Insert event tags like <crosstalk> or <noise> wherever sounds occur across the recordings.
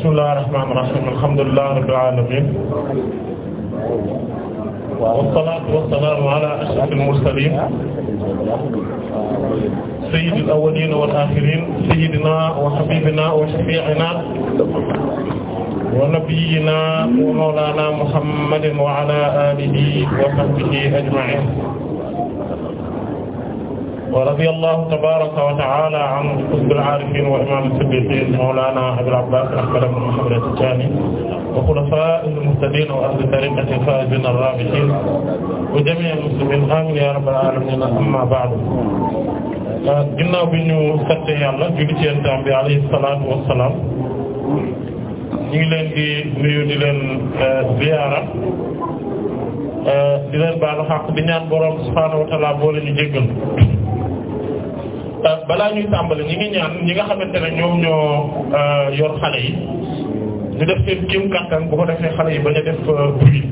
bismillahir rahmanir rahim alhamdulillahi rabbil alamin wassalatu wassalamu ala ashrafil mursalin sayyidil awwalin wal akhirin sayyidina wa habibina wa shafi'ina wa nabiyyina wa mawlana muhammadin wa ala alihi wa sahbihi ajma'in wa radiyallahu tabaraka wa ta'ala an qutbil aarifin wa imam as-siddiqin mawlana abil abbas ahmad ibn muhammad at-tijani wa khulafa'il muhtadin wa ahli tariqati al-faizin ar-rabihin wa jami' al-muslimin amin ya rabbal alamin amma ba'du ah, ginnaaw bi ñu sant yàlla julli ci yonent bi alayhi salaatu wa salaam ñu ngi leen di nuyu di leen eh, ziyaara eh, di leen baalu xaq di ñaan borom subhaanahu wa ta'aala boo leen ñu jéggal Euh, balaa ñuy tàmbali ñi ngi ñaan ñi nga xamante ne ñoom ñoo euh, yor xale yi ñu def seen kéem kàttan bu ko defee xale yi bañ a def euh, bruit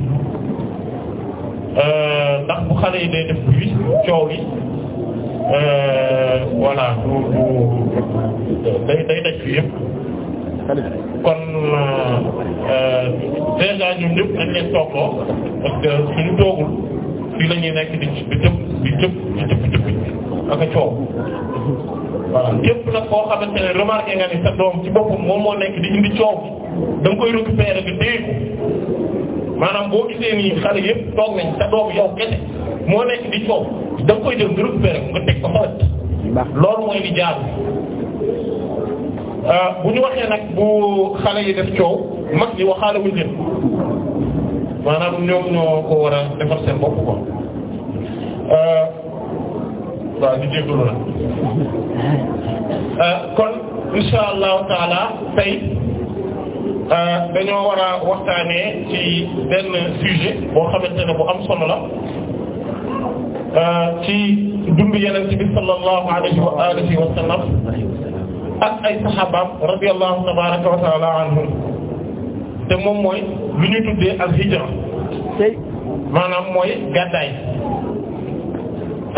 ndax bu xale yi day def bruit coow yi voilà day day daj fi yëpp kon déjà ñun ñëpp dañ leen toogoo parce suñu toogul fii la nekk di di jëpp di jëpp di jëpp jëpp ak a coow. képp nag koo xamante ne remarqué nga ni sa doom ci boppam moom moo nekk di indi coow da nga koy récupérer nga dégg maanaam boo gisee nii xale yëpp toog nañ sa doom yow kese moo nekk di coow da koy jël nga récupérer nga teg ko xarit loolu mooy li jaar euh, bu ñu waxee nag bu xale yi def coow mag yi waxaale wuñ leen maanaam ñoom ñoo ko war a defar waaw di jéggalu na kon insha allahu taala tey euh, dañoo war a waxtaanee ci benn sujet boo xamante ne bu am solo la euh, ci dund yeneen ci bi sallallahu alayhi wa alihi wa sallam ak ay saxaabaam radiyallahu tabaraka wa taala anhum te moom mooy lu ñu tuddee al hijra maanaam mooy gàddaay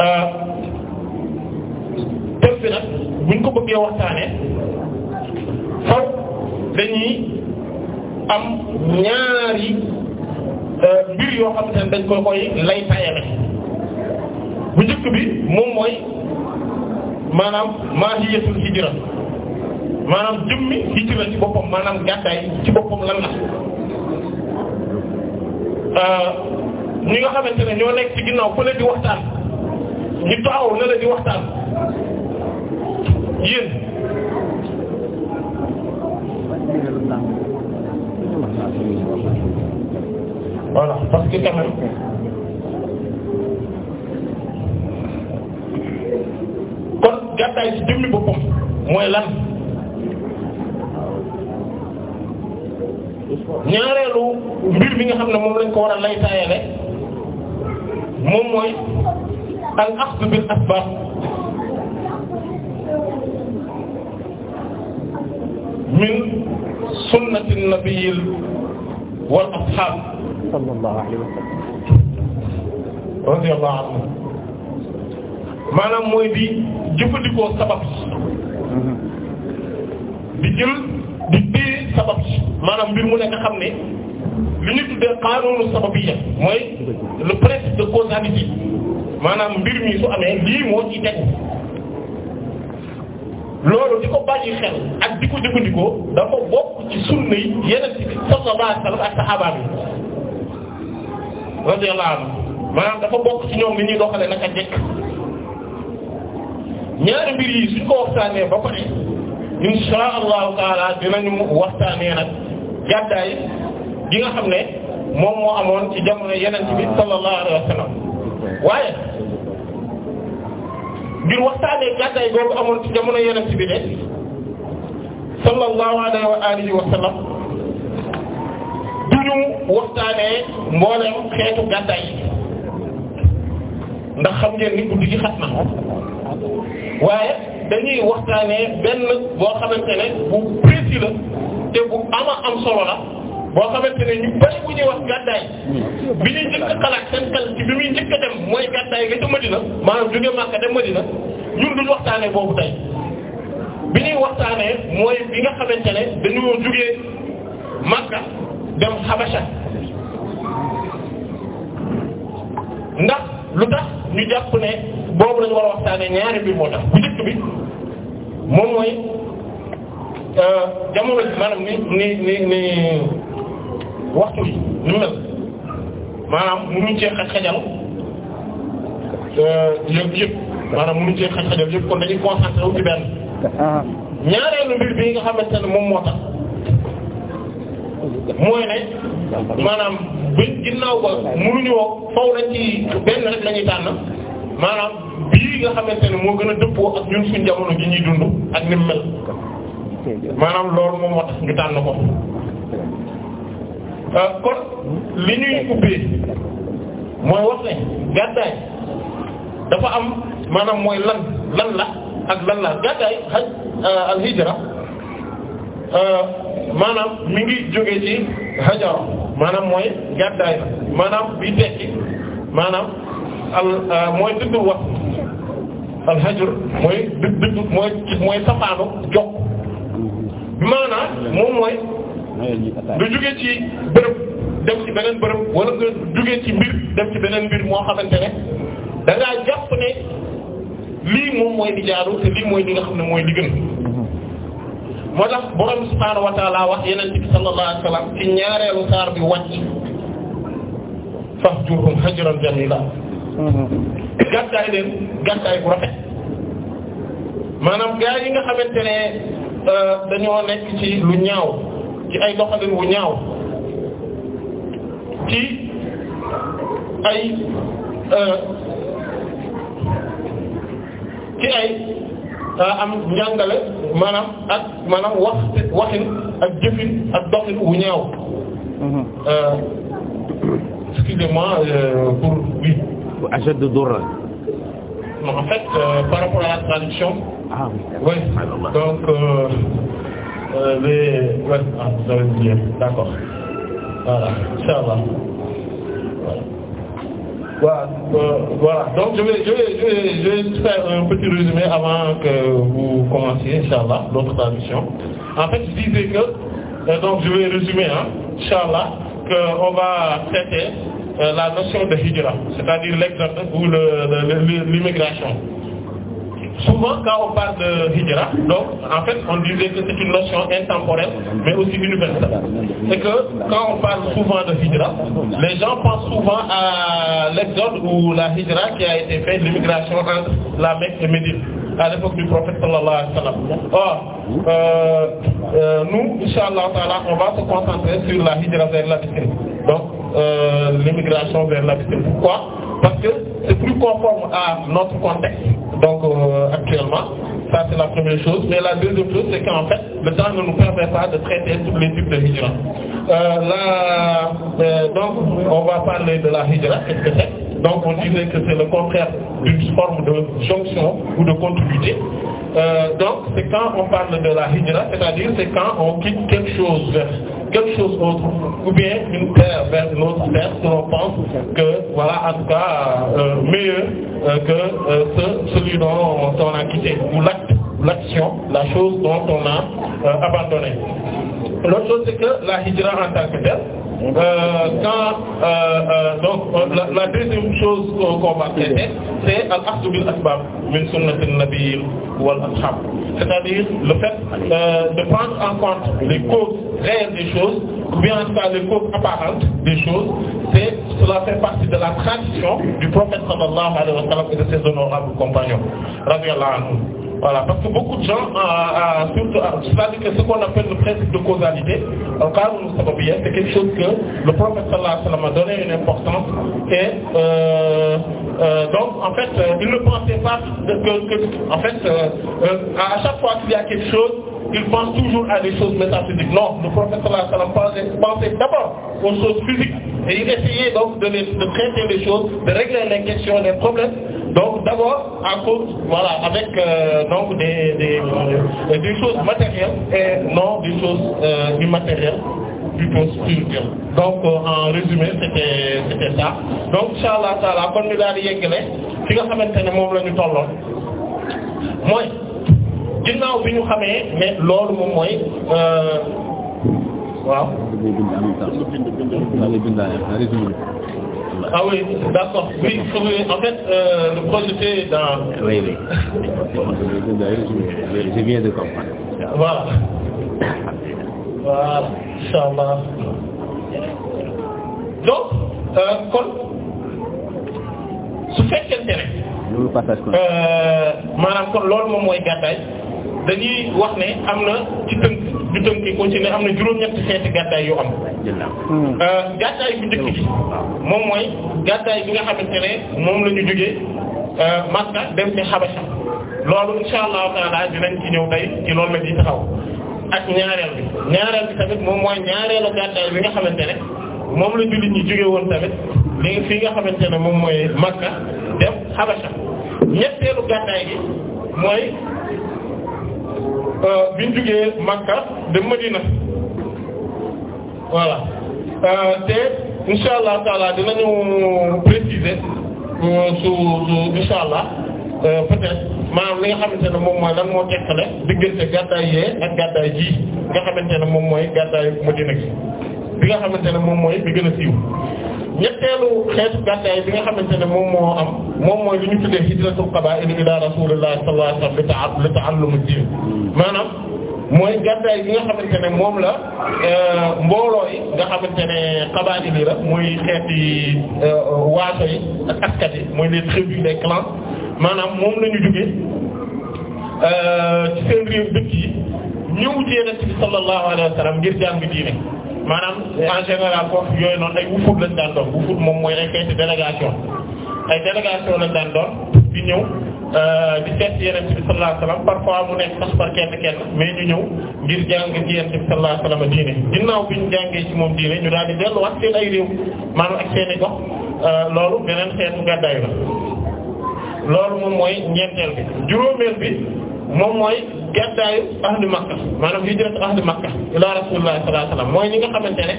euh, bi nag buñ ko bëggee waxtaanee faw dañuy am ñaari euh, mbir yoo xam ne ko koy lay tayale bu njëkk bi moom mooy maanaam maahiyatul hijra maanaam jëmmi hijra ci boppam maanaam gàddaay ci boppam lan la euh, ñi nga xamante ne ñoo nekk ci ginnaaw ku leen di waxtaan ñu taxaw la di waxtaan yéen voilà parce que quand même kon gàttaay ci jëmmi boppam mooy lan ñaareelu mbir mi nga xam ne moom lañ ko war a lay taayale moom mooy al axd min sunnati nabiy wal ashab sallallahu alayhi wa sallam radiyallahu anhu maanaam mooy di jëfandikoo sabab mhm. di jël di téye sabab maanaam mbir mu nekk xam ne li ñu tuddee qaanuunu sababiyya mooy le principe de causalité maanaam mbir mi su amee lii moo ci tegu loolu di ko bàyyi xel ak di ko jëfandikoo dafa bokk ci sunna yeneen ci sallallahu alayhi wasallam ak saxaaba bi radiyallahu anhu maanaam dafa bokk ci ñoom ni ñuy doxale naka jekk ñaari mbir yi suñ ko waxtaanee ba pare insha allahu taala dinañu waxtaanee gàddaay gi nga xam ne moom moo amoon ci jamono yeneen bi sallallahu alayhi waaye ngir waxtaanee gàddaay googu amoon ci jamono yonent bi de sallallahu alayhi wa alihi wa sallam duñu waxtaanee mboolem xeetu gàddaay yi ndax xam ngeen ni guddi gi xat na waaye dañuy waxtaanee benn boo xamante ne bu précis la te bu ama am solo la. boo xamante ne ñu bari bu ñuy wax gàddaay bi ñuy njëkk a xalaat seen xel ci bi muy njëkk a dem mooy gàddaay nga ca Madina maanaam jóge Makka dem Madina ñun duñ waxtaanee boobu tey bi ñuy waxtaanee mooy bi nga xamante ne dañoo jóge Makka dem Habasha ndax lu tax ñu jàpp ne boobu lañu war a waxtaanee ñaari moo tax bu njëkk bi moom mooy euh, jamono ji maanaam ni ni ni ni waxtu bi ñu mel maanaam mënuñ cee xaj-xajal euh, yëpp yëpp maanaam mënuñ cee xaj-xajal yëpp kon dañuy concentré wu ci benn ñaareelu mbir bi nga xamante ne moom moo tax mooy ne maanaam bi ginnaaw ba mënuñu woo faw dañ ci benn rek la tànn maanaam bii nga xamante ne moo gën a dëppoo ak ñun suñ jamono ji ñuy dund ak ni mu mel maanaam loolu moom moo tax ñu tànn ko Euh, kon li ñuy ubbee mooy wax gàddaay dafa am maanaam mooy lan lan la ak lan la gàddaay xaj euh, al hijra euh, maanaam ngi jóge ci hajara maanaam mooy gàddaay la maanaam tekki maanaam al mooy dëddu wax al mooy dëddu mooy mooy safaanu jokk maanaam moom mooy nga jóge ci bërëb dem ci beneen bërëb wala nga jóge ci mbir dem ci beneen mbir moo xamante ne da jàpp ne lii moom mooy di jaaru te lii mooy li nga xam ne mooy di gën mhm. moo tax borom subhaanahu wa ta'ala wax yeneen bi sallallahu alayhi wa sallam ci ñaareelu saar bi wàcc fahjurhum hajran jamila mhm. gàttaay leen gàttaay bu rafet maanaam gaa yi nga xamante ne euh, dañoo nekk ci lu ñaaw ci ay doxalin wu ñaaw ci ay euh, ci ay euh, am njàngale maanaam ak maanaam wax waxin ak jëfin ak doxin wu ñaaw mhm. euh, excusez-moi pour oui. achète de Dora. non en fait euh, par rapport la traduction. ah donc. mais ouais d'accord voilà inchallah voilà. voilà donc je vais je vais je vais un petit résumé avant que vous commenciez inchallah l'autre traduction en fait je disais que donc je vais résumer hein inchallah que va traiter la notion de hijra c'est-à-dire l'exode ou le l'immigration souvent quand on parle de hijra donc en fait on disait que c'est une notion intemporelle mais aussi universelle c'est que quand on parle souvent de hijra les gens pensent souvent à l'exode ou la hijra qui a été faite l'immigration entre la Mecque et Médine à l'époque du prophète sallallahu alayhi wa sallam or euh, euh, nous inchallah taala on va se concentrer sur la hijra vers l'Abyssinie donc euh, l'immigration vers l'Abyssinie pourquoi parce que c'est plus conforme à notre contexte donc euh, actuellement ça c'est la première chose mais la deuxième chose c'est qu'en fait le temps ne nous permet pas de traiter tous les types de hijra euh, là euh, donc on va parler de la hijra qu'est-ce que c'est donc on dirait que c'est le contraire d'une forme de jonction ou de continuité euh, donc c'est quand on parle de la hijra c'est-à-dire c'est quand on quitte quelque chose vers quelque chose d'autre ou bien une terre vers une autre que l'on pense que voilà en tout cas meilleur euh, que euh, ce, celui dont on a quitté ou l'action la chose dont on a abandonné l'autre chose c'est que la hijra en tant que Euh, quand euh, euh, donc la deuxième chose qu'on c'est al-axdu bil asbab min sunnati an-nabi wal ashab c'est-à-dire de prendre en compte les causes réelles des choses ou bien en les causes apparentes des choses c'est cela fait partie de la tradition du prophète sallallahu alayhi wa sallam et de ses honorables compagnons radiyallahu anhum voilà parce beaucoup de gens euh, euh, surtout euh, c'est-à-dire que ce qu'on appelle le principe de causalité al-qaanuun as-sababiyya c'est quelque chose que le prophète sallallahu alayhi wa une importance et donc en fait il ne pas en fait à chaque fois qu'il y quelque chose il pense toujours à des choses métaphysiques non le prophète sallallahu alayhi wa sallam pensait pensait d'abord aux choses physiques et il essayait donc de les de traiter les choses de régler les questions les donc d'abord à cause voilà avec euh, euh, des choses matérielles et non des choses euh, immatérielles plutôt spirituelles donc en résumé c'était c'était ça donc inchallah taala kon ñu daal di yeggale fi nga xamante ne moom la ñu tolloon mooy ginnaaw bi ñu xamee mais loolu moom mooy euh, waaw. ah oui d'accord oui en fait euh, le projet était dans. oui oui. je viens de comprendre. voilà. voilà inchallah. donc euh, kon su fekkente ne. loolu passage kon. Euh, maanaam kon loolu moom mooy gàddaay. dañuy wax ne am na ci tënk du tënk ko ci ne am na juróom-ñetti xeeti gàddaay yu am. Euh, gàddaay bu njëkk bi moom mooy gàddaay bi nga xamante ne moom la ñu jógee euh, dem ci Xabasa loolu insha allahu ñëw tey ci loolu la ñuy ak ñaareel bi ñaareel bi moom mooy ñaareelu gàddaay nga xamante ne moom la jullit ñi jóge woon tamit léegi nga xamante ne moom mooy Makka dem Xabasa ñetteelu gàddaay gi mooy. Euh, biñ jugee Makka dem Madina voilà euh, te insha allah taala dinañu préciser euh, su su insha allah peut-être maanaam li nga xamante ne moom mooy lan moo tekkale diggante gàddaay yee ak gàddaay ji nga xamante ne moom mooy gàddaay Madina gi bi nga xamante ne moom mooy bi gën a siiw ñetteelu xeetu gàddaay bi nga xamante ne moom moo am moom mooy li ñu tuddee hijratul qabaa'il ila rasulillah sallallahu alayhi wa sallam li ta'allum ad-din maanaam mooy gàddaay bi nga xamante ne moom la euh, mbooloo yi nga xamante ne qabaa'il yi muy xeeti euh, waaso yi ak askat yi mooy les tribus les clans maanaam moom la ñu jógee euh, ci seen réew dëkk yi ñëw ci Yonent bi sallallahu alayhi wa sallam ngir jàng diine maanaam en général foofu yooyu noonu ay wufut lañ daan doon moom mooy ay xeeti délégation ay délégation la daan doon di ñëw euh, di seet si Yonent bi sallallahu alayhi wasallam parfois mu nekk sax kenn kenn mais ñu ñëw ngir jàng ci Yonent bi sallallahu alayhi wasallam diine bi ñu jàngee ci moom diine ñu daal di delluwaat seen ay réew maanaam ak seen i euh, loolu beneen xeetu gàddaay la loolu moom mooy ñeenteel bi juróomeel bi. moom mooy gàddaayu ahli Makka maanaam hijratu ahli Makka ila Rasulullah sallallahu mooy ñi nga xamante ne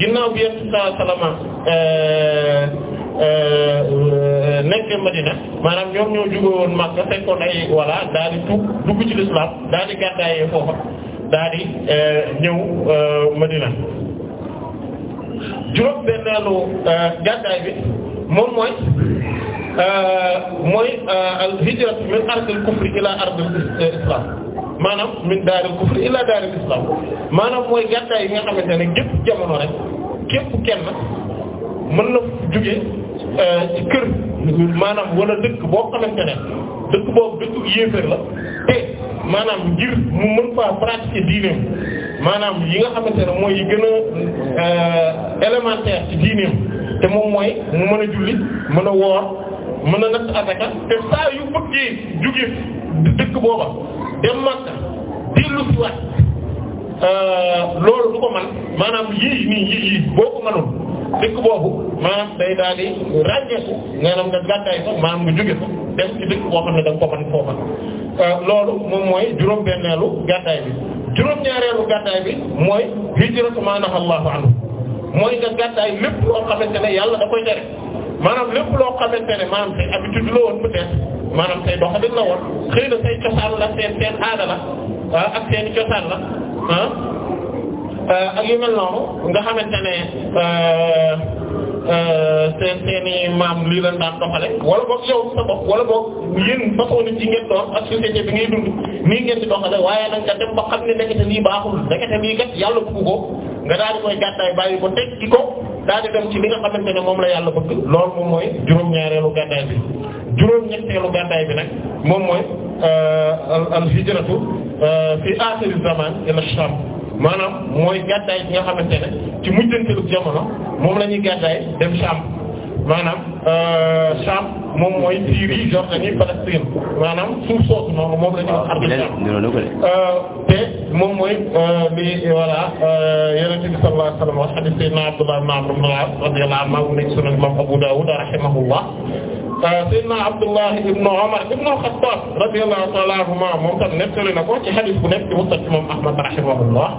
ginnaaw bi yéen sallallahu alayhi wasallam euh, euh, nekk Madina maanaam ñoom ñoo jugewoon Makka fekkoon ay walla daal di tuub dugg ci lislaam daal di foofa daal euh, ñëw Madina juróom benneelu gàddaay bi moom mooy. mooy euh, al hijra min ardil kufri ila ardil euh, islam maanaam min daaril kufri ila daaril islam maanaam mooy gàddaay yi nga xamante ne gépp jamono rek képp kenn mën na jóge euh, ci kër maanaam wala dëkk boo xamante ne dëkk boobu dëkk yéeféer la te maanaam ngir mu mën faa pratiquer diineem maanaam yi nga xamante ne mooy yi gën a élémentaire ci diineem te moom mooy mu mën a julli mën a woor mën na natt asaka te saa yu bëggee jóge dëkk booba dem Makka dellu si waat euh, loolu du ko man maanaam yii nii yii boo ko manoon dëkk boobu maanaam day daal di ràññeeku maanaam nga gàddaay fa maanaam nga jóge fa dem ci dëkk boo xam ne da nga ko man foofa euh, loolu moom mooy juróom-benneelu gàddaay bi juróom-ñaareelu gàddaay bi mooy hijratu maanaam Allahu anhu mooy nga gàddaay lépp loo xamante ne yàlla da koy tere maanaam lépp loo xam ne maanaam say habitude la woon peut-être maanaam say doxalin la woon xëy na say cosaan la seen seen aada la ah, ak seen cosaan la ah. Euh, ak yu mel noonu nga xamante ne euh, euh, seen seen i maam lii lañ daan doxale wala boog yow sa bopp wala boog yéen façon nit ci ngeen doon ak société bi ngay dund nii ngeen di doxale waaye nag nga dem ba xam ne ndekete lii baaxul ndekete lii kat yàlla bëgg ko nga daal di koy gàddaay bàyyi ko tekki ko daal di dem ci li nga xamante ne moom la yàlla bëgg loolu moom mooy juróom-ñaareelu gàddaay bi juróom-ñetteelu gàddaay bi nag moom mooy al al hijratu fi akhir zaman ila Sham maanaam mooy gàddaay bi nga xamante ne ci mujjanteelu jamono moom la ñuy gàddaay dem Sham maanaam euh, Sham moom mooy Syrie Jordanie Palestine maanaam suuf soosu noonu moom la ñuy wax Ardistan euh, te moom mooy li euh, voilà Yonent bi sallallahu alayhi wa sallam wax hadith Sayyidina Abdullah ibn Amr ibn al-As radiyallahu anhu nekk sunan Imam Abu Dawud rahimahullah Sayyidina Abdullah ibn Umar ibn al-Khattab radiyallahu ta'ala anhuma moom tam nettali na ko ci hadith bu nekk ci Musnad Imam Ahmad rahimahullah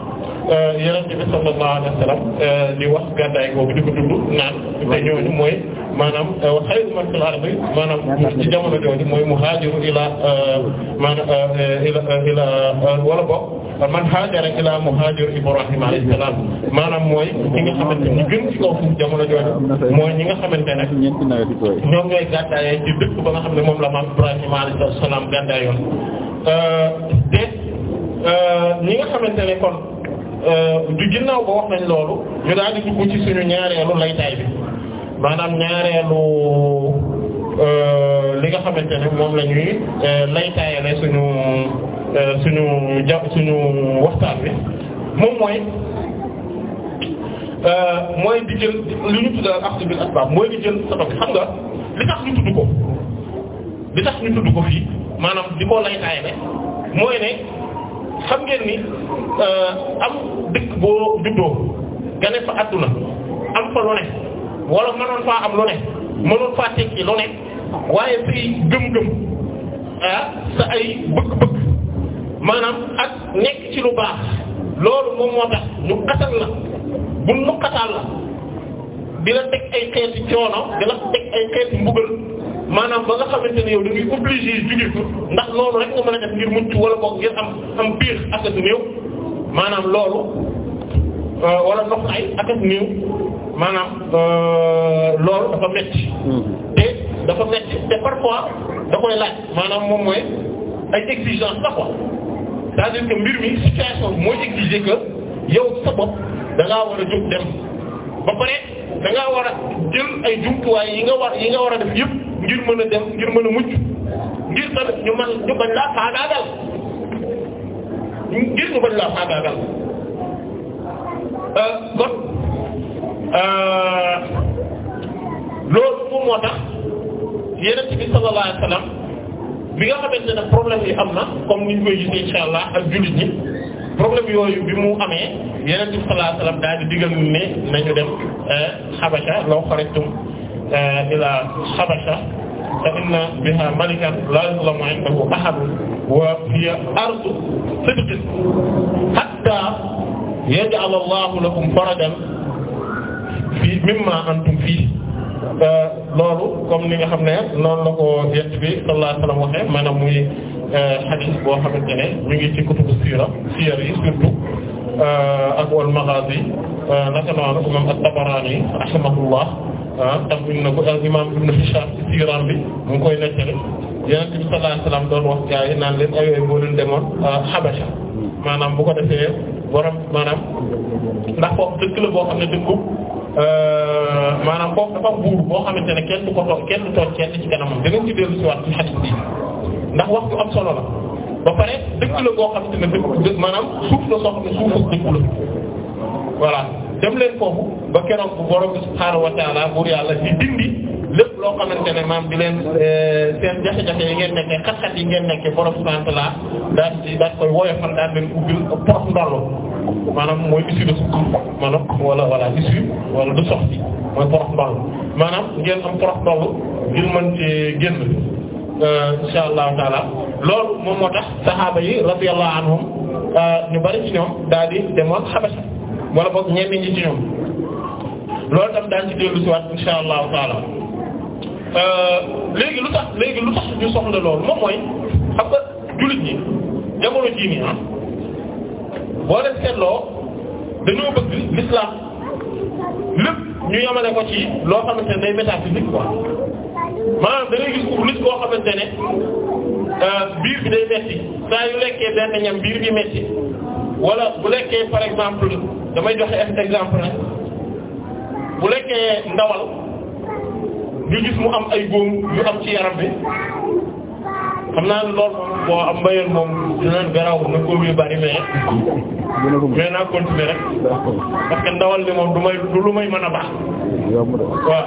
Euh, yonent bi sallallahu alayhi wa sallam euh, di wax gàddaay googu di ko tudd naan te ñooñu mooy maanaam euh, xayru man fil ardi maanaam ci jamono jooju mooy muhaajiru ila maanaam ila ila wala boog man haajara ila muhaajir Ibrahim alayhi salaam maanaam mooy ñi nga xamante ni gën ci kaw suuf jamono jooju mooy ñi nga xamante ne ñoom ñooy gàddaayee ci dëkk ba nga xam ne moom la maam Ibrahim alayhi salaam gàddaayoon te ñi nga xamante ne kon. Euh, du ginnaaw ba wax nañ loolu ñu daal di dugg ci suñu ñaareelu laytaay bi maanaam ñaareelu euh, li nga xamante ne moom la ñuy euh, laytaayale suñu suñu ja suñu waxtaan bi moom mooy mooy di jël li ñu tuddal axtu bil asbab mooy di jël sabab xam nga li tax ñu tudd ko li tax ñu tudd ko fii maanaam di ko laytaayale mooy ne. xam ngeen ni euh, am dëkk boo juddoo nga ne fa àdduna am fa lu ne wala mënoon faa am lu ne mënoon faa tekki lu ne waaye say gëm-gëm ah sa ay bëgg-bëgg maanaam ak nekk ci lu baax loolu moom moo tax ñu xatal la bu nu xatal la di la teg ay xeeti coono di la teg ay xeeti mbugal maanaam ba nga xamante ne yow da ngay obligé juge ndax loolu rek nga mën a def ngir mucc wala boog ngir am am biir ak ak maanaam loolu euh, wala maanaam euh, loolu dafa metti mm-hmm. te dafa metti te parfois da koy laaj maanaam moom mooy ay exigence la quoi c'est-à-dire mbir mi situation mooy exiger que yow sa bopp war a jóg dem. ba pare da war a jël ay jumtuwaay yi nga war yi nga war a def yëpp ngir mën a dem ngir mën a mucc ngir tamit ñu man ñu bañ laa faagaagal ngir ñu bañ laa faagaagal euh, kon euh, loolu moom moo tax yeneen bi sallallahu alayhi bi nga xamante ne problème yi am na comme ni ñu koy insha allah ak jullit ñi. problème yooyu bi mu amee yeneen bi sallallahu alayhi wasallam daal di digal ne nañu dem euh, Habasha law xarajtum euh, ila Habasha fa inna biha malikan la yuzlamu indahu ahadun wa hiya ardu sidqin hatta yaj'ala Allahu lakum farajan fii mimma antum fii euh, loolu comme ni nga xam ne noonu la ko yett bi sallallahu alayhi wasallam waxee maanaam muy xadis euh, boo xamante ne ñu ngi euh, ak wal maghazi euh, naka noonu imam at-Tabarani rahimahullah ah, tax na ko al imam Ibn Hisham ci siiraam bi mu koy nettali Yonent bi sallallahu alayhi wasallam doon wax gaa yi naan leen ayooy boo leen demoon Habasha maanaam bu ko defee borom maanaam ndax foofu dëkk la boo xam ne dëkku Euh, maanaam kooku dafa buur boo xamante ne kenn du ko toog kenn du toog kenn ci kanamam dinañ ci dellu si waat ci xadis bi ndax wax bu am solo la ba pare dëkk la boo xamante ne dëkk maanaam suuf la soo xam suuf ak la voilà dem foofu ba keroog bu borom subhaanahu wa ta'ala buur yàlla di dindi. lépp loo xamante ne maam di leen euh, seen jafe-jafe yi ngeen nekkee xat-xat yi ngeen nekkee borom sant la daal di daal koy woyofal daal leen ubbil port maanaam mooy issue de maanaam wala wala issue wala de sortie mooy port ndollu maanaam ngeen am port ndollu ngir mën ci génn euh, insha allahu taala loolu moom moo tax saxaaba yi radiyallahu anhum euh, ñu bari ci ñoom daal di demoon Xabasa wala boog ñenn ñi ci ñoom loolu tam daal ci dellu ci waat insha Euh, léegi lu tax léegi lu tax ñu soxla loolu moom mooy xam nga jullit ñi jamono jii nii ah boo leen seetloo dañoo bëgg l'islam lépp ñu yamale ko ci loo xamante ne day métaphysique quoi maanaam da gis ku nit koo xamante ne euh, biir bi day metti saa yu lekkee benn ñam biir bi metti wala bu lekkee par exemple damay joxe exemple rek bu lekkee ndawal. ñu gis mu am ay góom yu am ci yaram bi xam naa lool moom boo am mbayeen moom dinañ garaawul na góom yu bari mais mais naa continuer rek parce que ndawal li moom du may du lu may mën a baax waaw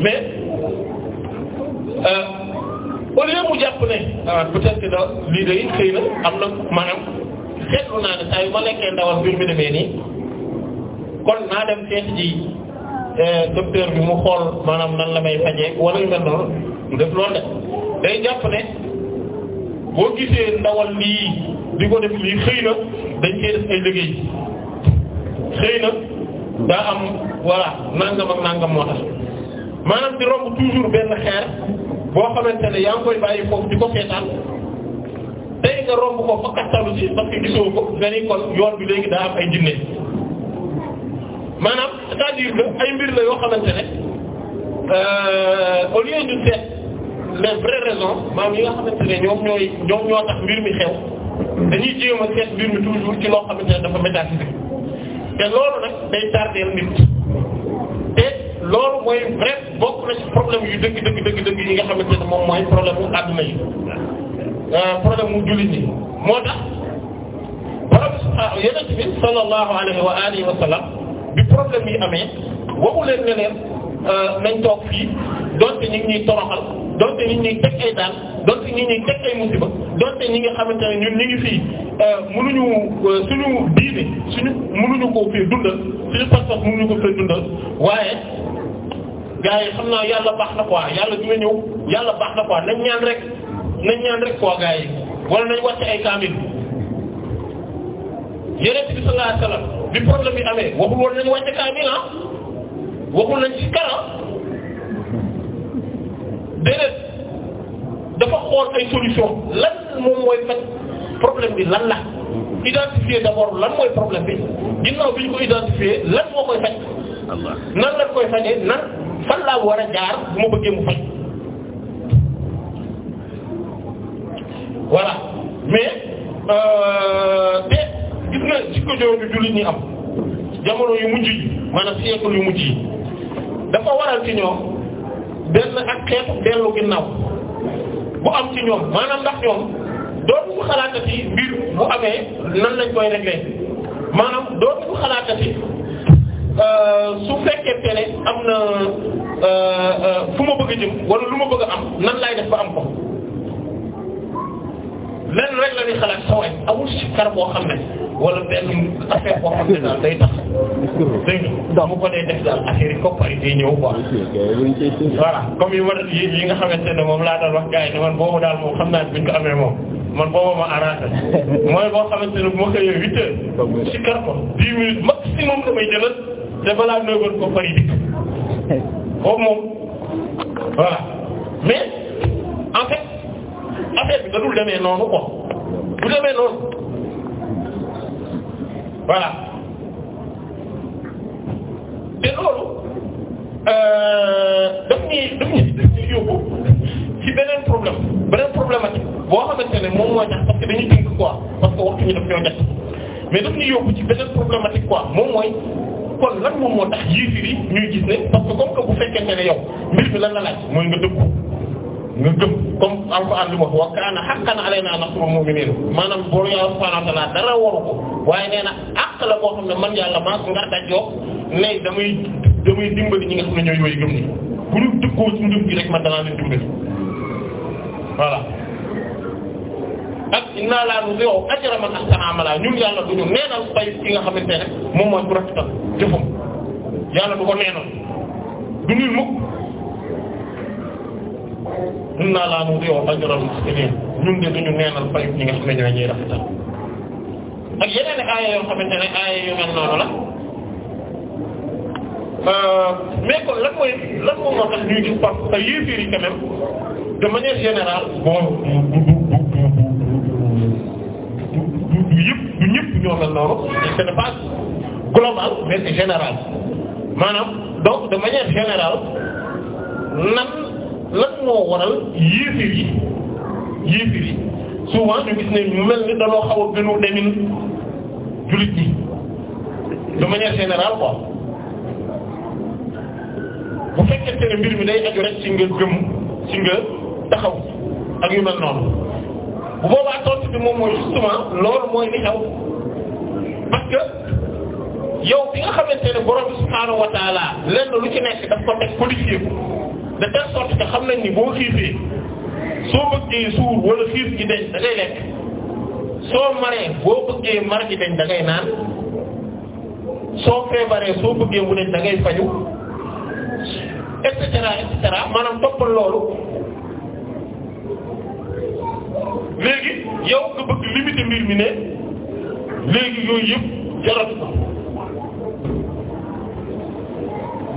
mais euh, au lieu mu jàpp ne ah peut-être lii day xëy na am na maanaam seetlu naa ne saa yu ma lekkee ndawal mbir mi demee nii kon naa dem seet ji Eh, docteur bi mu xool maanaam nan la may fajee wala yu mel noonu du def loolu de day jàpp ne boo gisee ndawal lii di ko def lii xëy na dañ koy def ay liggéey xëy na daa am voilà nangam ak nangam moo tax maanaam di romb toujours benn xeer boo xamante ne yaa ngi koy bàyyi foofu di ko seetaan tey nga romb ko fa kattalu ci parce que gisoo ko nga ni kon yoon bi léegi daa am ay jinne maanaam cest à ay mbir la yoo xamante ne euh, au lieu de seet les vraies raisons maanaam yi nga xamante ne ñoom ñooy ñoom ñoo tax mbir mi xew dañuy jéem a seet mbir mi toujours ci loo xamante ne dafa médiatisé te loolu nag day tardeel nit te loolu mooy vrai bokk na ci problème yu dëgg dëgg dëgg dëgg yi nga xamante ne moom mooy problème mu àdduna yi euh, problème mu jullit ñi moo tax borom ah, yeneen bi sallallahu alayhi wa alihi wa sallam bi problème yi amee waxu leen euh, nañ toog fii donte ñu ngi ñuy toroxal donte ñu ngi ñuy teg ay daan donte ñu ñuy teg ay musiba donte ñi nga xamante ne ñun ñu ngi fii euh, mënuñu euh, suñu diine suñu mënuñu ko fee dundal suñu passeport mënuñu ko fee dundal waaye gars yi xam naa yàlla baax na quoi yàlla dina ñëw yàlla baax na quoi nañ ñaan rek nañ ñaan rek quoi gars yi wala nañ wàcc ay kaamil yeneen bi sallallahu alayhi bi problème bi amee waxul woon nañu wàcce kaamil ah? waxul nañ ci kara déedéet dafa xool ay solution lan moom mooy faj problème bi lan la identifier d'abord lan mooy problème bi ginnaaw bi ñu ko identifier lan moo koy faj nan lan koy fajee nan fan laa war a jaar bu ma bëggee mu faj voilà mais te euh, gis nga jikko jooju jullit ñi am jamono yu mujj yi maanaam siècle yu mujj yi dafa waral ci ñoom benn ak xeetu dellu ginnaaw bu am ci ñoom maanaam ndax ñoom dootuñu xalaatati mbir bu amee nan lañ koy régler maanaam dootuñu xalaatati euh, su fekkee ne am na euh, euh, fu ma bëgg a jëm wala lu ma bëgg a am nan laay def ba am ko. lenn rek la ñuy xalaat sa waay amul sikkar ne wala benn affaire boo xam ne daal day tax dégg nga mu ko dee def daal affaire yi koppar yi day ñëw quoi voilà comme yu ma yi yi nga xamante ne moom laa daal wax gars yi ne man boobu xam naa ne buñ ko amee ma arrangé <laughs> mooy boo xamante ne bu ma xëyee huit heures sikkar ko dix minutes maximum damay jëlal te balaa noogoon koppar yi dikk <laughs> boobu moom voilà mais en fait affaire bi da dul demee noonu quoi du demee noonu voilà te loolu euh, daf ñuy daf ñuy daf ñuy ci beneen problème beneen problématique boo xamante ne moom moo tax parce que dañuy tënk quoi moom mooy kon lan moom moo tax yéefir yi ñuy gis ne parce que comme que bu fekkente ne yow mbir mi lan mooy nga dëggu nga gëm comme alquran li wax wa kaana haqqan alaynaa nasrul mu'minin maanaam boolu yàlla subhaanahu wa ta'aala la boo xam ne man yàlla maa ko ngar dajoo ne damay damay dimbali nga xam ne ñooy yooyu gëm ni bu ñu dëkkoo ci njëm gi rek man danaa leen dimbali voilà ak yàlla duñu neenal fay du ko neenal inna laa nudii'u ajral muhsiniin ñun de duñu neenal fayub ñi nga xam ne ñoo ñuy rafetal ak yeneen aaya yoo xamante ne aaya yu mel noonu la euh, mais kon lan mooy lan moom moo tax ñuy gis parce que yéeféer yi quand même de manière générale bon du du du du yëpp du ñëpp ñoo mel noonu c'est pas global mais c'est général maanaam donc de manière générale nan lan moo waral yéefir yi yéefir yi souvent ñu gis ne ñu mel ni dañoo xaw a gënu demin jullit ñi de manière générale quoi bu fekkente ne mbir mi day aju rek ci nga gëm ci nga taxaw ak yu mel noonu bu boobaa tontu bi moom mooy justement loolu mooy li xew parce yow bi nga xamante ne borom bi subhaanahu wa lenn lu ci nekk daf ko teg codifié de telle sorte que xam nañ ni boo xiifee soo bëggee suur wala xiif gi dañ da lekk soo maree boo bëggee mar gi dañ da ngay naan soo feebaree soo bëggee mu dañ da faju et cetera et toppal loolu léegi yow nga bëgg limiter mbir mi ne léegi yooyu yëpp jaratu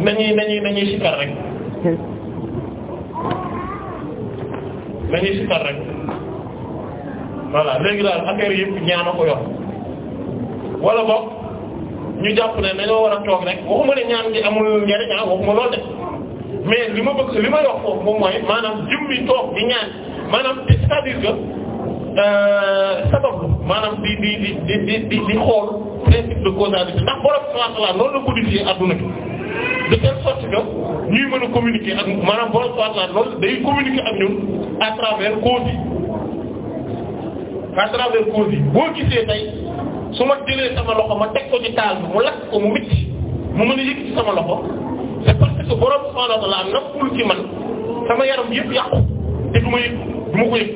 nañuy nañuy nañuy sikar rek dañuy sikkar rek voilà léegi daal affaire yëpp ko yor wala boog ñu jàpp ne dañoo war a toog rek waxuma ne ñaan gi amul njariñ ah waxuma lool de mais li ma bëgg li ma wax foofu moom mooy maanaam jëmmi toog di ñaan maanaam c'est-à-dire que euh, sabab maanaam di di di di di di xool principe de causalité ndax borom subhanahu wa ta'ala noonu la codifié adduna bi. de telle sorte que ñuy mën a communiquer ak maanaam borom subhaanahu wa ta'ala day communiquer ak ñun à travers cause yi boo gisee tey su ma jëlee sama loxo ma teg ko taal bi mu lakk ko mu micc mu mën a yëg ci sama loxo c'est parce que borom subhaanahu wa ta'ala nappul ci sama yaram yëpp yàqu te du ma yëg du ma ko yëg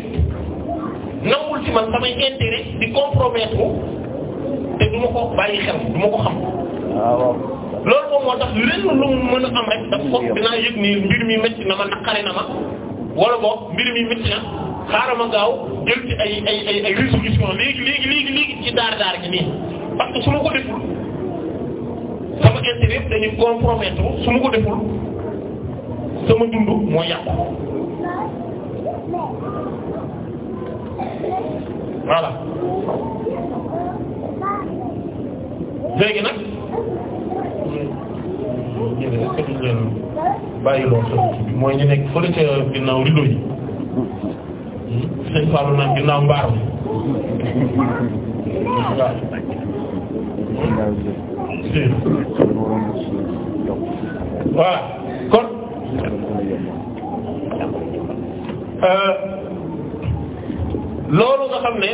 nappul ci man samay intérêt di compromettre te du ma ko bàyyi xel du ma ko xam. Ah, loolu moom moo tax lenn lu mu mën a am rek daf ko dinaa yëg nii mbir mi métti na ma naqare na ma wala boog mbir mi métti na xaaral ma gaaw jël ci ay ay ay léegi léegi léegi léegi ci daar daar gi nii parce su ma ko deful sama intérêt dañuy compromettre su ma ko deful sama dund moo yàqu voilà léegi nag. ñi ne est-ce que mooy ñu nekk fële ca ginnaaw rido yi sëñ Fallou naan ginnaaw mbaar mi waaw. voilà euh, loolu nga xam ne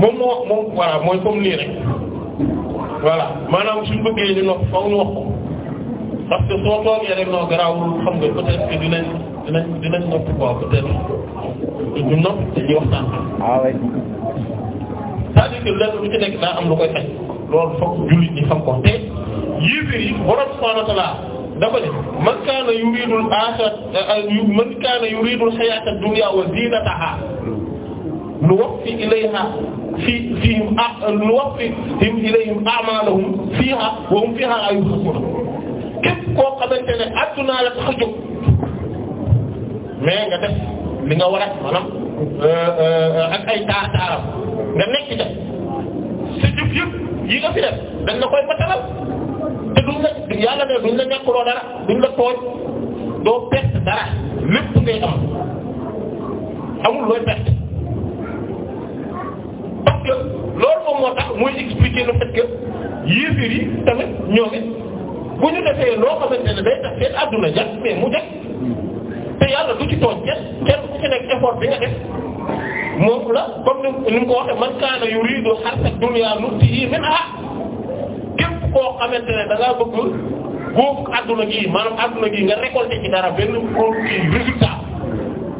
moom moo moom voilà mooy comme nii rek. voilà maanaam suñ bëggee ñu nopp faw ñu wax ko parce que soo toogee rek noo garaawul xam nga peut-être que dinañ dinañ dinañ nopp quoi peut-être ñu nopp dañuy waxtaan. waaw ah waay. c'est-à-dire que lenn lu ci nekk daa am lu koy faj loolu foog jullit ñi xam ko te yéefar yi borom subhaanahu wa ta'aala dafa ne man kaana yuriidul aajilata euh, euh, man kaana yuriidul hayaata dunya wa ziinatahaa nuwaffi ilayhaa fi fihim nuwaffihim ah, ilayhim a'malahum fiha wa hum fiha la yubsirun képp koo xamante ne addunaa la tax a nga def li nga war a maanaam euh, euh, ay taar taaram nga nekk ci sa jëf yëpp yi nga fi def koy batalal te duñ la yàlla ne duñ la ñàkkuloo dara duñ la tooñ doo perte dara lépp ngay am amul looy perte. parce que loolu moom moo tax muy expliquer le fait que yéefir yi tamit ñoo bu ñu defee loo xamante ne day tax seen adduna jag mu jag te yàlla du ci tooñ kenn kenn ku ci nekk effort bi nga def moom la comme ni mu ko waxee man kaana yuridu harsa dunya nutihi minha képp koo xamante ne da ngaa bëgg góob adduna gi maanaam adduna gi nga récolté ci dara benn produit résultat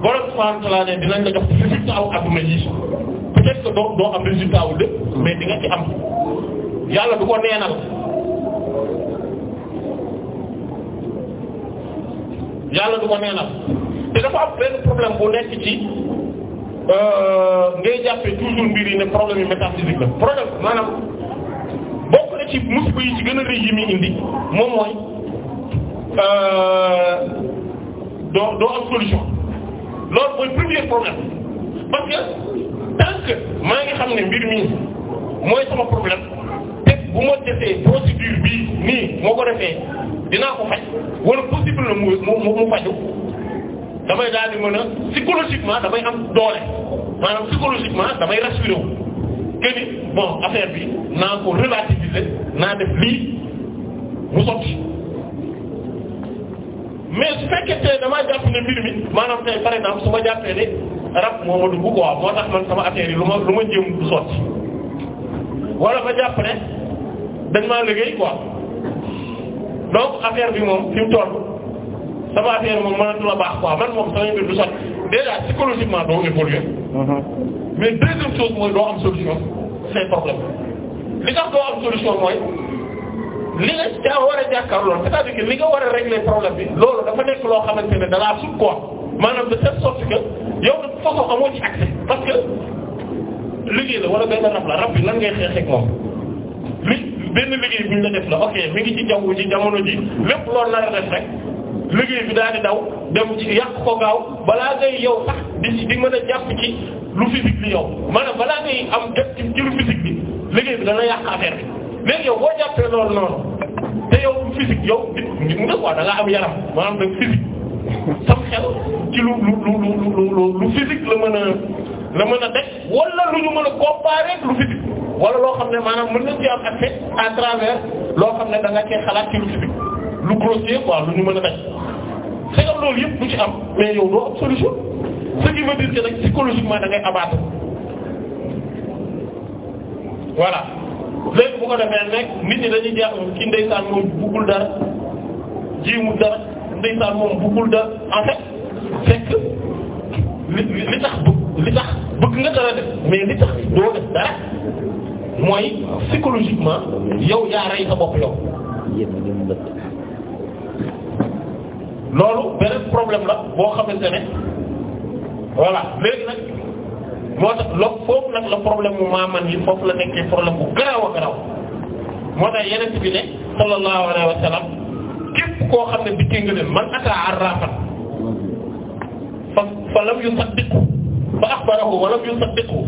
borom subhanahu wa ta'ala dinañ la jox résultat wu adduna yi. peut-être que doo doo am résultat wu lépp mais di nga ci am yàlla du ko neenal yàlla du ko neenal te dafa am benn problème bu nekk ci euh, ngay jàppee toujours mbir yi ne problème yu métaphysique la problème maanaam bokk na ci musiba yi ci gën a rëy indi moom mooy euh, doo doo am solution loolu mooy premier problème parce que tant que maa ngi xam ne mbir mi mooy sama problème te bu ma defee procédure bii nii moo ko defee dinaa ko faj wala possible na mu mu mu faju damay daal di mën a psychologiquement damay am doole maanaam psychologiquement damay rassuré wu que ni bon affaire bi naa ko relativiser naa def lii mu mais su fekkee te damaa jàpp ne mbir mi maanaam tey par exemple su ma jàppee ne rab moo ma dugg quoi moo tax man sama affaire yi lu ma lu du sotti wala ma jàpp ne dañ maa liggéey quoi donc affaire bi moom fi mu sama affaire moom mënatu la baax quoi man moom sama mbir du sotti déjà psychologiquement doo évoluer mhm. mais deuxième chose mooy doo am solution c'est li tax doo am mooy. li nga caa a jàkkaarloo c'est-à-dire que li nga war a régler ne dalaa sut quoi maanaam parce que liggéey la wala benn rab la rab bi lan ngay liggéey bi mi ngi ci jaww ji jamono ji lépp a def liggéey bi daal di daw dem yàq ko gaaw balaa ngay yow sax di di a jàpp ci lu physique bi yow maanaam balaa ngay am def ci lu physique bi liggéey bi dana yàq affaire léegi yow boo jàppee loolu noonu te yow physique yow nit nga quoi da nga am yaram maanaam da physique sam xel ci lu lu lu lu lu physique la mën a la mën a def wala lu ñu mën a comparer lu physique wala loo xam ne maanaam mën nañ ci am accès à travers loo xam ne da nga cee xalaat ci lu physique lu grossier quoi lu ñu mën a def c'est comme loolu yëpp bu ci am mais yow doo am solution ce qui veut dire que nag psychologiquement da ngay abattre voilà. léegi bu ko defee nag nit ñi dañuy jàpp ci ndeysaan moom buggul dara jiimu dara ndeysaan moom buggul dara en fekk li li tax li tax bëgg nga dara def mais li tax doo def dara mooy psychologiquement yow yaa rey sa bopp yow. loolu beneen problème la boo xamante ne voilà léegi nag. moo tax lo foofu nag la problème mu maaman yi foofu la nekkee problème bu garaaw a garaaw moo tax yeneen bi ne sallallahu alayhi wa sallam képp koo xam ne dikkee nga leen man ataa arrafan fa fa lam yusaddiqu fa akhbarahu wa lam yusaddiqu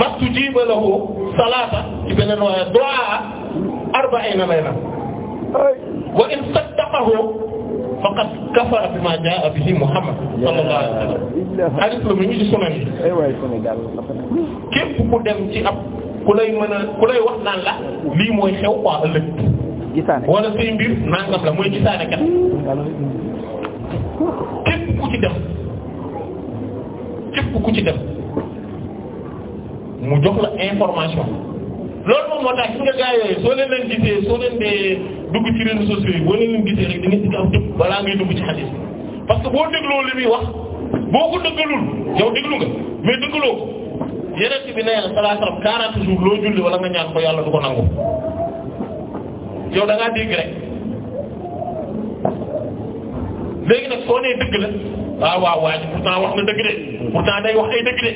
mastujiba lahu salata ci beneen waaye du'a arba'ina layla wa in saddaqahu faqad kafara bima jaa bihi Muhammad sallallahu alayhi wa sallam hadith la mi ngi dem ci ab ku lay mën a ku wax naan la lii mooy xew quoi ëllëg wala say mbir la mooy gisaane kat képp ku ci dem képp ku ci mu jox la information loolu moom moo tax gis nga yooyu soo leen leen gisee soo leen dee dugg ci réseaux sociaux yi boo leen leen gisee rek da nga ci am dëgg balaa ngay dugg ci xadis parce que boo dégloo li muy wax boo ko dëggalul yow déglu nga mais dëggaloo ko yeneen bi na sallallahu alayhi wasallam 40 loo julli wala nga ñaan ko yàlla du ko nangu yow da ngaa rek léegi nag soo nee dëgg la ah waaw waaye pourtant wax na dëgg de pourtant day wax dëgg de.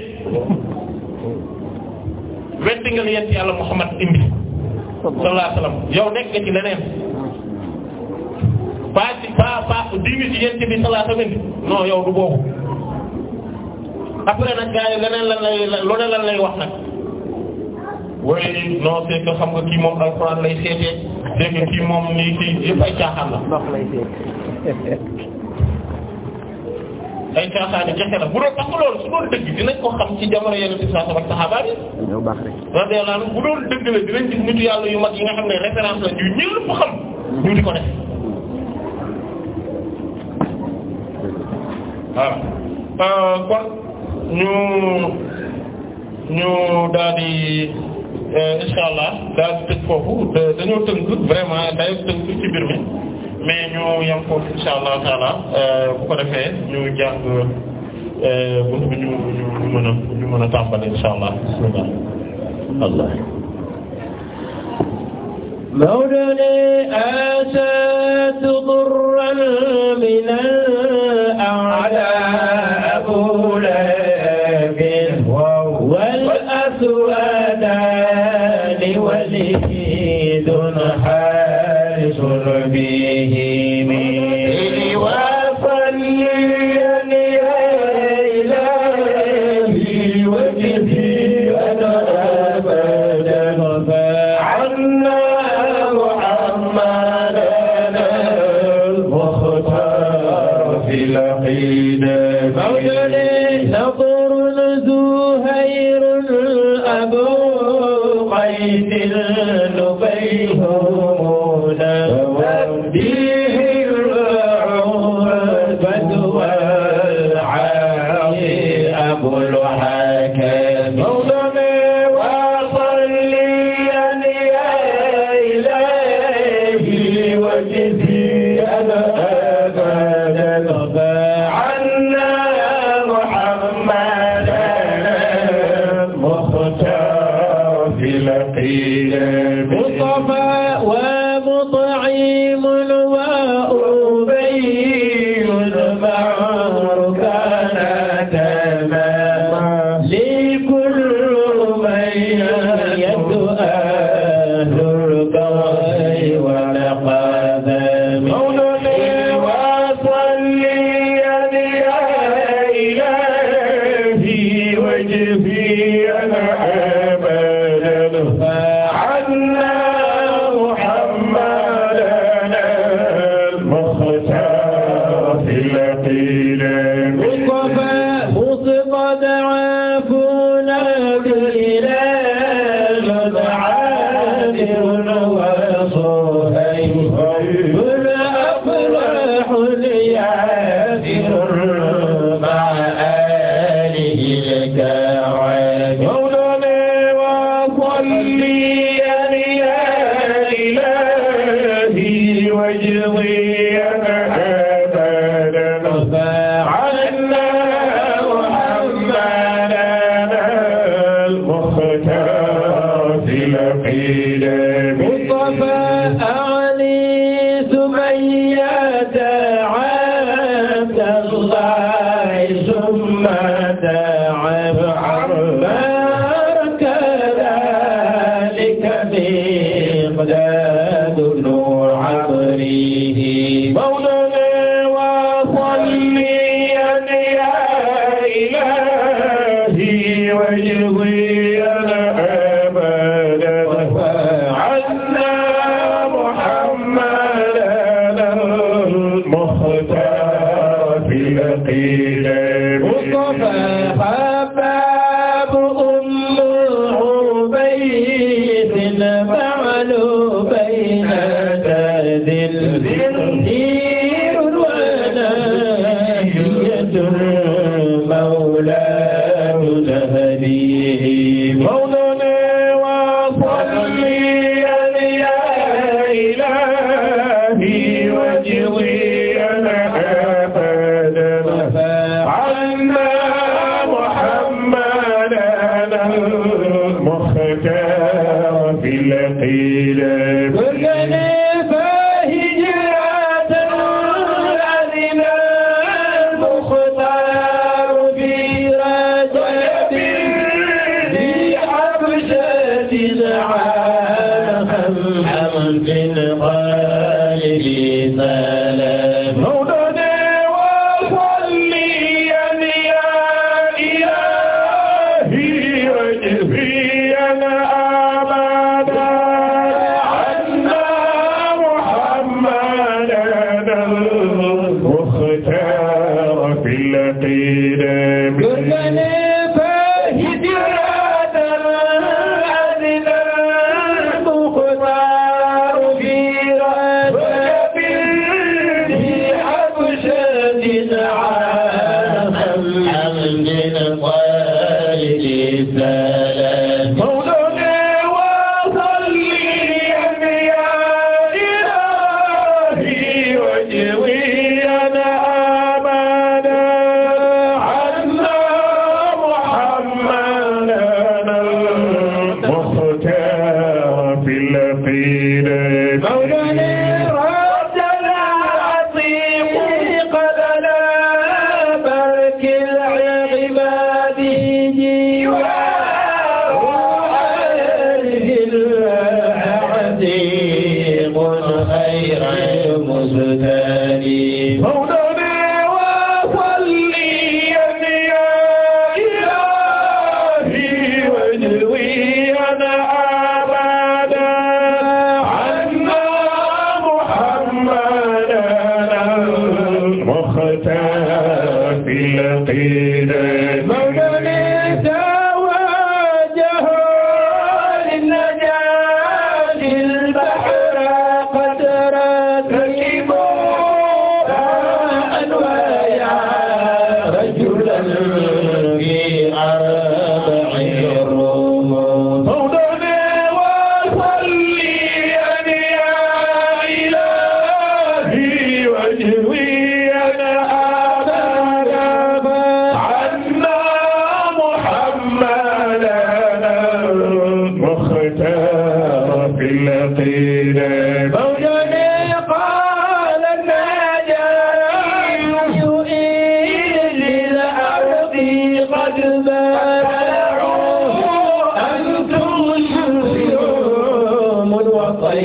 weddi nga yent yàlla Muhammad indi sallallahu alayhi wasallam yow nekk nga ci leneen pas ci pas ci yent bi sallallahu alayhi wasallam non du boobu après nag gars yi leneen lan lay leneen lan lay wax nag oui non c'est que xam nga kii moom alxuraan lay seetee c'est que kii moom nii kii ay caaxaan la <laughs> ay caaxaane kese la bu doon tax loolu su doon dëgg dinañ ko ci jamono yenn ci saa sama saxaaba yi. ñoo baax rek. radiyallahu anhu bu nitu yàlla yu mag yi na xam ne référence la yu ñëpp xam. ñu di ko def. waaw euh, kon ñu ñu daal di euh, incha allah daal di tëj foofu dañoo tënk vraiment dañoo tënk ci mbir mais ñu yem ko insha allah taala euh, bu ko defee ñu jàng euh, bunt bi ñu ñu ñu mën a ñu mën a tàmbali insha allah bismillah allah mawlana ata tudurran min al a'la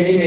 عليه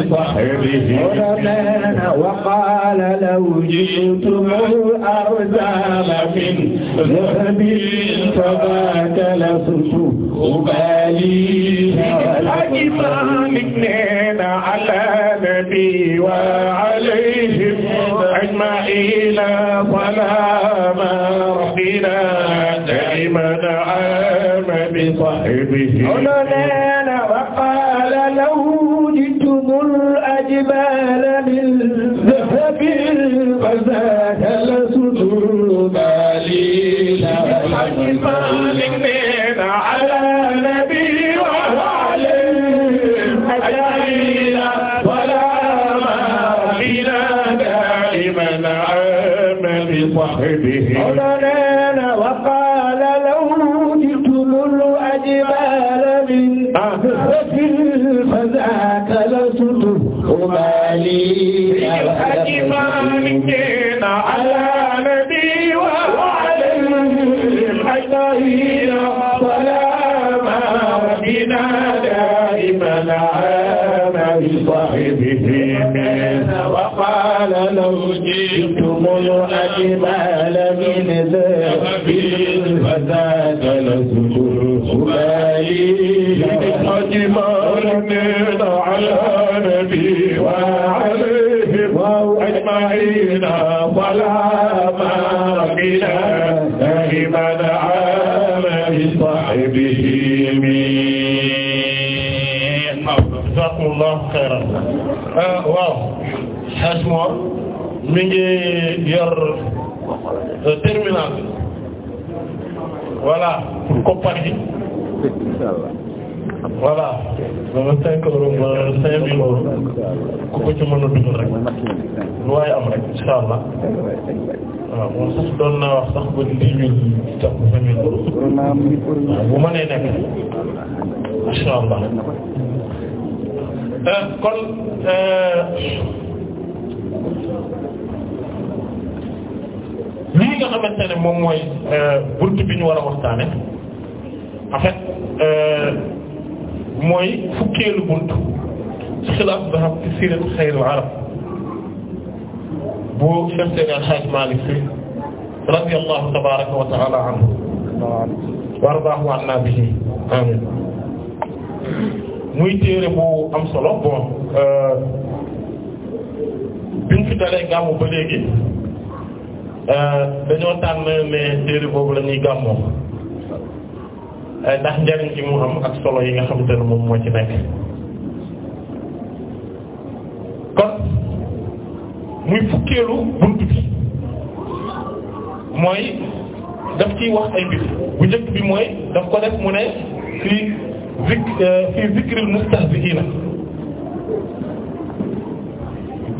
بصحبه وقال لو جئتم الأرزام من ذهب فذاك لست أبالي الإمام نينا على نبي وعليهم أجمعين سلام ربنا دائما عام بصحبه jazakallahu xayran ah, waaw Hadj Mor mi ngi yor euh, terminal bi voilà koppar yi voilà dama cinq euros ba euh, cinq mille euros ku ko ci mën a dugal rek lu waaye rek insha allah waaw moom sax doon naa wax sax ba dix mille jàpp cinq mille euros bu ma nee Euh, kon euh, lii nga xamante ne moom mooy euh, buntu bi ñu war a waxtaane en fait mooy fukkeelu buntu ci xilaaf zahab ci siiratu xayril arab bu Cheikh Seydi El Hadji Malick Sy radiyallahu tabaaraka wa ta'ala anhu wa ardaahu anna muy téere bu am solo bon euh, bi mu fi dalee gàmmu ba léegi euh, dañoo tànn ne téere boobu la ñuy gàmmoo ndax njariñ ci mu am ak solo yi nga xamante ne moom moo ci nekk kon muy fukkeelu bunt bi mooy daf ciy wax ay mbir bu njëkk bi mooy daf ko def mu ne fii zik fi zikril mustahzi'ina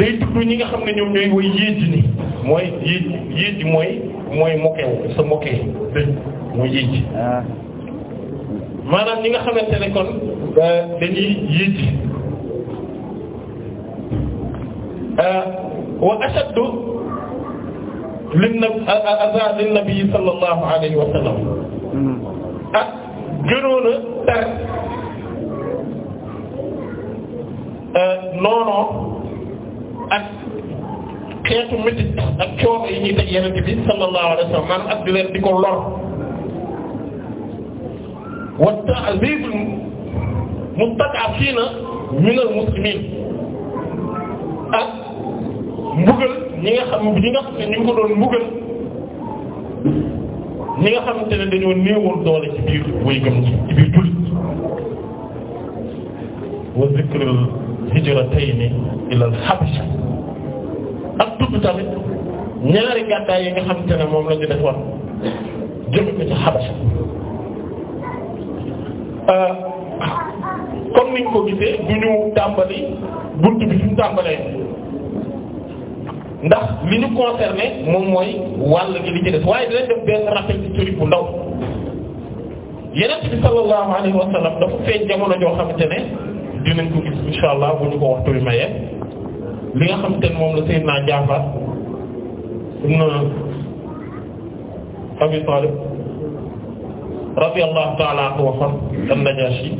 day tudd ñi nga xam ne ñoom ñooy way yéej ni mooy yéej yéej mooy mooy mokew sa mokee dëj mooy yéej maanaam ñi nga xamante ne kon dañuy yéej wa ashaddu lin aza lin nabi sallallahu alayhi wa sallam ak Euh, noonoo ak xeetu métit ak coono yi ñuy teg yeneen bi sallallahu alayhi wa sallam maanaam ak di leen di ko lor wa ta'zib mustad'afina min al muslimin ak mbugal ñi nga xam ñi nga xam ne ñu ngi ko doon mbugal ñi nga xamante ne dañoo néewoon doole ci biir way gëm ci biir jullit wa zikrul hijratayni ila al-habasha ak tudd tamit ñaari gàddaay yi nga xam ne moom la ñu def war ko ci Habasha euh, comme niñ ko gisee bu ñu tàmbali bunt bi suñu tàmbalee ndax li ñu concerné moom mooy wàll gi li ci waaye dinañ def benn rappel historique bu ndaw yeneen bi sallallahu alayhi wa dafa feeñ jamono joo xamante ne dinañ ko gis insha allah bu ñu ko waxtu bi mayee li nga xamante ne moom la Seydina Jaafar ibn Abi Talib radiyallahu ta'ala anhu waxoon an-Najashi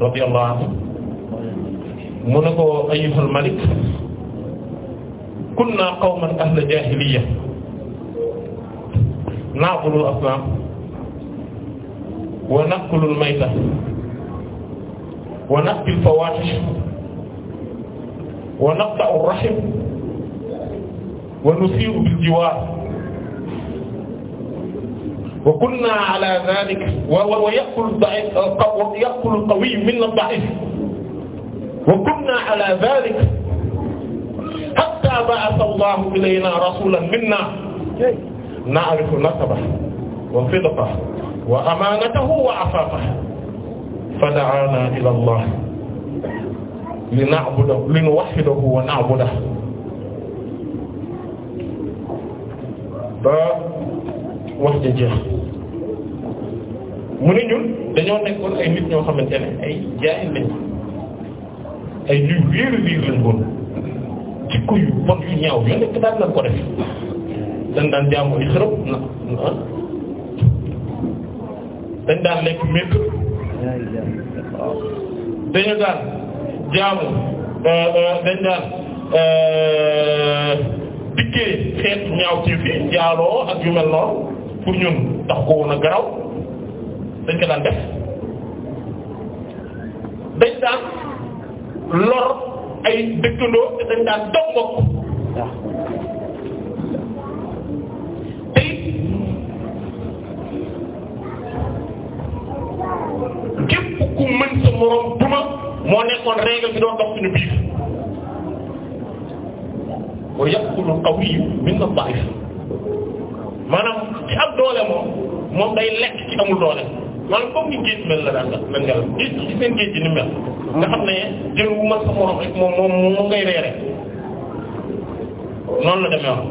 radiyallahu anhu mu ne ko ayyuhal malik kunna qawman ahla jahiliya na'budu asnam wa na'kulu al-mayta wa na'ti al-fawahish wa naqta'u ar-rahim wa nusiru bil-jiwar wa kunna ala dhalik wa wa ya'kulu ad-da'if wa ya'kulu al-qawi minna ad-da'if wa kunna ala dhalik hatta ba'atha Allahu ilayna rasulan minna na'rifu nasabahu wa sidqahu wa amanatahu wa afafahu fada'ana ila Allah lina'budahu linuwahhidahu wa na'budahu ba wax ja jeex mu ne ñun dañoo nekkoon ay nit ñoo xamante ne ay jaay lañ ay ñu wéeru wiir lañ woon jikko yu bon yu ñaaw yu nekk daan lañ ko def dañ daan jaamu ay na dañ daan lekk métt waaw dañu daan jaamu euh, euh, dañ euh, ñaaw ci fi njaaloo ak yu mel noonu pour garaw dañ def dañ lor ay dëkkandoo te dañ daan dox mbokk waaw te képp ku mën sa moroom duma moo nekkoon règle bi doon dox suñu biir wa yaqulu qawiyyu min ad-da'if maanaam ci am doole moom moom day lekk ci amul doole maanaam comme ni géej mel la daan la ngelaw géej gi seen géej gi ni mel. nga xam ne jël wu ma sa rek moom moom moom ngay reere noonu la demee woon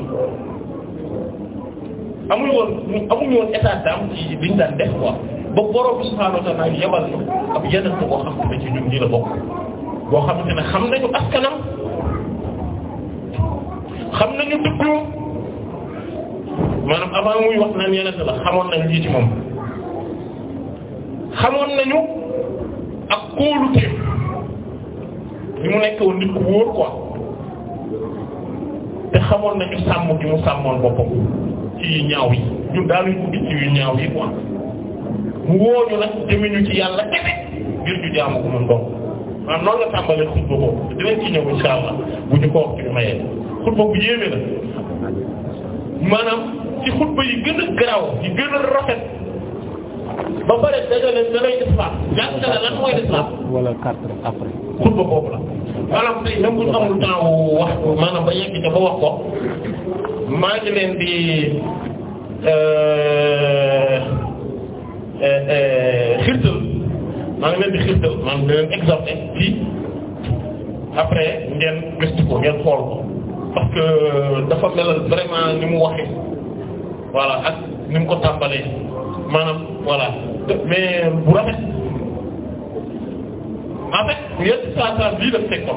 woon amuñu woon état d'âme ci biñ daan def quoi ba borom subhaanahu wa ta'aala yebal ñu ab yeneen ko xam ne ci ñun ñi la bokk boo xamante ne xam nañu askanam xam nañu dëkk moom. xamoon nañu ak kóoluteef bi mu nekk woon nit ku wóor quoi te xamoon nañu sàmm gi mu sàmmoon boppam ci ñaaw yi ñun daal di dugg ci yu ñaaw yi quoi mu wooñu nag jëmiñu ci yàlla kese ngir ñu jaamu ko mën doon maanaam noonu la tàmbalee xutba boobu dinañ ci ñëw insha allah bu ñu ko wax ci bi mayee xutba bu yéeme la maanaam ci xutba yi gën a garaaw yi gën a rafet ba pare dajale dalay islam jàngale lan mooy islam. wala quatre après. xutba boobu la maanaam tey même bu ñu amul temps wax maanaam ba yegg ca ba wax ko maa ngi leen di euh, euh, euh, xirtal maa ngi leen di xirtal maa ngi leen exhorter fii après ngeen gëstu ko ngeen xool ko parce que dafa melal vraiment ni mu waxee voilà ak ni mu ko tàmbalee. maanaam voilà mais bu rafet en fait yenn bii daf teg ko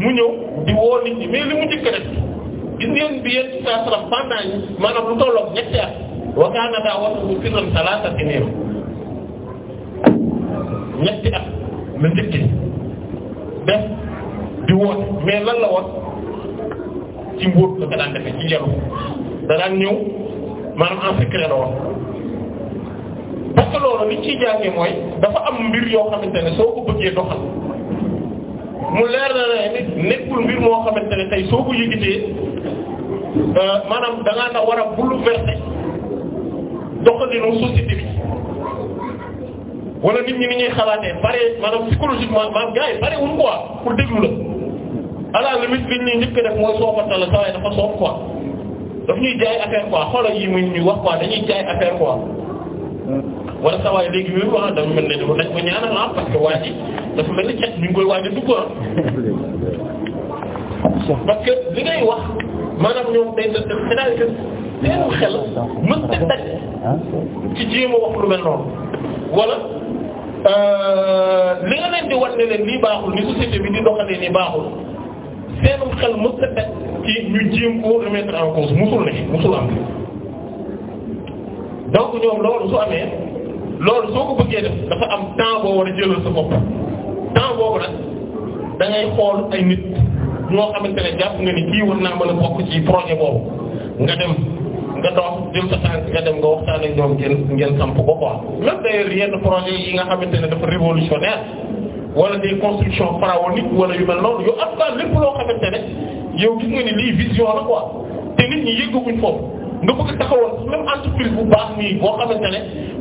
mu ñëw di woo nit ñi mais li mu njëkk a def gis ngeen bi yenn saa saa pendant ñi maanaam lu tolloog ñetti at wa kaana da'watuhu sirran salaasa siniin ñetti at la njëkk def di woote mais lan la woon ci mbóot la ko daan defee ci yaru danaan ñëw maanaam en secret la woon parce que jànge mooy dafa am mbir yoo xamante ne soo ko bëggee doxal mu leer na ne nekkul mbir moo xamante ne tey soo ko yëgitee euh, maanaam da ngaa war a bouleverser doxalinu société bi wala nit ñi ni ñuy xalaatee bare maanaam psychologiquement maanaam li ñuy njëkk def mooy soofatal la saa dafa soof quoi. daf ñuy jaay affaire quoi xoolal yi muy ñuy wax quoi dañuy jaay affaire quoi. wala sa waay léegi bi mu wax dafa mel ne dafa nañ ko ñaanal ah parce que waa ji mel ni cat ñu ngi koy waaj a dugg ah. parce que li ngay wax maanaam ñoom day def c'est-à-dire que seen xel mën na daj ci jéem a wax lu mel noonu wala. Euh, li nga leen wan ne leen lii baaxul ni société bi di doxalee nii baaxul seenum xel mës na teg ci ñu jéem koo remettre en cause musul ne musul am donc ñoom loolu su amee loolu soo ko bëggee dafa am temps boo war a jëlal sa boobu nag da xool ay nit ñoo xamante ne jàpp nga ni kii war naa mën a bokk ci projet boobu nga dem nga dox jël sa tànk nga dem nga waxtaan ak ñoom ngeen ngeen samp ko quoi. même d'ailleurs yenn projet yi nga xamante ne dafa révolutionnaire wala des constructions pharaoniques wala yu mel noonu yow en tout cas lépp loo xamante ne yow gis nga ni lii vision la quoi te nit ñi yëgguñ foofu nga bëgg a taxawal même entreprise bu baax nii boo xamante ne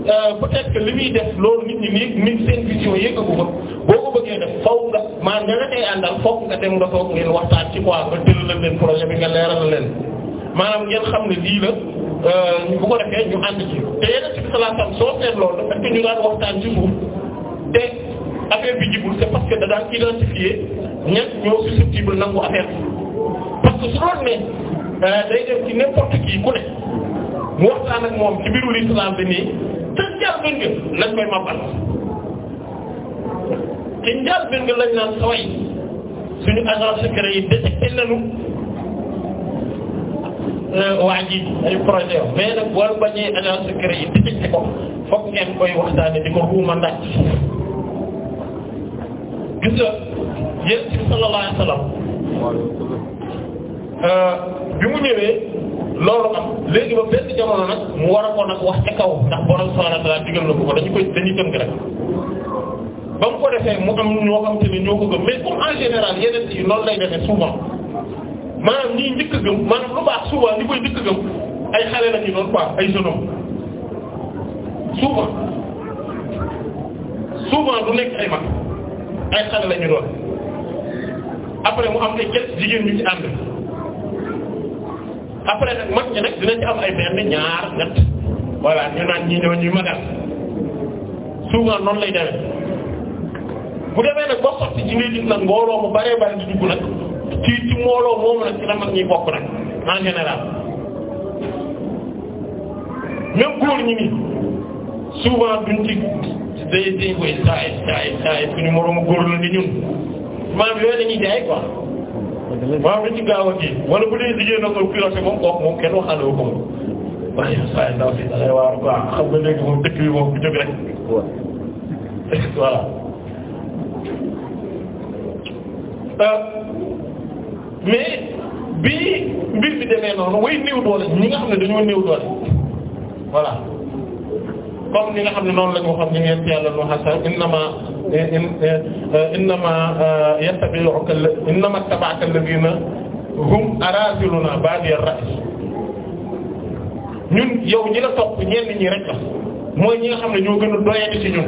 euh, peut-être que li muy def loolu nit ñi nii nit seen vision yëggagu ko boo ko bëggee def faw nga maa ña la àndal foog nga dem nga toog ngeen waxtaan ci quoi ba tëral leen projet bi nga leeral leen maanaam ngeen xam ne lii la euh, bu ko defee ñu ànd ci te yeneen ci bi affaire bi jibul c'est parce que da daan identifier ñett ñoo susceptible nangu affaire bi parce que su doon ne euh, day dem ci n'importe qui ku ne mu waxtaan ak moom ci biiru l'islam bi nii te njaal benn nga lañ koy mabal te njaal benn nga lañ naan saway suñu agent secret yi détecté nañu euh, waa ji ay projet mais nag war bañee agent secret yi détecté ko fokk ngeen koy waxtaane di ko ruuma ndax gis nga yéen ci sallallahu alayhi euh, bi mu ñëwee loolu am léegi ba benn jamono nag mu war a ko nag wax ca kaw ndax borom subhanahu wa ta'ala digal na ko ko dañu koy dañuy tënk rek ba mu ko defee mu am ñoo xam te ni ñoo ko gëm mais comme en loolu njëkk a gëm maanaam lu baax souvent li koy njëkk a gëm ay xale la ñu doon ay jeunes hommes souvent souvent nekk ay mag. ay xale la ñu doon après mu am ay quelques jigéen ñu ci ànd après nag mag ñi nag dinañ am ay benn ñaar ñett voilà ñu naan ñi ñoo ñuy magal souvent noonu lay demee bu demee nag boo xotti ci ngay gis nag mbooloo mu baree bari di dugg nag ci ci mbooloo moomu nag ci la mag ñuy bokk nag en général même góor ñi nii souvent duñ ci. day day koy saay saay saay suñu moroomu góor la ni ñun maanaam yooyu lañuy jaay quoi maanaam da ci gaaw a kii wala bu dee liggéey na ko cuirassé moom kooku moom kenn waxaale wu ko moom waaye saay ndaw si dangay waar quoi xam nga léegi moom dëkk bi moom bu jóg rek voilà euh, mais bi mbir bi demee noonu way néew doole ñi nga xam ne dañoo néew doole voilà comme ni nga xam ne noonu la ñu waxoon ñu ngi leen ci yàlla nu xasal innama eh, innama eh, yattabi'uka innama ittaba'aka alladhina hum araziluna badiya ar-ra's ñun yow ñi la topp ñenn ñi rek la mooy ñi nga xam ne ñoo gën a doyati ci ñun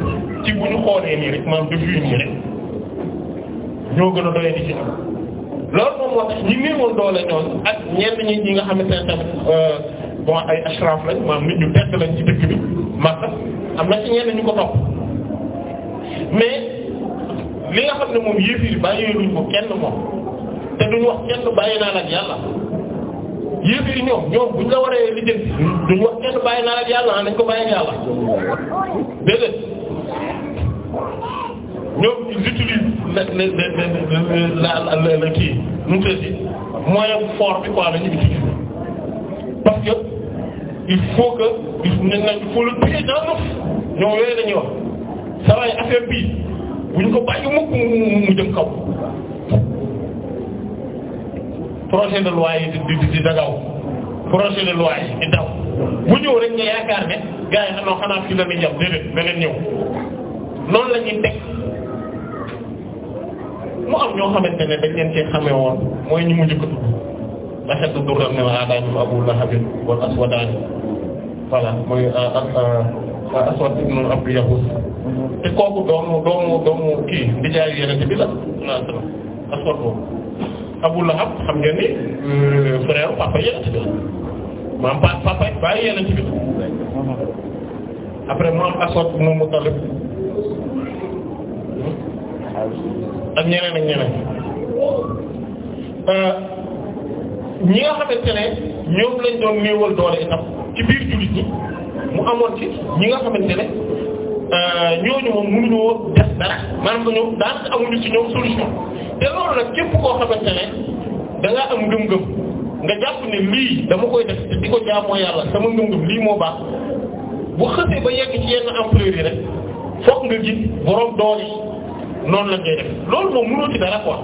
loolu moom moo tax ñi néewoon doole ñoom ak ñenn ñi ñi nga xam ne tamit eh, ay ashraf lañ maanaam nit ñu tedd lañ ci dëkk bi Makka am na ci ñenn ñu ko topp mais li nga xam ne moom yéefir bàyyi luñ ko kenn moom te duñ wax kenn bàyyi naa la ak yàlla yéefir ñoom ñoom buñ la waree lijjanti duñ wax kenn bàyyi naa la ak yàlla ah nañ ko bàyyi ak yàlla déedéet ñoom ils la la la la la kii nu mu tëddee moyen fort bi quoi la ñu utilisé parce que. il faut que il faut la ñuy wax saa kaw. projet de loi yi di noonu la ñuy mu am ñoo xamante ne dañ leen cee xamee woon mooy ñu mujj ko. ashaddu durran min aadaihim Abu Lahab wal Aswadaan voilà mooy Aswad ibn Abi Yahus te kooku doomu doomu doomu kii ndijaayu Yonent bi la sallallahu Aswad boobu mhm. Abu Lahab xam ngeen ni eh, frère papa Yonent bi la maam papa baay Yonent bi mhm. après mu am Aswad ibn Muttalib ak ñeneen ak ñeneen ñi nga xamante ne ñoom lañ doon néewal doole itam ci biir jullit ñi mu amoon ci ñi nga xamante ne euh, ñooñu moom mënuñu woon def dara maanaam que ñoom daanaka amuñu ci ñoom solution te loolu nag képp koo xamante ne da ngaa am ngëm-ngëm nga jàpp ne lii dama koy def te di ko jaamoo yàlla sama ngëm-ngëm lii moo baax bu xësee ba yegg ci yenn ampleur yi rek fokk nga gis borom doole noonu la ngay def loolu moom mënoo ci dara quoi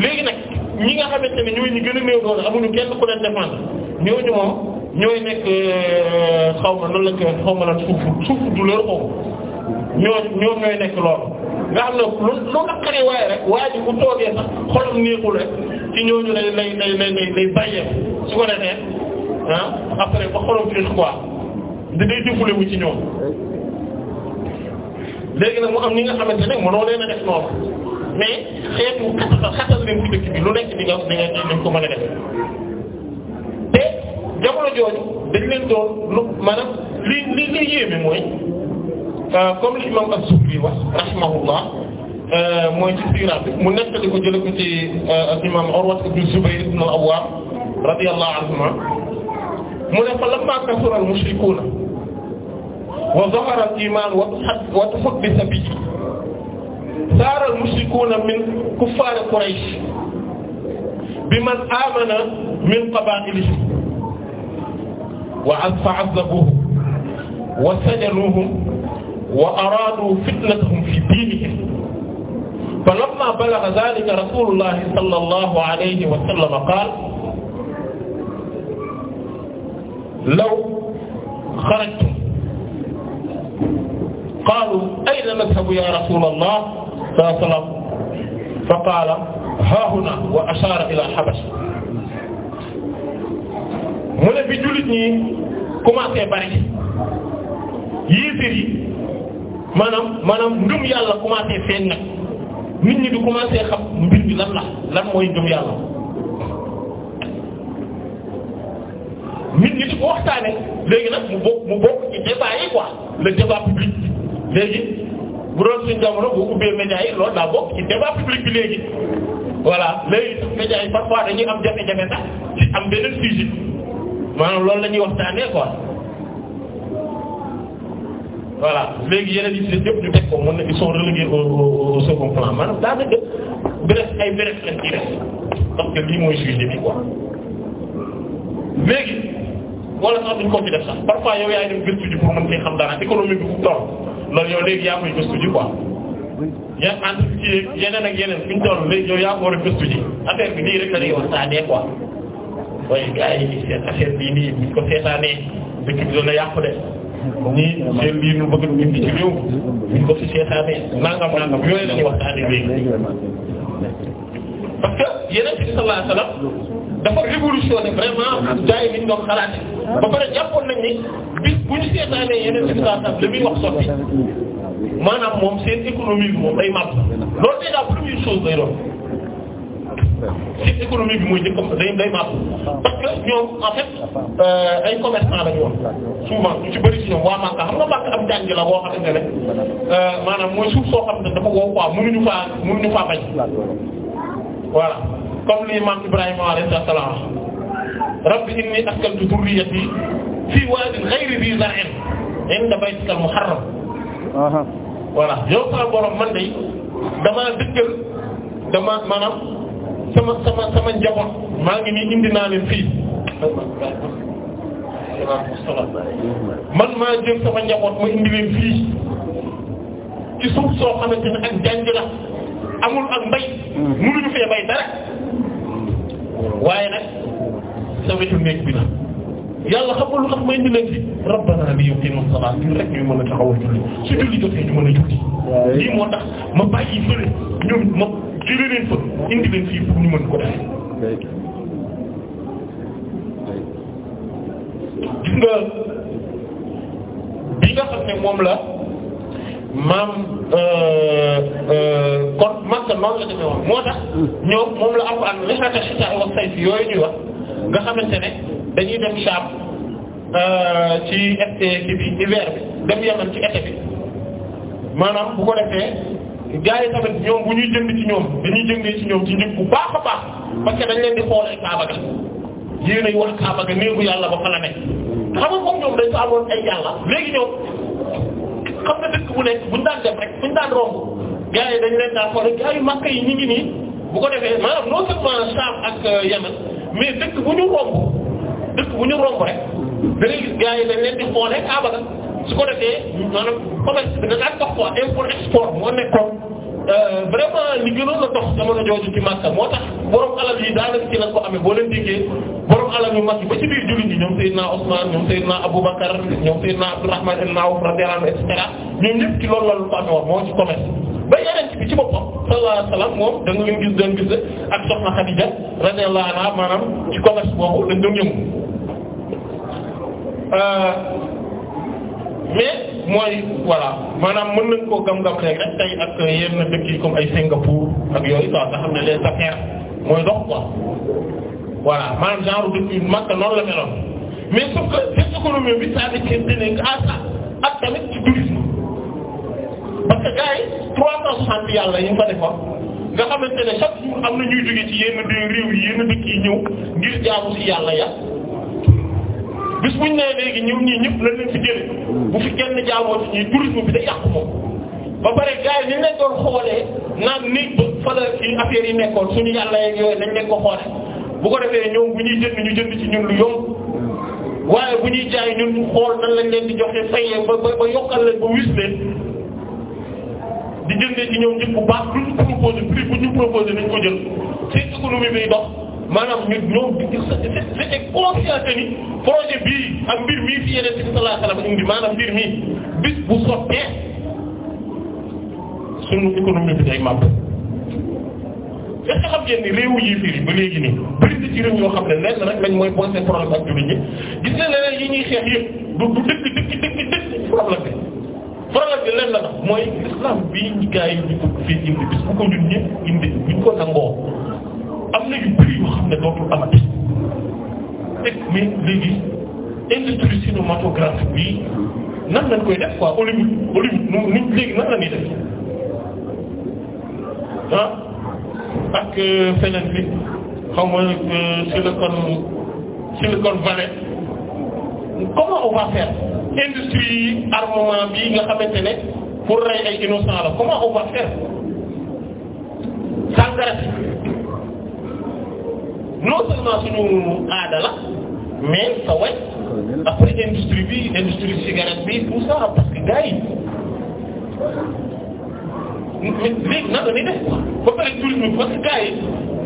léegi nag. ñi nga xamante ne ñooy ñi gën a néew doole amuñu kenn ku leen défendre ñooñu moom ñooy nekk euh, xaw ma noonu la ko xaw ma naan suuf suuf du leer xaw ñooñu ñoom ñooy nekk loolu. nga xam ne lu lu naqari waaye rek waa ji bu toogee sax xolam neexul rek ci ñooñu lay lay lay lay lay bàyyee su ko defee ah après ba xolam féex quoi da day jëfule wu ci ñoom léegi nag mu am ñi nga xamante ne mënoo leen a def noonu. mais xeetu xatal leen ci dëkk bi lu nekk di nga di nga dañ ko mën a def te jamono jooju dañ leen doon lu maanaam li li li yéeme mooy euh, comme li imam Az-Zuhri wax rahimahullah euh, mooy ci siira bi mu nekk di ko jële ko ci euh, imam Urwa ibn Zubayr ibn al-Awwam radiyallahu anhuma mu ne fa lamma kasura al-mushrikuuna wa zahara al-iimaan wa tuhabbisa bihi saaral mushrikuuna min kuffaar Quraysh bi man aamana min qabaa'ilihim wa fa'azzabuuhum wa sajanuuhum wa araaduu fitnatahum fi diinihim falammaa balagha dhaalika rasuulullaahi sallallaahu alayhi wa sallam qaala law kharajtum qaaluu ayna nadhabu yaa rasuulallaah sallallahu alayhi wa sallam fa wa ashaara ila al mu ne bi jullit ñi commencé bari yéeféer yi maanaam maanaam ngëm yàlla commencé feeñ nag nit ñi di commencé xam mbir bi lan la lan mooy ngëm yàlla nit ñi di ko waxtaane léegi nag mu mu bokk ci débat yi quoi le débat public léegi bu doon suñu jamono boo ubbee médias yi loolu daa bokk ci débat public bi léegi voilà léegi médias parfois dañuy am jafe-jafe ndax am beneen sujet maanaam loolu lañuy ñuy waxtaanee quoi voilà léegi yeneen yi ci yëpp ñu teg ko mën na ils sont relégués au au second plan maanaam daa ay bref lañ ciy def parce lii mooy sujet bi quoi léegi wala sax duñ ko fi def sax parfois yow yaay dem gëstu ji pour mën cee xam dara économie bi fu toll. loolu yoo léegi yaa koy gëstu ji quoi yan entreprise yeneen ak yeneen fi ñu toll léegi yow yaa ko war a gëstu ji affaire bi nii rek la ñuy wax saa dee quoi waaye gars yi seen affaire nii buñ ko seetaanee dëkk bi dana yàqu de ñii seen lii nu bëgg nit ñi ci réew buñ ko fi seetaanee nangam nangam yooyu la ñuy wax saa dee que dafa révolutionné vraiment jaay liñ doon xalaate ba pare jàppoon nañ bis bu ñu seetaanee yeneen ci saa sax dañuy wax sotti maanaam moom seen économie bi moom day màgg loolu déjà première chose day doon seen économie bi mooy njëkk day day màgg parce que ñoom en fait euh, ay commerçant lañu woon souvent ñu ci bëri ci ñoom waa Makka xam nga Makka am jàngi la boo xamante ne euh, maanaam mooy suuf soo xam ne dafa wow quoi mënuñu faa mënuñu faa bañ voilà. comme li imam Ibrahima alayhi salaam rabbi inni askantu dhurriyyati fii waadin ghayri dhi zar'in inda baytikal muharram voilà yow sa borom man day damaa dëkkal dama maanaam sama sama sama njaboot maa ngi nii indi naa leen fii man maa jël sama njaboot ma indi leen fii ci suuf soo xamante ne ak janj la amul ak mbay mënuñu fee bay dara waaye nag sa nekk bi na yàlla xamul lu tax may indi leen fi rabbana li yuqimu salaat ñu rek ñu mën a taxawal julli moo tax ma bàyyi fële ñoom ma jëlee leen fa indi leen fii ñu mën ko def gis nga bi nga xam ne moom la maam euh, euh, kon Makka noonu la demee woon moo tax ñoom moom la Alxuraan rihlata shitaa'i wa sayfi yooyu ñuy wax nga xamante ne dañuy dem Saam euh, ci été ci bi hiver bi dem Yaman ci été bi maanaam bu ko defee gars yi tamit ñoom bu ñuy jënd ci ñoom dañuy jëndee ci ñoom ci njëg bu baax a baax ma que dañ leen di xool ay Kaaba ga yéen ay wax Kaaba ga néegu yàlla ba fa la nekk xam nga comme ñoom dañ fa amoon ay yàlla léegi ñoom. xam nga dëkk bu nekk bu daan def rek buñ daan romb gars yi dañ leen daan xool gars yu Makka bu ko defee maanaam non seulement Sham ak euh, Yemen mais dëkk bu ñu romb dëkk bu ñu romb rek da ngay gis gars yi dañ leen di xoolee Kaaba ga ko defee maanaam commerce bi da daan dox quoi import export moo nekkoon euh, vraiment a dox jamono Makka moo tax. borom alal yi daanaka la ko amee boo leen déggee borom alal yu mag yi ba ci biir jullit yi ñoom Seydina Ousmane ñoom Seydina Aboubacar ñoom Seydina Abdourahmane ibn Awf radiyallahu anhu et cetera ñoom ñëpp ci loolu la ko amee woon moo ci commerce ba yeneen ci boppam sallallahu alayhi moom da nga leen gis doon gis ak soxna Khadija radiyallahu anha maanaam ci commerce boobu dañ doon yëngu euh, mais mooy voilà maanaam mën nañ koo gam-gam rek tey ak yenn dëkk yi mooy dox quoi voilà maanaam genre depuis Makka noonu la meloon mais sauf que cette économie bi saa di ceeb dinañ grâce ak tamit ci tourisme parce que gars yi 360 yàlla yi nga fa defoon nga xamante ne chaque jour am na ñuy jóge ci yenn réew yi yenn dëkk yi ñëw ngir jaamu ci yàlla ya bis bu ñu nee léegi ñëw ñii ñëpp lan leen fi jëlee bu fi kenn jaamoo ci ñuy tourisme bi day yàqu ba pare gars yi ni nekkoon xoolee naan nit ba fa la ci affaire yi nekkoon suñu yàlla yeeg yooyu nañ leen ko bu ko defee ñoom bu ñuy jënd ñu jënd ci ñun lu yomb waaye bu ñuy jaay ñun xool nan lañ di joxe fayee ba ba yokkal leen ba wis leen di jëndee ci ñoom njëg bu baax lu ñu proposé bu ñu proposé nañ ko jël seen économie biy dox maanaam ñun ñoom di c'était conscient ni projet bii ak mbir mii fi yeneen ci sallallahu alayhi wasallam indi maanaam mbir mii bis bu sottee. suñu économie bi day màbb fexe xam ngeen ni réewu yi ba léegi nii bëri na ci réew yoo xam ne lenn rek lañ mooy bon seen problème ak jullit ñi gis na leneen yi ñuy xeex yëpp du du dëkk dëkk dëkk dëkk lenn la mooy islam bii gaa yi ñu ko fii indi bis bu ko ñun ñëpp indi buñ ko am na bëri yoo xam ne dootul amati teg mais léegi industrie cinématographique bi nan lañ koy def quoi Hollywood Hollywood nu léegi nan la ñuy def ah ak euh, feneen bi xaw ma euh, Silicon Silicon Valley comment on va faire industrie armement bi nga xamante ne pour rey ay innocent la comment on va faire sangara si non seulement suñu aada la mais sa way après industrie bi industrie cigarette bi tout ça parce que léegi nan la ñuy def ba pare tourisme bi parce que gars yi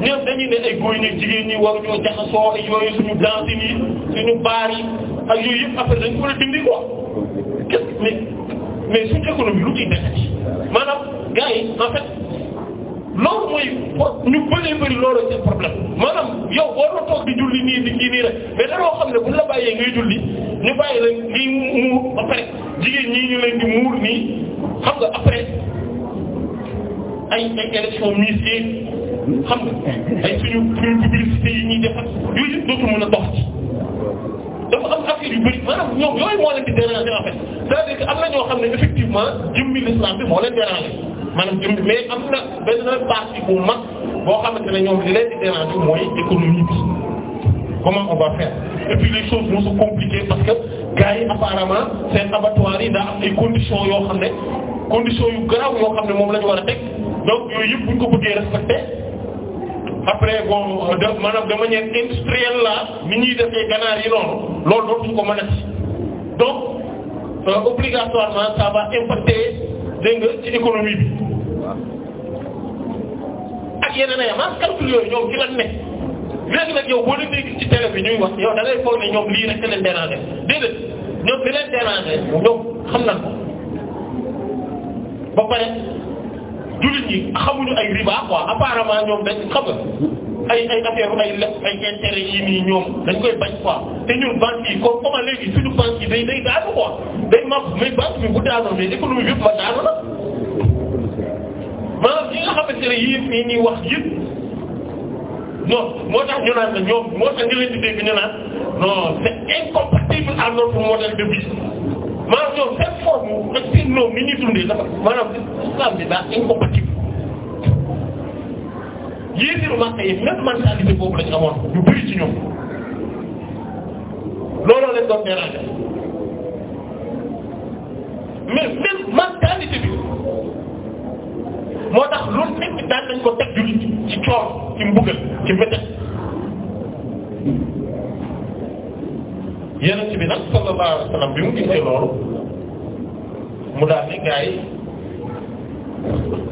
ñoom dañuy ne ay góor ñi jigéen ñi war ñoo jaxasoo ak yooyu suñu danse yi suñu baar yi ak yooyu yëpp après dañu ko war a dindi quoi. qu'est-ce que mais suñu économie lu ciy nekk ci maanaam gars yi en fait loolu mooy ñu bëree bëri loolu c'est problème maanaam yow boo la toog di julli nii di kii nii rek mais dañoo xam ne buñ la bàyyee ngay julli ñu bàyyi la ngi muur ba pare jigéen ñii ñu leen di muur nii xam nga après. ay ay élection ministère xam nga ay suñu publicité yi ñuy defar yooyu yëpp dootu mën a dox ci dafa am affaire yu bëri maanaam ñoom yooyu moo leen di déranger en fait am na ñoo xam ne effectivement jëmmi l'islam bi moo leen déranger maanaam mais am na benn partie bu mag boo xamante ne ñoom li leen di mooy économie bi comment on va faire et puis les compliquer parce que gars yi seen abattoirs yi daa am ay conditions yoo xam ne condition yu garaaw yoo xam ne moom la war a teg. donc yooyu yëpp bu ñu ko bëggee respecté après bon de maanaam de manière industrielle la ni ñuy defee ganaar yi loolu dootuñu ko mën a ci donc euh, obligatoirement ça va impacter dégg nga ci bi ak yeneen ay amas calcul yooyu ñoom ci lan ne léegi nag yow boo leen di gis ci télé bi ñuy wax yow da ne ñoom lii rek da leen déranger déedéet ñoom di leen déranger ñoom xam nañ ko ba jullit ñi xamuñu ay riba quoi apparemment ñoom dañ xam nga ay ay affaire ay lépp ay intérêt yi nii ñoom dañ koy bañ quoi te ñun banque ko comme comment léegi suñu banque yi day day daanu quoi day mag mais banque bi bu daanoo mais économie bi yëpp ma daanu la maanaam ñi nga xamante ne yii nii nii wax yëpp non moo tax ñu naan la ñoom moo tax ñu di dégg ñu naan non c'est incompatible à notre modèle de vie maanaam ñoom seen forme ak seen ñoom ni ñuy dundee dafa maanaam islam bi daa incompatible yéesiru Makka yi même mentalité boobu lañu amoon ñu bëri ci ñoom looloo leen doon déranger mais même mentalité bi moo tax loolu nekk daan nañ ko teg jullit ci coor ci mbugal ci yonent bi nag sallallahu alayhi wa sallam bi mu gisee loolu mu daal ni gaa yi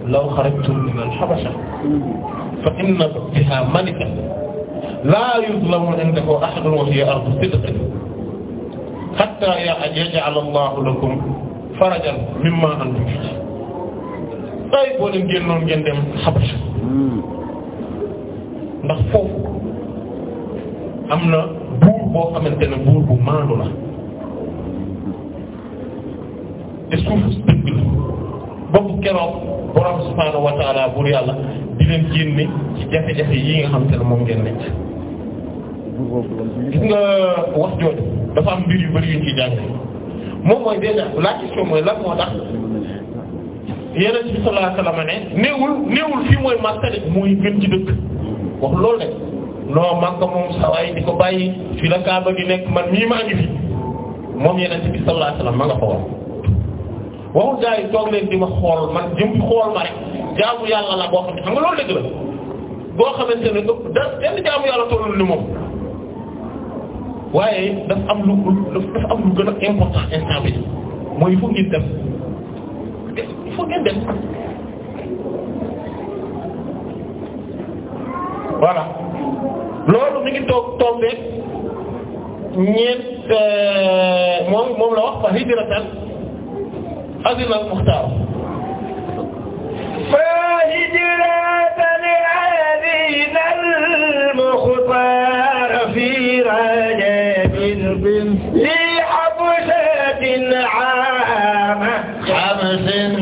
law xarajtum min al-Habasha fa inna biha malikan laa yuzlamu indahu ahadun wa hiya ardu sidqin hatta yaj'ala Allahu lakum farajan mimma antum fihi ay boo leen génnoon ngeen dem Habasha hmm. ndax foofu am na. buur boo xamante ne buur bu maandu la te suuf dëgg la boobu keroog borom subhaanahu wa taala buur yàlla di leen génne ci jafe-jafe yi nga xamante ne moom ngeen nekk. gis nga wax jooju dafa am mbir yu bari yu ñu ciy moom mooy déjà la question mooy lan moo tax yeneen ci sallallahu alayhi wa sallam ne néewul néewul fii mooy Makka mooy gën ci dëkk wax loolu de. non Makka moom sawaay di ko bàyyi fi la Kaaba gi nekk man mii maa ngi fi moom yeneen bi sallallahu alayhi wasallam ma nga xool waxul gaa yi toog leen di ma xool man jëm xool ma rek jaamu yàlla la boo xam ne xam xamante ne ëpp da benn jaamu yàlla tollul ni moom waaye dafa am lu dafa am lu gën a important instant bi mooy il faut dem il faut ngeen dem voilà loolu mi ngi toog tombé ñeent euh, moom moom la wax fa hijratan azina al muxtaar fa hijratan azina al muxtaar fi rajabin bin li habsatin aama xamsin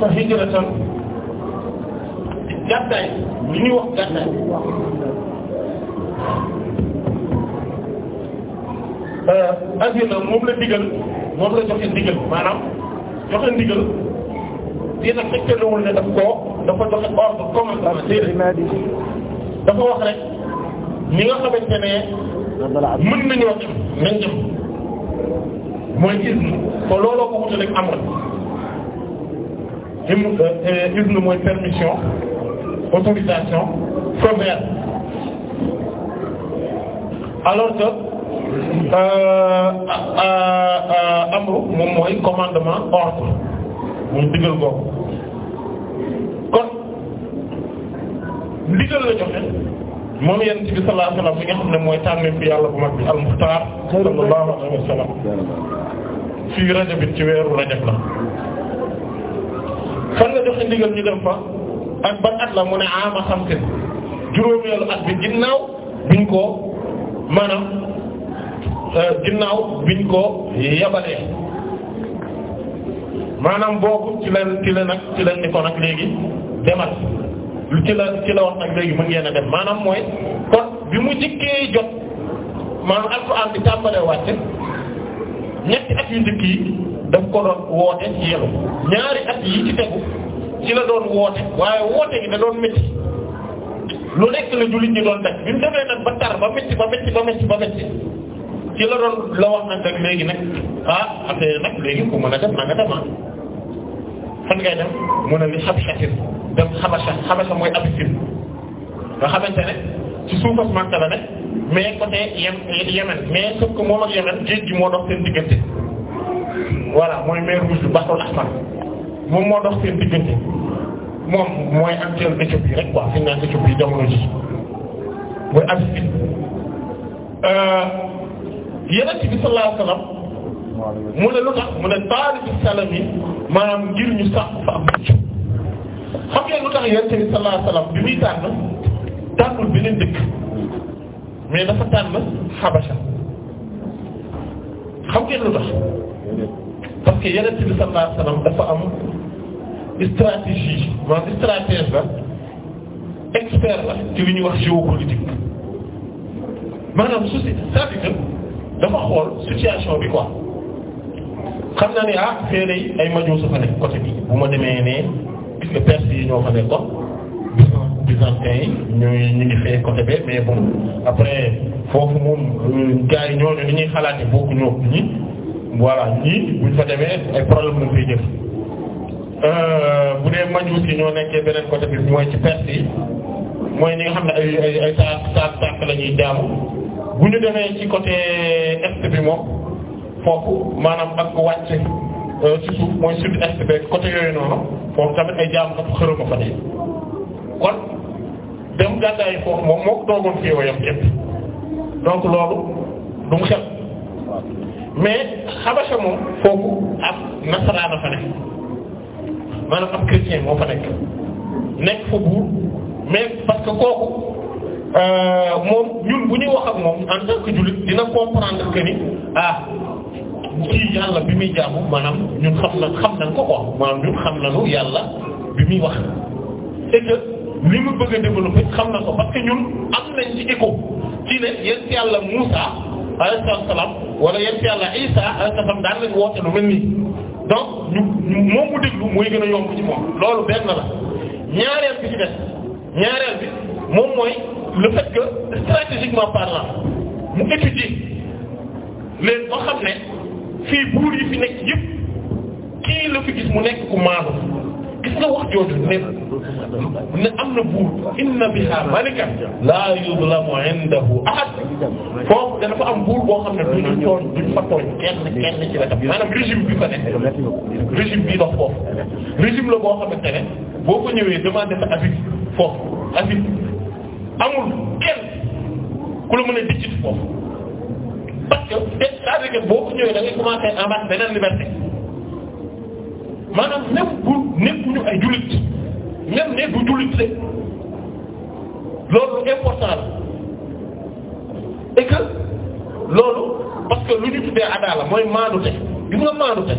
fa hijratan gàddaay li ñuy wax gàddaay euh, asina moom la digal moom la joxe ndigal maanaam joxe ndigal dina fekk lawul ne daf koo dafa joxe ordre commandement déedéet dafa wax rek ñi nga xamante ne mën nañoo dem nañ mooy gis ko looloo ko wuute am rek izn euh, euh, mooy permission autorisation feu vert alors que euh, moom mooy commandement ordre mooy digal googu kon digal la joxe moom yéen ci bi sallallahu nga xam ne mooy tànn fi al-Muxtaar sallallahu alayhi ci weeru rajab joxe ndigal ñu dem fa ak ban at la mu ne ama xamsin juróomeelu at bi ginnaaw biñ ko maanaam euh, ginnaaw biñ ko yabalee maanaam boobu ci leen ci la nag ci leen ni ko nag léegi demal ci la ci la wax nag léegi mën ngeen a dem maanaam mooy kon bi mu njëkkee jot maanaam alxuraan bi tàmbalee wàcce ñetti at yu njëkk yi daf ko doon woote ci yelu ñaari at yi ci tegu ci la doon woote waaye woote gi da doon métti lu nekk la jullit ñi doon daj bi mu demee nag ba tar ba métti ba métti ba métti ba métti ci la doon la wax nag léegi nag ah affaire nag léegi ku mën a def na nga dem ah. fan ngay dem mën a dem xabasa xabasa mooy Abyssinie nga xamante ci suufas Makka la ne mais côté yem Yemen mais sauf que moom ak Yemen géej gi moo dox seen diggante voilà mooy mer Rouge bi Bahrul Ahmar moom moo dox seen diggante moom mooy actuel Éthiopie rek quoi fi ñu naan Éthiopie jamono ji mooy Abissi euh, yonent bi sallallahu alayhi wasallam mu ne lu tax mu ne taalibi salam yi maanaam ngir ñu sax fa am xam ngeen lu tax yonent bi sallallahu bi muy tànn tànnul beneen dëkk mais dafa tànn Habasha xam ngeen lu tax parce que yonent bi dafa am. stratégie maanaam stratège la expert la ci li ñuy wax géopolitique maanaam souci c'est-à-dire que dafa xool situation bi quoi xam naa ne ah feene yi ay majoo sa fa nekk côté bi bu ma demee ne gis nga perse yi ñoo fa nekkoon byzantin yi ñooy ñu ngi fee côté bi mais bon après foofu moom euh, gars yi ñooñu li ñuy xalaat yi bokku ñoo ñi voilà ñii buñ fa demee ay problème moom fay jëf Euh, bu dee majuus yi ñoo nekkee beneen côté bi mooy ci Perse yi mooy ñi nga xam ne ay ay ay saak saak saak jaamu bu ñu demee ci côté est bi moom foofu maanaam ak wàcc euh, ci suuf mooy sud est bi côté yooyu noonu foofu tamit ay jaamu dafa xërëm a fa dee kon dem gàddaay foofu moom moo ko toogoon fii wayam yëpp donc loolu du mu xel mais xabasa moom foofu ak nasaraana fa ne maanaam am chrétien moo fa nekk nekk fa buur mais parce que kooku euh, moom ñun bu ñuy wax moom en tant que jullit dina comprendre que ni ah ci yàlla bi muy jaamu maanaam ñun xam na xam nañ ko ko maanaam ñun xam nañu yàlla bi muy wax et li mu bëgg a développer xam na ko parce que ñun am nañ ci écho ci ne yent yàlla Muusa alayhi salaam wala yent yàlla Isa alayhi salaam daan lañ woote lu mel nii donc ñu moom mu déglu mooy gën a yomb ci moom loolu benn la ñaareel bi ci des ñaareel bi moom mooy le fait stratégiquement parlant mu étudier leen ba xam ne fii buur yi fi nekk yëpp kii la fi gis mu nekk ku maanu gis nga wax jooju ne ne am na buur inna biha malikan la yuzlamu indahu ahad foofu dafa am buur boo xam ne duñu tooñ duñu fa tooñ kenn kenn ci la tam maanaam régime bi fa ne régime bi dox foofu régime la boo xamante ne boo ko ñëwee demandé sa avis foofu avis amul kenn ku la mën a dijjit foofu parce que c'est-à-dire que boo ko ñëwee da ngay commencer en bas beneen liberté maanaam même bu nekkuñu ay jullit même ne bu jullit le loolu important la et loolu parce que lu ñu tuddee adaala mooy maandu te gis nga maandu te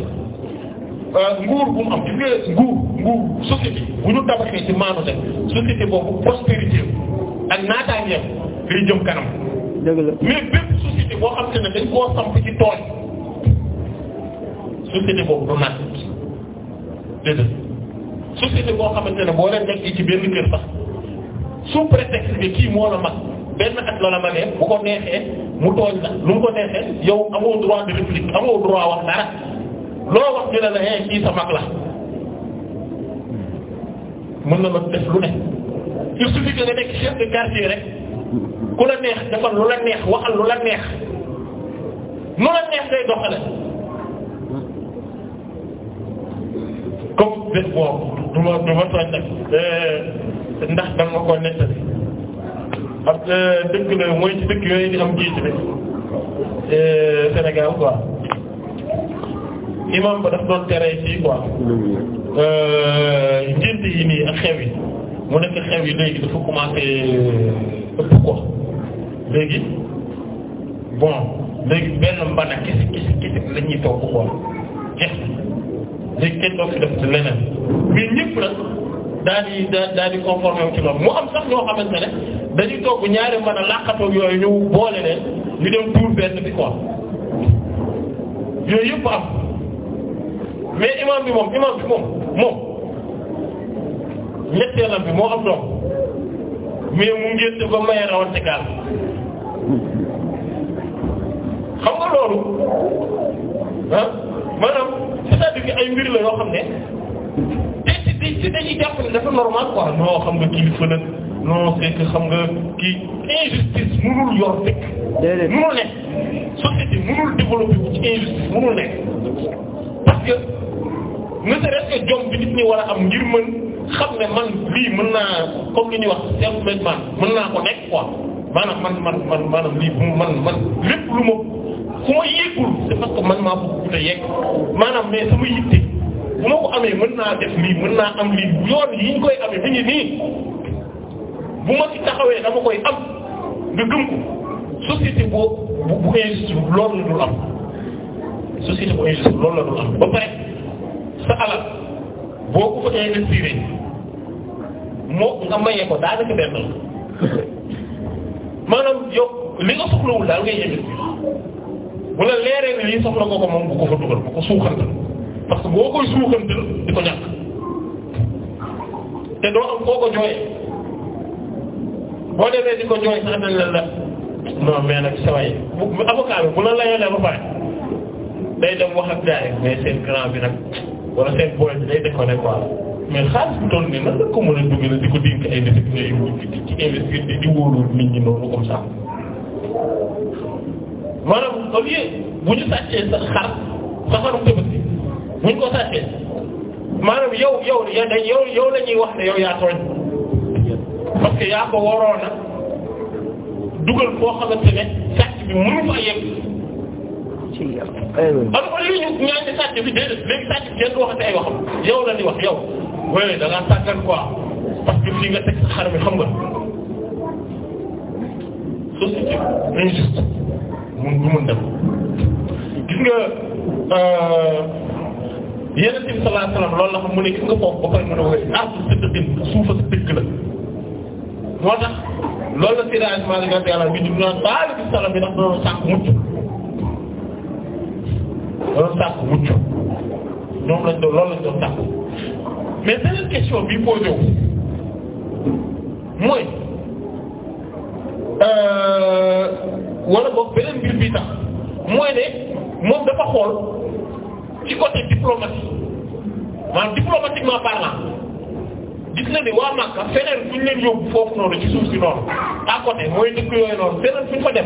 euh, nguur bu am gis nga nguur nguur société bu ñu tabaxee ci maandu te boobu prospérité ak naataangeem day jëm kanam. dëgg la mais bépp boo xam te ne dañ koo samp ci tooñ société boobu du naat. déedéet société boo xamante ne boo leen nekk ci benn kër sax sous prétexte que kii moo la mag benn at la la magee bu ko neexee mu tooñ la lu mu ko neexee yow amoo droit de réplique amoo droit wax dara loo wax dina la eh kii sa mag la mën na la def lu ne il suffit que nga nekk chef de quartier rek ku la neex defal lu la neex waxal lu la neex lu la neex day doxale de bon du ma du ma tooñ nag eh, ndax da nga ko nettali parce que eh, dëkk la mooy ci dëkk yooyu di am jiitu rek eh, Sénégal quoi imam ba daf doon tere fii quoi njënd yi nii ak xew yi mu nekk xew yi léegi dafa commencé ëpp quoi léegi bon léegi benn mbana kese kese kese la ñuy toog quoi jeex léegi kenn doo fi def ci leneen mais ñëpp nag daal di daal di conformé wu ci loolu mu am sax ñoo xamante ne dañuy toog ñaari mën a làqatoog yooyu ñu boole leen ñu dem tuur benn bi quoi yooyu yëpp am mais imam bi moom imam bi moom moom ñetteelam bi moo am doom mais mu ngénte ba maye rawante gaal xam nga loolu ah maanaam c'est-à-dire ay mbir la yoo xam ne te te dañuy normal quoi non xam nga kilifa nag non xam nga kii injustice mënul yor dëkk. déedéet mënul nekk société mënul développer wu ci injustice mënul nekk parce que ne serait-ce que jom bi nit ñi am ngir mën xam ne man lii mën naa comme li ñuy wax self-made man mën naa ko nekk quoi man man man maanaam lii man man lépp su ma yéegul c'est parce man maa bëgg a yegg maanaam mais sama yitte bu ma ko amee mën naa def lii mën naa am lii yoon yi ñu koy amee mi ngi nii bu ma ci taxawee dama koy am nga gëm ko société boo bu bu injuste loolu la am société bu injuste loolu la dul am ba pare sa alal boo ko fa investir moo nga mayee ko daanaka benn la maanaam yow li nga soxlawul daal ngay investir. bu la leeree ne lii soxla nga ko moom bu ko fa dugal bu ko suuxantal parce que boo koy di ko ñàkk te doo am koo ko jooyee boo demee di ko jooy sax dañ la la non mais nag saa yi bu avocat bi bu la layalee ba pare day dem wax ak gars yi mais seen grand bi nag wala seen boy day déconné quoi mais xaalis bu toll nii nan la ko mën a dugal di ko dénk ay nit ñi di investir di wóolu nit ñi noonu comme ça. maanaam au lieu bu ñu sàccee sa xar sa xarum Tabaski bu ñu ko sàccee maanaam yow yow yow yow la ñuy wax ne yow yaa tooñ parce que yaa ko waroon a dugal foo xamante ne sàcc bi mënu fa yegg. alors que li ñu ñaan ci sàcc bi déedéet léegi sàcc kenn du waxati ay waxam yow la ñuy wax yow oui da ngaa sàccan quoi parce que fii xar mi xam nga société injuste. mun ñu mun def gis nga euh, yeneen bi sallallahu alayhi wasallam loolu la xam mu ne gis nga foofu ba koy mën a woowe ardu ah, si dëgg la moo tax loolu la Seydi Maalik radiyallahu bi ñu naan baal bi sallam bi ndax doon sàkk mucc doon sàkk mucc ñoom lañ doon loolu wala boog beneen mbir bi tax mooy ne moom dafa xool ci côté diplomatique maanaam diplomatiquement parlant gis na ni waa Makka feneen fu ñu leen yóbbu foofu noonu ci suuf si noonu à côté mooy dëkk yooyu noonu feneen fu ñu fa dem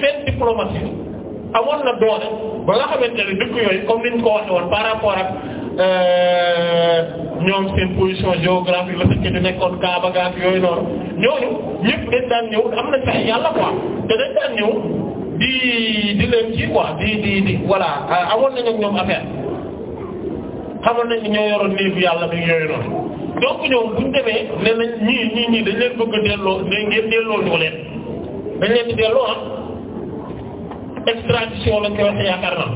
seen amoon na doole ba nga xamante ne dëkk yooyu comme niñ ko waxe woon par rapport ak euh, ñoom seen position géographique la fekk di nekkoon Kaaba gaak yooyu noonu ñooñu ñëpp dañ daan ñëw am na sax yàlla quoi te dañ daan ñëw di di leen ci quoi di di di voilà amoon nañ ak ñoom affaire xamoon nañ ñoo yoroon néegu yàlla bi yooyu noonu donc ñoom buñ demee ne nañ ñii ñii ñii dañ leen bëgg delloo ne ngeen delloo ñu leen dañ leen di delloo ah extradition lañ koy waxee yaakaar naa.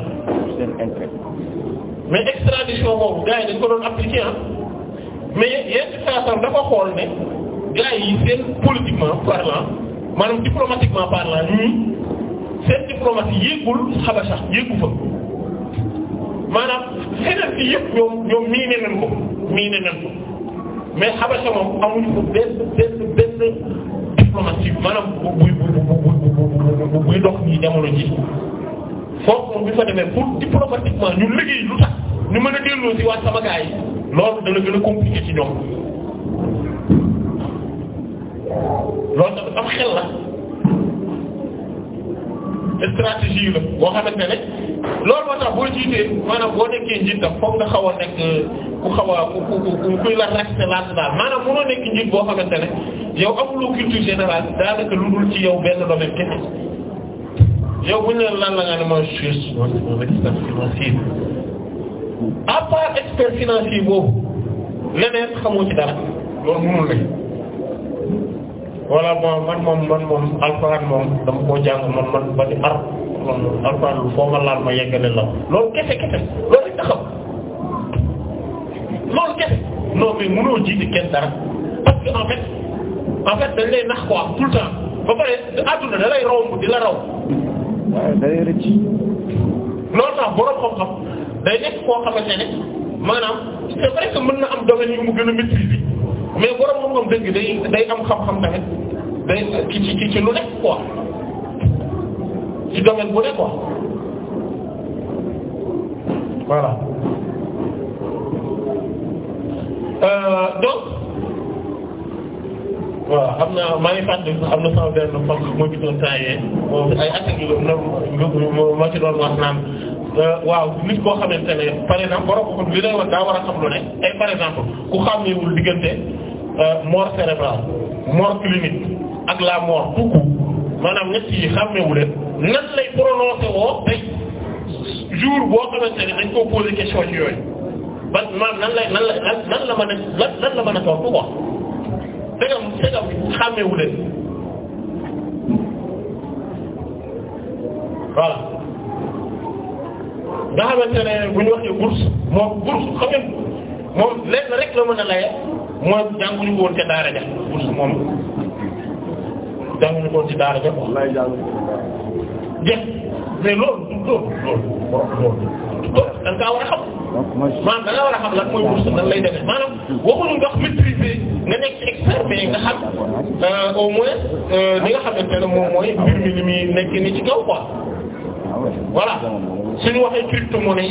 mais extradition boobu gars yi dañ ko doon appliquer ah mais yenn saa dafa xool ne gars yi seen politiquement parlant maanaam diplomatiquement parlant ñii seen diplomatie yéegul Xabasa yéegu fa. maanaam xeneen fi yëpp ñoom ñoom mii ne nen ko mii ne nen ko mais Xabasa moom amuñu ko benn benn benn diplomatie maanaam buy di dox nii jamono ji foofu bi fa demee pour diplomatiquement ñu liggéey lu tax ñu mën a delloo ci sama gaay yi loolu dana gën a compliqué ci ñoom loolu tamit am xel la stratégie la boo xamante ne loolu moo boo jiitee maanaam boo nekkee njiit tam foog nga xaw nekk ku xaw a ku ku kuy la raxte laaj daal maanaam mënoo nekk njiit boo xamante ne yow amuloo culture générale daanaka lu dul ci yow benn domaine kese. yow bu ñu leen lan la nga ne ma je suis un expert financier à part expert financier boobu leneen xamoo ci dara loolu mënul man moom man moom alxuraan moom man man ba di ar man alxuraan lu foo ma laal ma yeggale la loolu kese kese loolu rek nga xam loolu kese non mais mënoo jiite kenn dara parce que en fait en fait dañ lay nax quoi tout le temps ba pare àdduna da lay raw di la raw. waaye day rëcc. loolu tax borom xam-xam day nekk koo xamante ne maanaam c'est vrai que mën na am domaine yu mu gën a maîtriser mais borom xam-xam dëgg day day am xam-xam tamit day ci ci ci lu nekk quoi ci domaine bu nekk quoi voilà euh, waaw xam naa maa ngi fàttali am na sama benn mbokk moo ci doon taayee ay attaques yu ma ci doon wax naan euh, waaw nit koo xamante ne par exemple borom ko li lay wax daa war a xam lu ne tey par exemple ku xàmmeewul diggante euh, mort cérébrale mort clinique ak la mort tout court maanaam ñett yi xàmmeewu leen nan lay prononcé woo tey jour boo xamante ne dañ koo posé question ci yooyu ba maanaam nan lay nan la nan la mën a lan la mën a tontu quoi. segam segam xàmmewu leen voilà nga xamante ne bu ñu waxee bourse moom bourse xam ngeen moom lenn rek la mën a laye mooy jànguñu ko woon ca daara ja bourse moom jànguñu ko woon ci daara ja wallaay jànguñu jeex mais loolu loolu loolu da nga war a xam maanaam da nga war a xam lan mooy bourse nan lay demee maanaam waxuñu ndax maîtriser nga nekk ci nga xam euh, au moins euh, li nga xamante ne moom mooy mbir mi li muy nekk ni ci kaw quoi voilà suñu waxee crypto-monnaie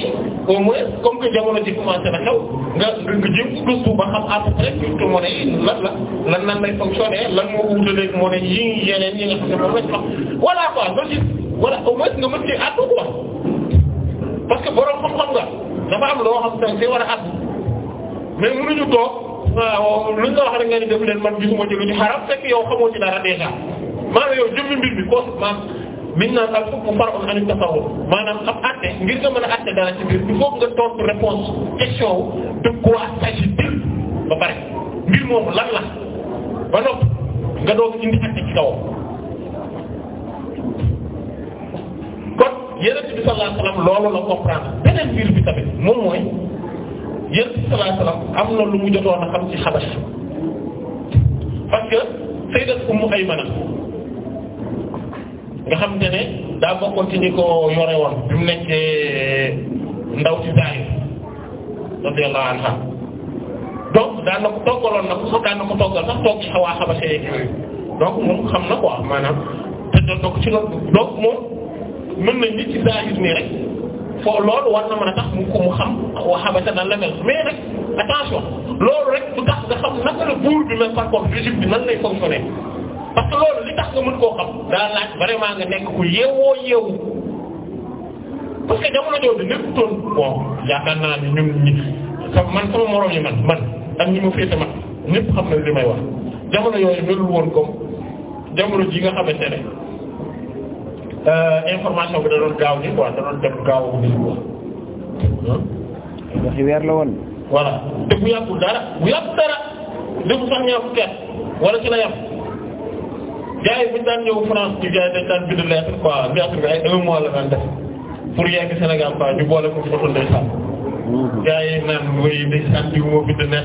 yi au comme que jamono ji commencé na xew nga nga jëm gëstu ba xam à peu près crypto yi lan la lan nan lay fonctionner lan moo wutaleeg monnaie yi yeneen yi nga xam ne moom lañ xam voilà quoi loolu voilà au moins nga mën cee àddu quoi parce que borom xam-xam nga dafa am loo xam te war a àddu mais mënuñu toog. waaw lu ñu la wax rek nga ni def leen man gisuma ci lu ñu xaram fekk yow xamoo ci dara déjà maanaam yow jëmmi mbir bi conséquence min naan al hukmu far'un an tasawwur maanaam am àtte ngir nga mën a àtte dara ci biir il faut nga tontu réponse question de quoi s'agit-il mbir moomu lan ba nopp nga doog indi àtte ci kawam. kon Yonent la comprendre beneen mbir bi tamit moom mooy. yéen sallallahu alayhi wasallam am na lu mu jotoon a xam ci xabas parce que sayyidat Ummu Aymana nga xam te ne daa bokkoon ci ñi ko yore woon bi mu nekkee ndaw ci daay radiyallahu anha donc daan na ko toggaloon na ko sax daan na ko toggal sax toog ci xawaa xabase yeeg donc moom xam na quoi maanaam te da ko ci loolu donc moom mën nañ ni ci daayir nii rek foo loolu war na mën a tax mu ko mu xam waxabata nan la mel mais nag attention loolu rek nga xam naka la buur bi mel parce que loolu li tax nga mën koo xam daa laaj vraiment nga nekk ku yeewoo yeewu parce que jamono jooju lépp toon bon yaakaar naa ni ñun ñi man sama moroom yi man man ak ñi ma féete man ñépp xam na li may wax jamono yooyu melul woon comme jamono ji nga xamante ne Euh, information bi da doon gaaw ni quoi da doon dem gaaw bi quoi. waxi weer la woon. voilà bu yàggul dara bu yàggul dara defu sax ñaar fukki wala ci la yàgg gars France ci gars yi dañ la daan def pour yegg Sénégal quoi ñu boole ko foto ndeysaan. Mhm. gars yi naan mooy ndeysaan la.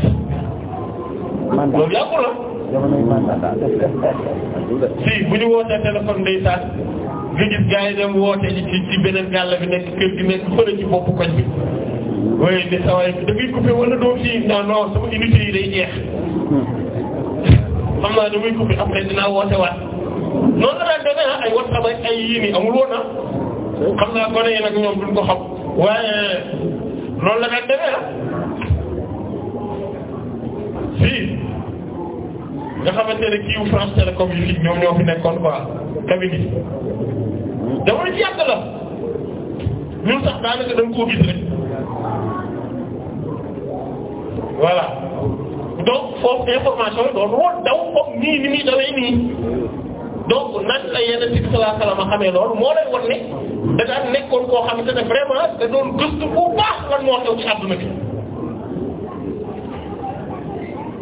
jamono si bu ñu wootee téléphone ndeysaan. nga gis gars yi dem woote ci ci beneen gàll bi nekk ci boppu koñ bi. waaye ni saa waay da ngay coupé wala fii non non sama unité yi day jeex xam naa damay coupé après dinaa woote waat noonu la daan demee ay WhatsApp ak ay yii nii amul woon ah xam naa gone yi nag ñoom duñ ko la daan ah. kii wu France Télécom yi fii ñoom ñoo fi nekkoon quoi jamono ji yàgg la ñun sax daanaka dañ koo gis rek voilà donc foofu information yi doon woon daw comme nii ni muy dawee nii donc nan la yeneen ci sallallahu alayhi wasallam xamee loolu moo lay won ne da daan nekkoon koo xamante ne vraiment doon gëstu bu baax lan moo xew ci àdduna bi.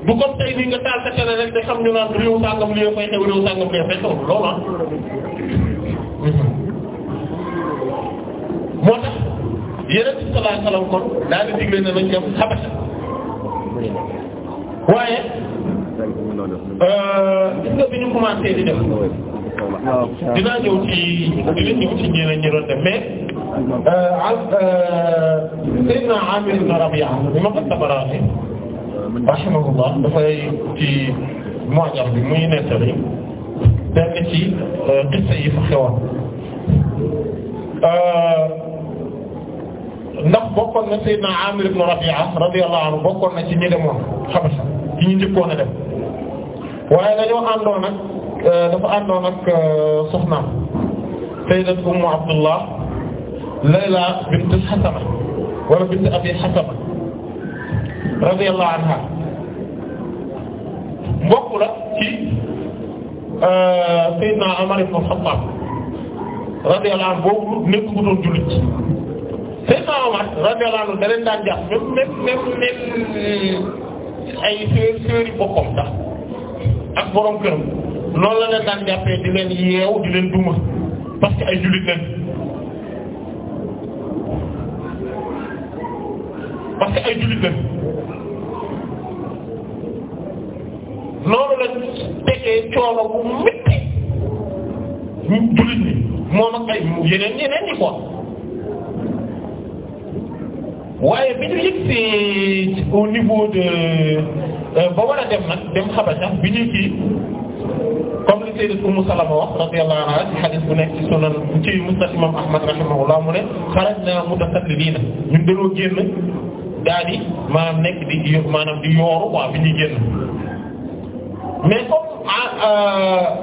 bu comme tey nii nga taal sa télé rek da xam ñu naan réew sàngam li fay xew réew sàngam li fay xew loolu ah. moo tax yeneen bi sallallahu alayhi wasallam kon daal di digle ne nañ dem Habasha waaye euh, gis nga bi ñu commencé di dem dinaa ñëw ci dina ñëw ci ñeneen ñi doon dem mais euh, euh, Seydina Amir ibn Rabi'a bi ma ko Tabaraani rahimahullah dafay ci Mu'jam bi muy nettali benn ci qissa yi fa xewoon ndax bokkoon na Seydina Amir ibn Rabi'a radiyallahu anhu bokkoon na ci ñi demoon ci ñi a dem waaye dañoo àndoon nag euh, dafa àndoon nag euh, soxnaam Sayyidat Ummu Abdullah Layla bint Hasama wala bint Abi Hasama radiyallahu anha mbokk la ci euh, Seydina Umar ibn Khattab radiyallahu anhu boobu nekk ku doon jullit Seydina Omar radiyallahu anhu da leen daan jàpp même même même même ay sœur sœuri boppam sax ak borom këram noonu la leen daan jàppee di leen yeew di leen duma parce que ay jullit lañ parce que ay jullit lañ noonu la tegee coono bu métti jullit ñi moo nag ay yeneen yeneen ñi quoi. waaye bi ñu yëg au euh, ba war dem nag dem Xabasa bi ñu kii comme li sayyidat Ummu Salama wax radiyallahu anha ci hadith bu nekk ci sunan ci musnad imam Ahmad rahimahullah mu ne xarajna mutasallilina ñun dañoo génn daa di maanaam nekk di yo maanaam di yooru waa bi ñuy génn mais comme ah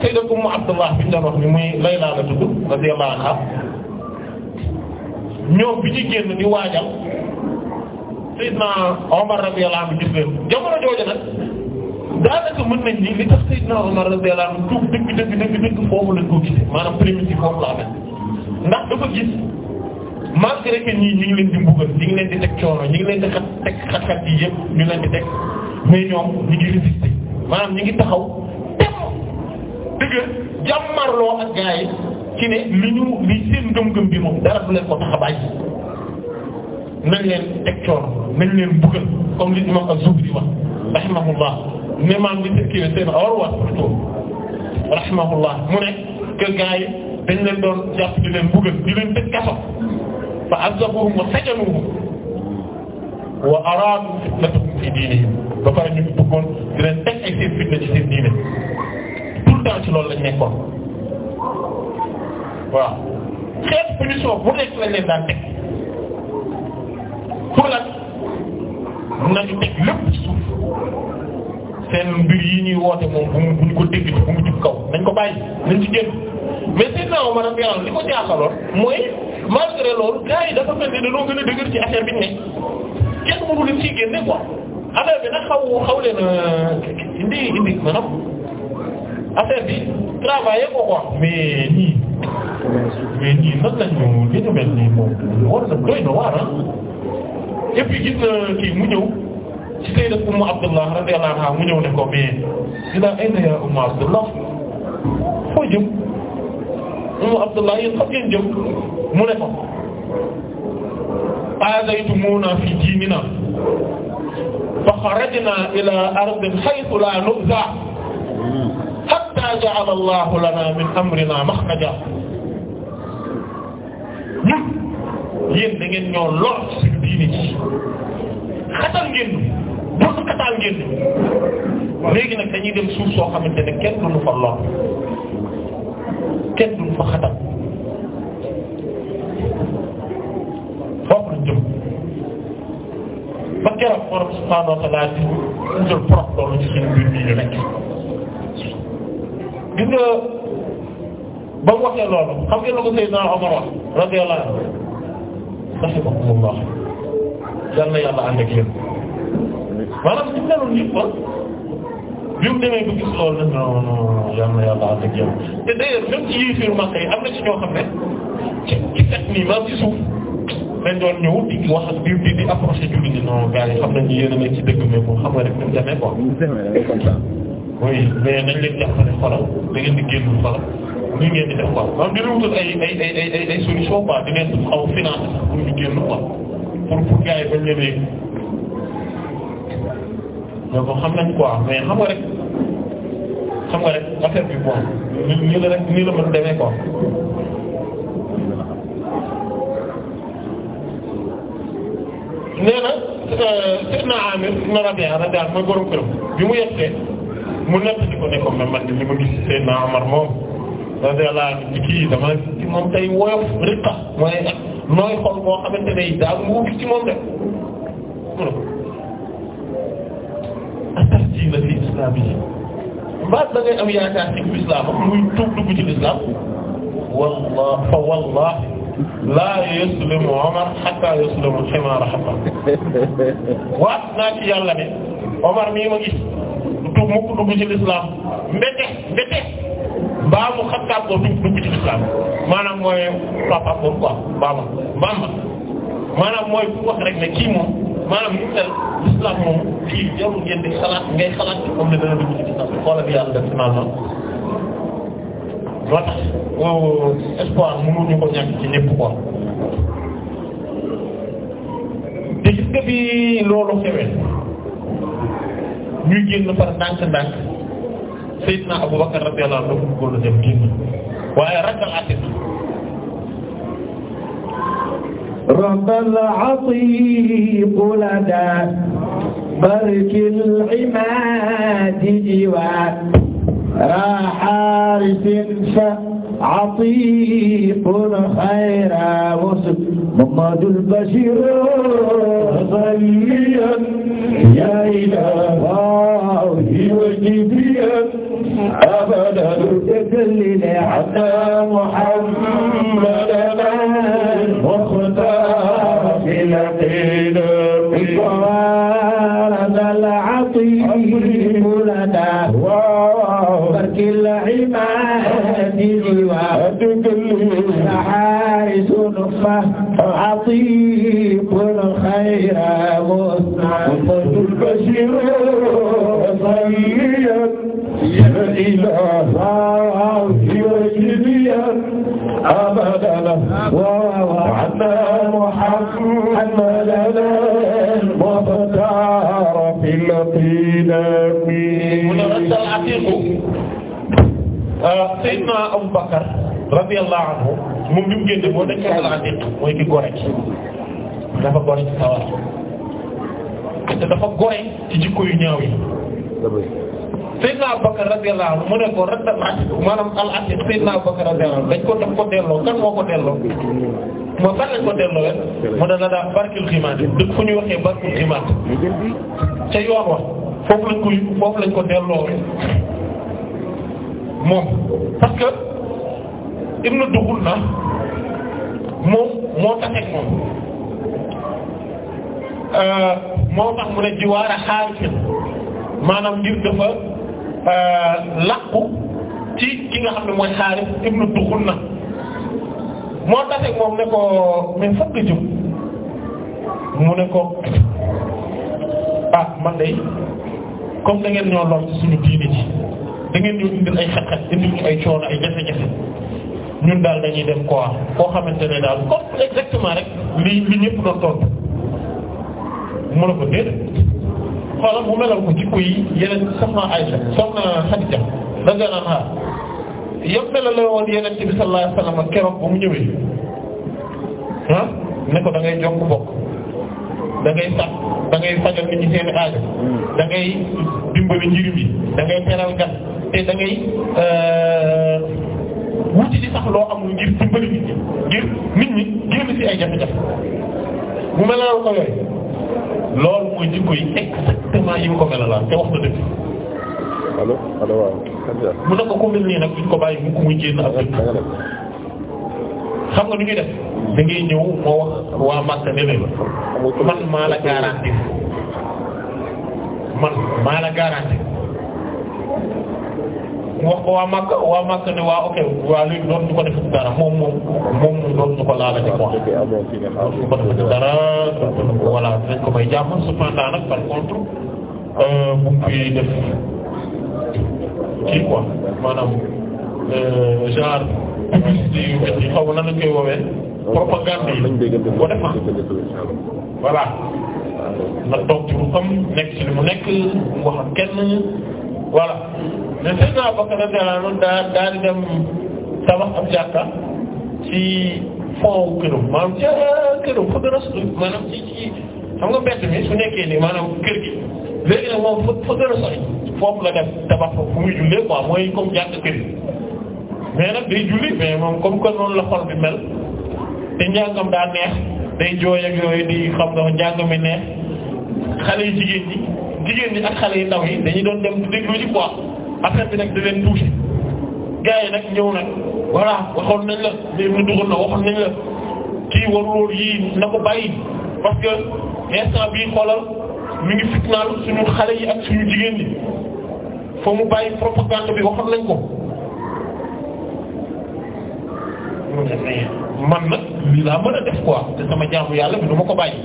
euh, Abdullah bi ñu ni muy Layla la tudd radiyallahu anha ñoom bi ci génn di waajal Seydina Omar radiyallahu anhu gis leen jamono jooju nag daanaka mën nañ ni li tax Seydina Omar radiyallahu anhu tuub dëgg dëgg dëgg dëgg foofu lañ ko gisee maanaam primitif foofu laa mel ndax dafa gis malgré que ñii ñi ngi leen di mbugal ñi ngi leen di teg coono ñi ngi leen di xat teg xat-xat yi yëpp ñu leen di teg maanaam ñi ngi taxaw ci ne li ñu li seen gëm-gëm bi moom dara du leen ko tax a bàyyi nañ leen teg coono nañ leen buggal comme li imam Az-Zuhri ne maam li tëkkee seen awar war plutôt rahimahullah mu ne que gars dañ leen doon jàpp di leen buggal di leen tëj kaso fa azzabuhum wa sajanuhum wa araadu fitnatahum fi diinihim ba pare ñu bëggoon di leen teg ay fitna ci seen diine tout le ci loolu lañ nekkoon waaw xeet solution bu nekk lañ leen daan teg pour lan nañu teg lépp ci suuf seen mbir yi ñuy woote moom bu mu bu ñu ko dégg bu mu jub kaw nañ ko bàyyi nañ ci génn mais seen naaw man ak yàlla li ko mooy malgré loolu gars yi dafa mel ni dañoo gën a dëgër ci affaire bi ñu ne kenn mënu leen ciy génne quoi affaire bi nag xaw xaw leen euh, indi indi bi travailler ko quoi mais nii. mais ñii nag lañu li ñu mel nii moom war na doy na waar ah et puis gis na kii mu ñëw ci tey def Ummu Abdullah radiyallahu anha mu ñëw ne ko mais ila ayna ya Ummu Abdullah foo jëm Ummu Abdullah yéen xam ngeen jëm mu ne ko aadaytumuna fi diinina fa xarajna ila ardin haythu la nu'za hatta ja'ala Allahu lana min amrina makhraja ñun yéen da ngeen ñoo lor ci diini ji xatal ngeen bu xatal ngeen léegi nag dañuy dem suuf soo xamante ne kenn duñu fa lor kenn duñu fa xatal foofu lañ jëm ba keroog borom subhaanahu wa ta'aala di jël prox loolu ci seen mbir mi ñu nekk gis nga ba mu waxee loolu xam ngeen ne ko Omar wax radiyallahu anhu rahimakumullah yal na yàlla ànd ak yéen maanaam suñu meloon nit ba bi mu demee ba gis loolu nag non non na yàlla ànd ak yéen te d'ailleurs même ci yii sur marché yi am na ci ñoo xam ne ci ci fekk nii maam ci suuf dañ wax bi di approché jullit ñi non gars yi xam nañ ni yéen ci dëgg mais moom xam nga rek mu demee quoi. oui mais nañ leen jàppale xoolal da ngeen di génn xoolal ni ngeen di def quoi maanaam dina wutal ay ay ay ay ay solution quoi di leen nañ quoi xam nga rek nga rek affaire bi na euh, Seydina Amir Ibn Rabi'a daal mooy bi mu yegsee. mu nekk ci ko ne ko mais li ma gis Seydina Omar moom radiyallahu anhu ci kii dama ci moom tey woyof riqa mooy nooy xol boo xamante ne daal mu gis ci moom de attaque la ci islam yi mbaa da ngay am yaakaar ci islam muy tuub dugg ci islam wallah fa wallah laa yuslimu Omar hatta yuslimu ximaar hatta waat naa ci yàlla ne Omar mii ma gis. du mukk dugg ci lislaam mbete mbete mbaa mu xattaat ko du dugg ci lislaam papa ko quoi baama baama maanaam mooy bu wax rek ne kii moom maanaam ñu mel lislaam moom kii jarul ngeen di xalaat ngay xalaat ci comme ne dana dugg ci lislaam xoola bi yàlla def finalement ko ñàkk ci ñépp quoi te gis nga bi loolu ñuy génn par ndànk-ndànk Seydina Abubakar radiyallahu anhu dafa bëggoon a dem génn waaye ragal àtte rabal atiq lana barkil imaadi jiwaat raxaarisin fa عطيق خير وصف محمد البشير صليا يا إلهي وجديا أبدا تكلل حتى محمدا مختار في العقيد وارد العطيق لنا برك العماد وأدقلي حارس فأطيب الخير مصطفى البشير صليا يا إله يجليا أبدا وعنا محمدا مختار في القدم Euh, Seydina Abu Bakar radiyallahu anhu moom bi mu génne boo dañ ko alaandiq mooy ki gore ci dafa gore ci sawar dafa gore ci jikko yu ñaaw yi Seydina Abu Bakar radiyallahu anhu ko rek maanaam al atiq Seydina Abu Bakar ko def ko delloo kan moo ko delloo moo fan lañ ko delloo rek mu ne la daa barkil ximaat dëkk fu ñuy waxee barkil ximaat ca yoon wax foofu lañ ko foofu lañ moom parce que ibnu duxul na moom moo taxeeg moom euh, moo tax mu ne jiwaar a xaarisin maanaam ngir dafa euh, làqu ci ki nga xam ne mooy xaaris ibnu duxul na moo taxeeg moom ne ko mais foog nga mu ne ko ah man day comme da ngeen ñoo lor ci suñu diini ji da ngeen ñëw indil ay xat-xat indil ñu ay coono ay jafe-jafe ñun daal dañuy dem quoi koo xamante ne daal comme exactement rek li li ñëpp doon tontu mu ne ko déedéet xoolal mu melal ko jikko yi yeneen soxna Aysa soxna Xadija radiyallahu anha yëpp melal la woon Yonent bi sallallahu alayhi keroog ba mu ñëwee ah ne ko da ngay jokk bokk. da ngay sax da ngay fajal nit ñi seen aajo da dimbali njirim yi da ngay gas te da euh, wuti di sax loo amul ngir dimbali nit ngir nit ñi génn ci ay jafe-jafe mu melal ko yooyu loolu mooy jikko yi exactement yi mu ko melal te wax na dëgg allo allo waaw. mu ne ko ku mel nii nag duñ ko bàyyi mu ko muy génn ak dëkk xam nga ni ñuy def. da ngay ñëw moo wax waa Makka leen man maa garanti man maa garanti wax ko waa Makka waa waa ok waa léegi doon ñu ko def dara moom moom moom doon ñu ko laalati quoi ko may jàmm cependant par contre bu euh, fi def kii quoi maanaam euh, genre publicité yu ni xaw ma propagande yi ko def na voilà toog ci lu xam nekk ci li mu nekk mu wax kenn voilà mais Seydina Abubakar radiyallahu anhu daa daa dem tabax ab jàkka ci fond këram maanaam a sori maanaam ci ci xam nga mbett mi su nekkee nii maanaam kër gi léegi nag moom fa fa gën a sori foofu la def tabax fu muy jullee quoi mooy comme jàkka kër mais nag day julli mais moom comme que noonu la xol bi mel. te njàngam daa neex day jooy ak yooyu di xam nga neex xale yu jigéen ñi jigéen ñi ak xale yu ndaw yi dañuy doon dem di déglu ci quoi affaire nag di leen touché gars yi nag ñëw nag voilà waxoon nañ la léegi mu dugal na waxoon nañ la kii warul yii na ko bàyyi parce que instant bii xoolal mi ngi fitnaal suñu xale yi ak suñu jigéen ñi fa mu bàyyi propagande bi waxoon nañ ko. man nag lii laa mën a def quoi te sama jaamu yàlla bi du ma ko bàyyi.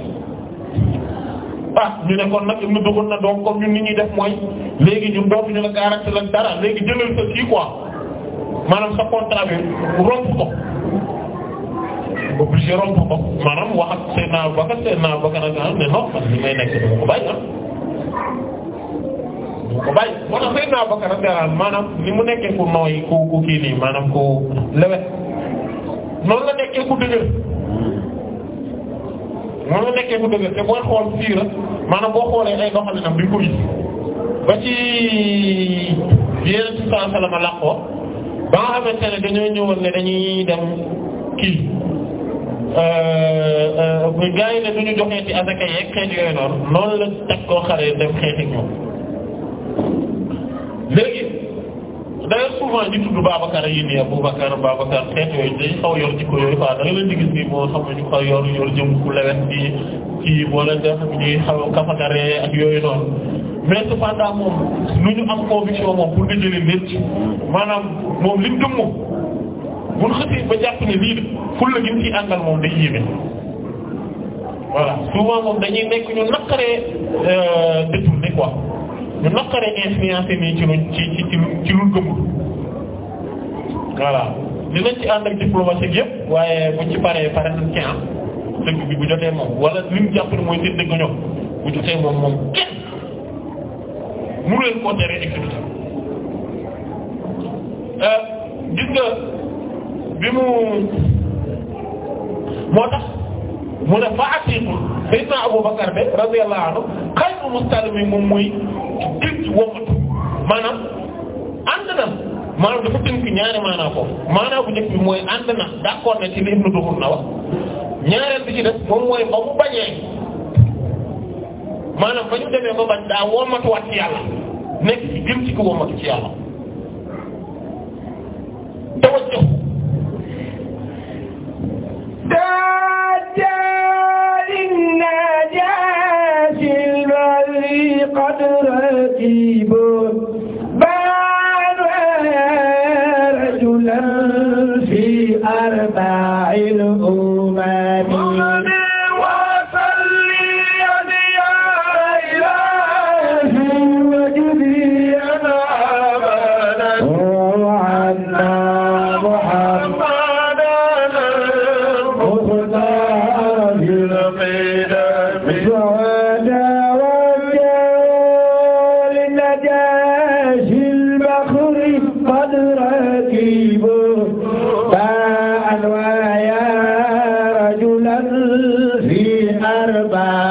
ah ñu ne kon nag ñu dogoon na donc comme ñun nit ñuy def mooy léegi ñun dootuñu la garanti la dara léegi jëlal sa kii quoi maanaam sa contrat bi ko. obligé romb ko maanaam wax seen naaw ba kat seen naaw ba kat ak ne non man li may nekk du ma ko bàyyi ah. du ma ko bàyyi moo tax seen naaw ba kat ak maanaam ni mu nekkee ku nooy ku kii nii maanaam ku lewet. noonu la nekkee ku dëgër noonu la nekkee ku dëgër te booy xool siira maanaam boo xoolee ay doxalinam bi ko yi ba ci yeneen ci saa salama làqoo ba nga xamante ne dañoo ñëwoon ne dañuy dem kii euh, euh, gars yi ne du ñu joxee ci asaka yeeg xeet yooyu noonu noonu la teg koo dem xeeti ñoom léegi. d'ailleurs souvent ñi tudd Babacar yi nii Aboubacar Babacar xeet yooyu dañ xaw yor jikko yooyu quoi da nga leen di gis nii moo xam ñu xaw yor yor jëm ku lewet bi ci boole nga xam ñuy xaw kafakaree ak yooyu noonu mais cependant moom nu ñu am conviction moom pour nga jëlee nit maanaam moom lim dëmm bu ñu xasee ba jàpp ne lii de la gën ci àndal moom day yéeme voilà souvent moom dañuy nekk ñu naqaree euh, détourné quoi. ñu naqaree influencé nii ci ci ci ci luñ gëmul voilà dinañ ci ànd ak diplomatie yëpp waaye buñ ci pare nañ ci bi bu jotee moom wala li ñu jàpp ne mooy seen dëgg ñoom bu jotee moom moom kenn mënu leen koo teree exécuté euh, gis bi mu moo tax. mu ne fa atiqu sayyidna Abubakar de radiyallahu anhu xayru mustalimi moom mooy gën womatu maanaam ànd na maanaam dafa tënk ñaari maanaam foofu maanaam bu njëkk bi mooy ànd na d'accord na ci li Ibnu Duhur na wax ñaareel bi ci def moom mooy ba mu bañee maanaam ba ñu demee ba bañ daa womatuwaat ci yàlla nekk ci gëm ci ko womatu ci yàlla حتى إنا جاء في البر قد رقيب رجلا في أربع الأمم bá.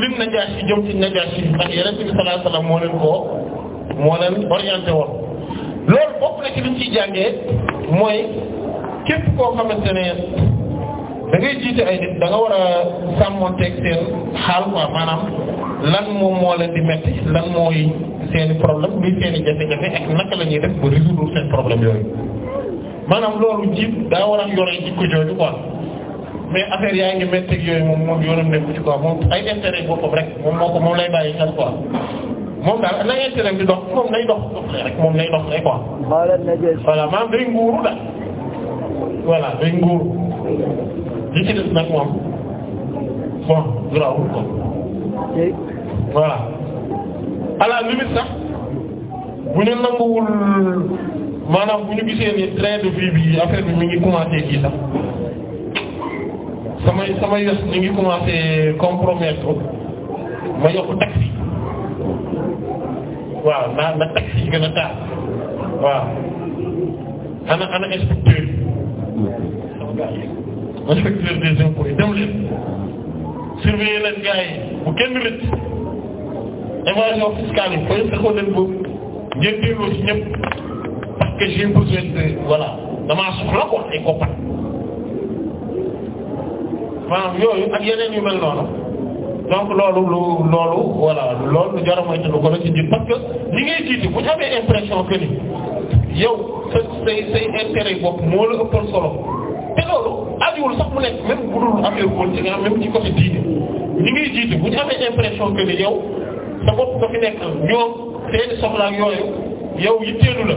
jullit Najaasi jëm ci Najaasi ndax Yonent bi sallallahu alayhi wasallam moo leen koo moo leen orienté woon loolu bokk na ci liñ ciy jàngee mooy képp koo xamante ne da jiite ay nit war a sàmmonteeg seen xaal quoi maanaam lan moom moo leen di metti lan mooy seeni problème luy seeni jafe-jafe ak naka la ñuy def ba résoudre seen problème yooyu maanaam loolu jiit daa war a yore jikko jooju quoi mais affaire yaa ngi métti ak yooyu moom moom yoonam nekku ci quoi moom ay intérêt boppam rek moom moo ko moom lay bàyyi xel quoi moom daal na intérêt bi dox moom nay dox doxalee rek moom nay doxalee quoi. voilà maanaam day nguuru daal voilà day nguuru li ci des nag moom bon grawul ko voilà à la limite sax bu ñu nanguwul maanaam bu ñu gisee ni train de vie bi affaire bi mi ngi commencé kii sax. samay samay yos ñu ngi commencé compromettre ma yokk taxi waaw na taxi yi gën a taal waaw ana ana inspecteur inspecteur des impôts yi dem leen surveiller leen gars yi bu kenn rëcc évasion fiscale yi fooy saxoo leen boobu ngeen dégloo ci ñëpp parce que j'ai besoin de voilà damaa soxla ko ay koppar maanaam yooyu ak yeneen yu mel noonu donc loolu lu loolu voilà loolu lu jar a moytu ko la ci njiit parce ngay tiiti bu ñu amee impression que ni yow say say intérêt yi bopp moo la ëppal solo te loolu ajuwul sax mu nekk même bu dul affaire politique nga même ci côté diine ñi ngay jiite bu ñu amee impression que ni yow sa bopp ko fi nekk ñoom seen soxla ak yooyu yow yitteelu la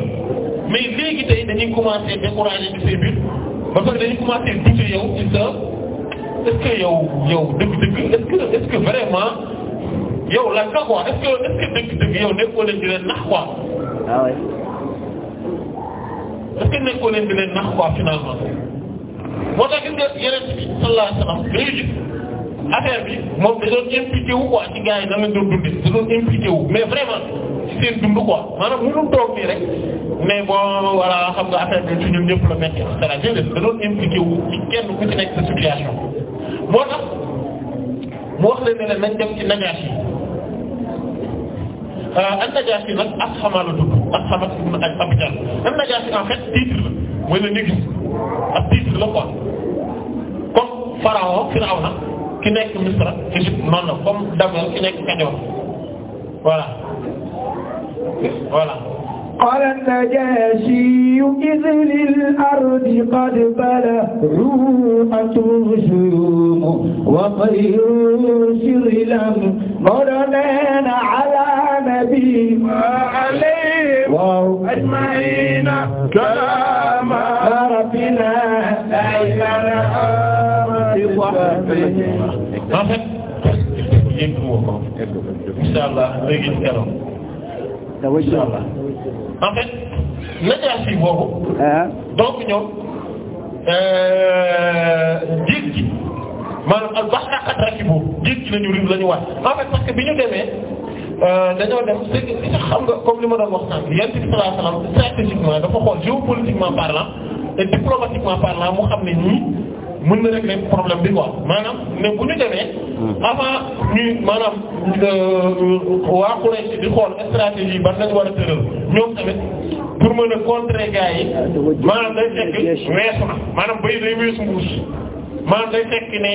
mais léegi tey dañuy commencer décourager ci seen biir ba pare dañuy commencer douter yow ci sa est-ce que yow yow dëgg-dëgg est-ce que est-ce que vraiment yow lan nga quoi est-ce que est-ce que dëgg-dëgg yow nekkoo leen di leen nax quoi. waaw ah waay. est-ce que nekkoo leen di leen nax quoi finalement. moo tax gis nga yeneen bi sallallahu alayhi wasallam léegi moom da doon impliqué wu quoi ci gars yi da nga doon dundee da doon impliqué wu mais vraiment ci seen dund quoi maanaam mënul toog nii rek mais bon voilà xam nga affaire bi ci ñun ñëpp la wu ci kenn ku ci nekk sa situation. moo tax mu wax leen ne nañ dem ci Najaasi euh, an Najaasi nag Asxama la tudd Asxama ibn Abi Jahl an Najaasi en fait titre la mooy la négus ak titre la quoi comme pharaon Firawna ki nekk Misra Égypte noonu la comme Damel ki nekk Kajoor voilà voilà قال النجاشي إذ للأرض قد بلغت الشيوم وخير شرلم مرنان على نبي وعليه أجمعين كلام ربنا دائما rafet incha allah léegi tawajjuh en fait najaas yi boobu. Ah. donc ñoom géej euh, gi maanaam al bahr rakibu géej gi la ñu rim la ñu waat en fait parce que bi ñu demee euh, dañoo dem c'est que xam nga comme li ma doon wax sànq Yonent bi sallallahu alayhi wasallam stratégiquement dafa xool géopolitiquement parlant et diplomatiquement parlant mu xam ne mën na régler problème bi quoi maanaam ne bu ñu demee hmm. avant ñuy maanaam euh, waa Quraysh di xool stratégie ban lañ war a tëral ñoom tamit pour mën a contrer gars yi maanaam day fekk weesu na maanaam bay day weesu mbuus maanaam day fekk ne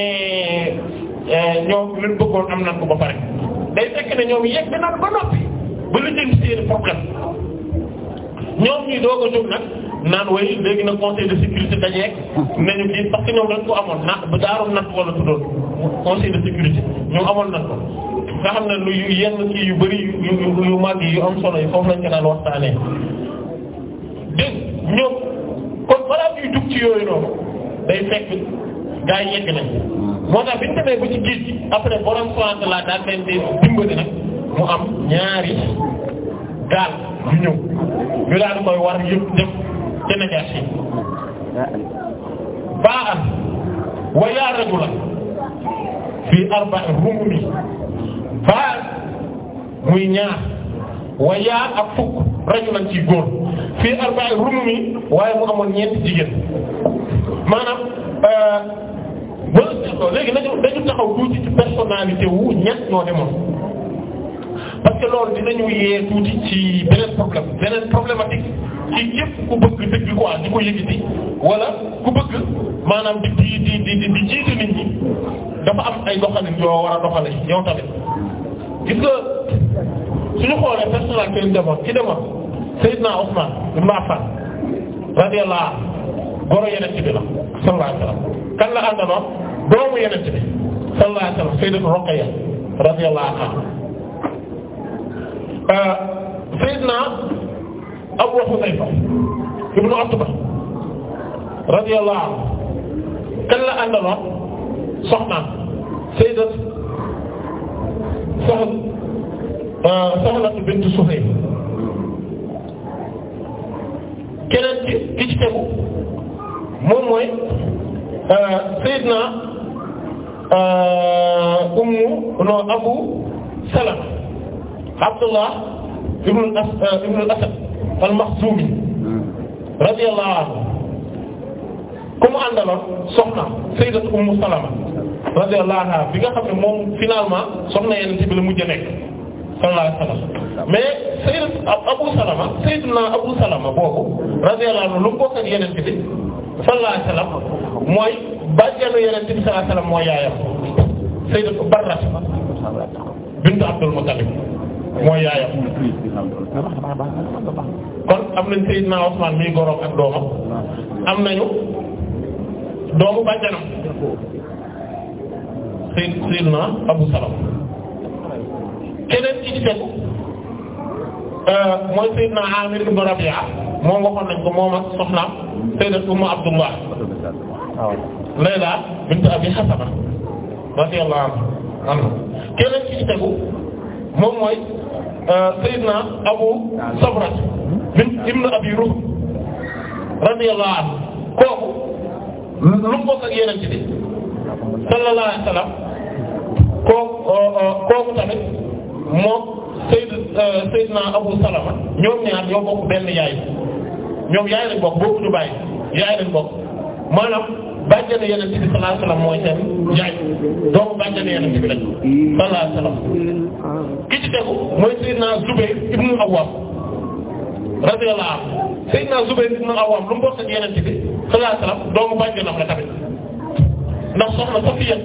euh, ñoom luñ bëggoon am nañ ko ba pare day fekk ne ñoom yegg nañ ba noppi ba lu jëm seen problème ñoom ñuy doog a jóg nag naan way léegi na conseil de sécurité dajeeg nañu kii parce que ñoom ko amoon na daaroon natt wala tuddoon conseil de sécurité ñoom amoon nañ ko nga xam ne lu yenn kii yu bari yu yu mag yi yu am solo yi foofu lañ ko daan waxtaanee dégg ñoom kon balaa ñuy dugg ci yooyu noonu day fekk gaa yegg nañ moo tax biñu demee ba ci géej gi après borom sointe la daan leen di dimbali nag mu am ñaari gaal yu ñëw ñu daan koy war yëpp def dana ñaasi baa an yaa rajulan fii arba'i rumumi baa muy ñaar wa yaa ak fukk rajulan ci góor fii arba'i rumumi waaye mu amoon ñeenti jigéen maanaam euh, ba léegi nañu dañu taxaw tuuti ci wu ñett ñoo parce que loolu dinañu yee tuuti ci beneen problème beneen problématique ci képp ku bëgg dëgg quoi di ko yëgiti wala ku bëgg maanaam di di di di di jiite nit ñi dafa am ay doxalin yoo war a doxale yow tamit gis nga suñu xoolee personnalité yi demoon ci demoon Seydina Ousmane ibn Affan radiyallahu goro yeneen bi la sallallahu alayhi wasallam kan la àndaloon doomu yeneen bi sallallahu alayhi wasallam Sayyidatu Ruqayya Euh, Seydina Abu Hudayfa ibnu Utba radiyallahu anhu kan la àndaloon soxnaam Sayyidat Sahla euh, bint Suhayl keneen ci ki ci tegu moom mooy euh, Seydina Ummu no Abu Salama Abdullah euh, ibn al-Asad al-Makhzumi radiyallahu anhu ku mu àndaloon soxna Sayyidatu Ummu Salama radiyallahu anha bi nga xam ne moom finalement soxna yeneen ci bi la mujj a nekk sallallahu alayhi wa sallam mais Sayyid Abu Salama Sayyiduna Abu Salama boobu radiyallahu anhu lu mu bokk ak yeneen ci bi sallallahu alayhi wa sallam mooy bàjjenu yeneen ci bi sallallahu alayhi wa sallam mooy yaayam Sayyidatu Barra bint Abdul Muttalib mooy yaayam kon am nañ Seydina Usmaan mi goroom ak doomam am nañu doomu bàjjanam Seyd Seydina Abu Salama keneen ci ci tegu euh, mooy Seydina Amir ibn Rabi'a moom waxoon nañ ko moom ak soxnaam Sayyidatu Ummu Abdullah Layla bint Abi Hasana radiyallahu anha keneen ci ci tegu moom mooy euh, Seydina Abu Samra bin ibn Abi Ruh radiyallahu anhu kooku lu mu ak yeneen ci bi sallallahu alayhi euh, euh, kooku tamit moom Seyd Seydina Abu Salama ñoom ñaar ñoo bokk benn yaay ñoom yaay lañ bokk bokkuñu bàyyi yaay lañ bokk maanaam. bàjjana yonent bi sallallahu alayhi wasallam mooy seen yaay doomu bàjjana yonent bi lañ sallallahu alayhi wasallam ki ci tegu mooy Seydina Zubayr ibnu Awwam radiyallahu anhu Seydina Zubayr ibnu Awwam lu mu bokk ak yonent bi sallallahu alayhi doomu bàjjanam la tamit ndax soxna Safiya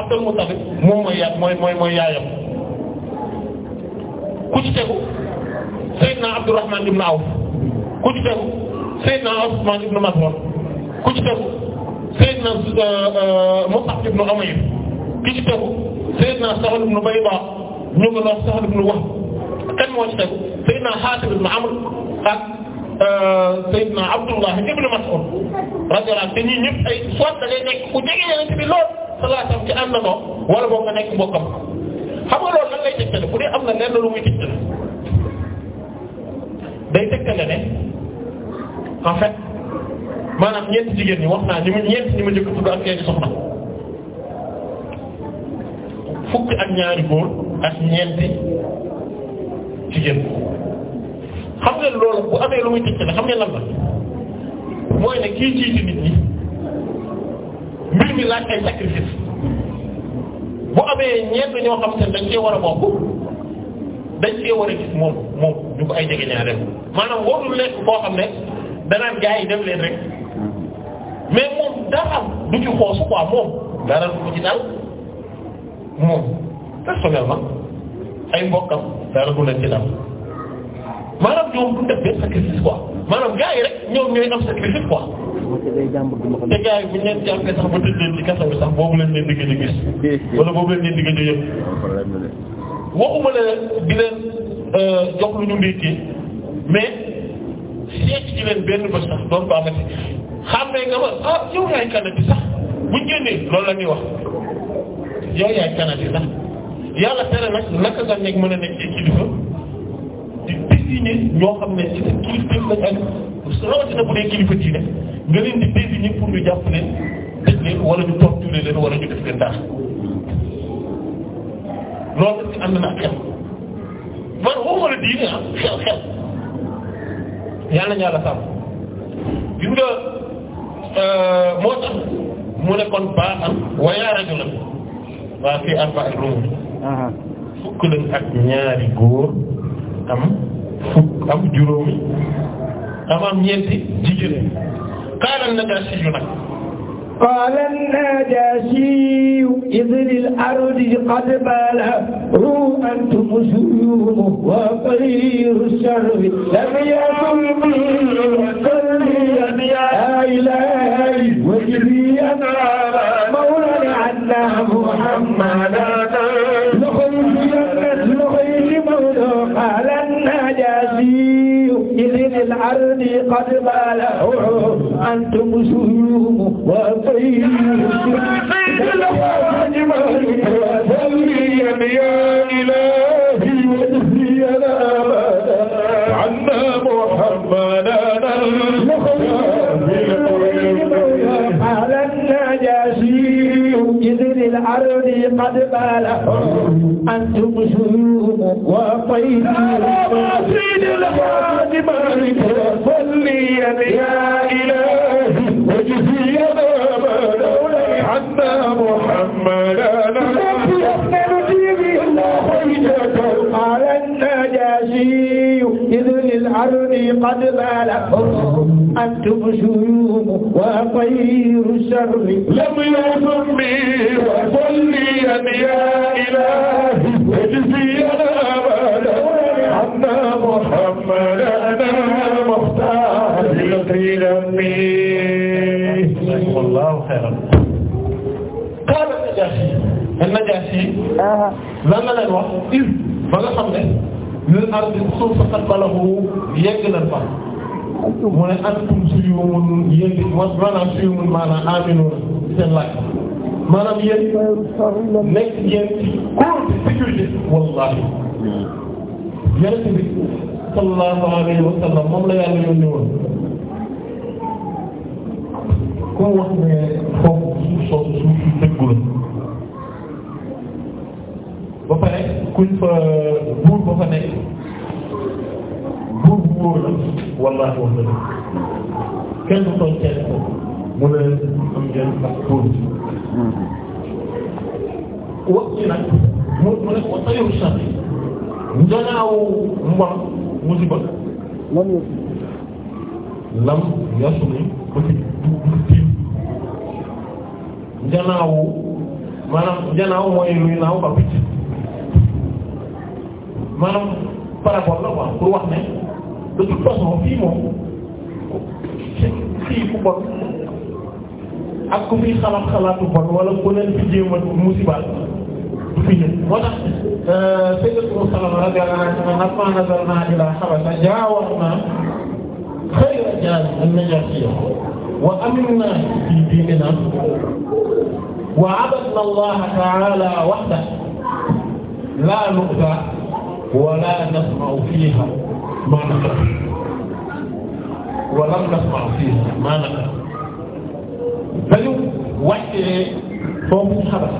Abdul Muttalib moom mooy yaay mooy mooy mooy yaayam ku ci tegu Seydina Abdurrahman ibnu Awf ku ci tegu Seydina Usman ibnu Maz'un ku ci tegu Seydina euh, Mus'ab ibn Umayr ki ci tegu Seydina Sahl ibn Bayda ñu ngi wax Sahl ibn Wahb kan moo ci tegu Seydina Haatib ibn Amr ak euh, Seydina Abdullah ibn Mas'ud radiyallahu anhu te ñii ñëpp ay soit da ngay nekk ku jege Yonent bi lool sallallahu alayhi wasallam ci ànd ko wala boo nga nekk mbokkam xam nga loolu lan lay tegtale bu dee am na lenn lu muy tegtale day tegtale ne en fait. maanaam ñeenti jigéen ñi wax naa ñi ma ñeenti ñi ma njëkk tudd ak seeni soxna fukk ak ñaari góor ak ñeenti jigéen xam nga loolu bu amee lu muy tëj la nit ñi mbir mi laaj ay sacrifice bu amee ñeent ñoo xam te dañ cee war a bokk dañ cee war a gis moom moom du ko ay jege ñaareel maanaam warul lekk boo xam ne danaan gaa yi dem leen rek mais moom dara du ci xoos quoi moom dara du ko ci dal moom personnellement ay mbokkam dara du leen ci dal maanaam ñoom du benn sacrifice quoi maanaam gars yi rek ñoom ñooy am sacrifice quoi. te gars yi bu ñu leen jàppee sax ba tëj leen ci kaso sax boobu leen leen digg di wala boobu leen leen digg di yëg. waxuma leen di leen euh, jox lu ñu ndékkee mais benn bés sax doon ko xàmmee nga ma ah yow yaay kanati sax buñ génnee loolu la ñuy wax yow yaay kanati sax yàlla tere nag naka nga nekk mën a nekk ci kilifa di désigner ñoo ne ci sa kilifteef lañ ak rawatina bu dee kilifa diine nga leen di désigner pour ñu jàpp leen tëj leen wala ñu torturer leen wala ñu def leen dara loolu dañ ci ànd naa xel man waxuma la diine ah xel xel yàlla ñaala sàmm gis nga. Euh, moo tax mu ne kon baaxam wa yaa rajulan waa fii arba'i rumur fukk lañ ak ñaari góor am fukk am juróomi am am ñeenti jigéen xaaral na daa si yu nag قال النجاشي إذ للأرض قد بلغوا أنتم سيومه وخير الشر لم يكن قلبي لا إله إلا وجبي أنا مولانا عنا محمدا قال النجاشي إذ للأرض قد بلغوا أنتم سلوم وفيه يا إله ذي الأرض قد بالهم أنتم شيوخ وطيب وطيب الخادم صلي يا إلهي وجزي ما عنا محمدا على النجاشي إذ للأرض قد بالهم أنتم شيوخ وخير الشر لم يضرني وصلي يا إلهي واجزي أنا عنا محمد أنا مختار لقيل والله خيرا قال النجاشي النجاشي lan la leen wax is ba nga xam ne ñun arab bi suuf sax balaxu yegg nañ fa mu ne antum suñu mun yéen di maanaam suñu mun maanaam aminu seen laaj maanaam yéen nekk yéen ci wallahi yonent bi sallallahu alayhi wa sallam moom la yàlla yónni woon ku wax ne foofu suuf soosu suuf su buur bu wóor la wallaahi wax dëgg kenn du tooñ kenn ko mu ne leen am ngeen ak buur bi. wax ci nag mu mu ne ko tayoo sax njëgaaw mbon mu si bëgg. lan yëpp. lam yasu ni ko ci tiim njanaawu maanaam njanaaw mooy luy naaw ba picc maanaam parabole la quoi pour wax ne de toute façon fii moom fii ku bon ak ku fi xalaat xalaatu bon wala ku leen fi jéem a musibaat du fi ñëw moo tax sayyidatu Salama radiyallahu anha lamma nazalna ila Habasha jaawarna xayra jaaz an-najaasiyya wa aminna fi diinina wa abadna Allah ta'ala wahdahu laa nu'zaa wa laa nasma'u fiihaa ما نقر ولم نسمع فيه ما نقر dañu wàccee foofu ñu xabar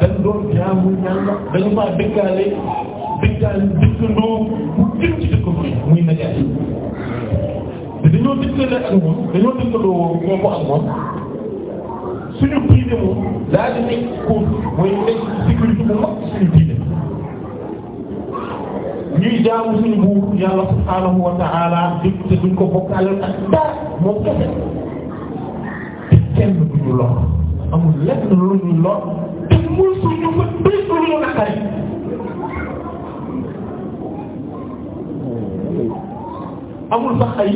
dañ doon jaamu Yàlla dañu faa dëkkaale dëkkaale dëkkandoo bu gën ci dëkk bi muy najaay te dañoo dëkkale ak moom dañoo dëkkandoo woo ko ak moom suñu diine moom daa di nekk ko mooy nekk sécurité bu mag suñu diine ñuy jaamu suñu buur yàlla subhaanahu wa ta'ala dégg te ko bokkaale ak dara moom kese te kenn duñu lor amul lenn lu ñu lor te muy suñu bët bëri lu ñu naqari amul sax ay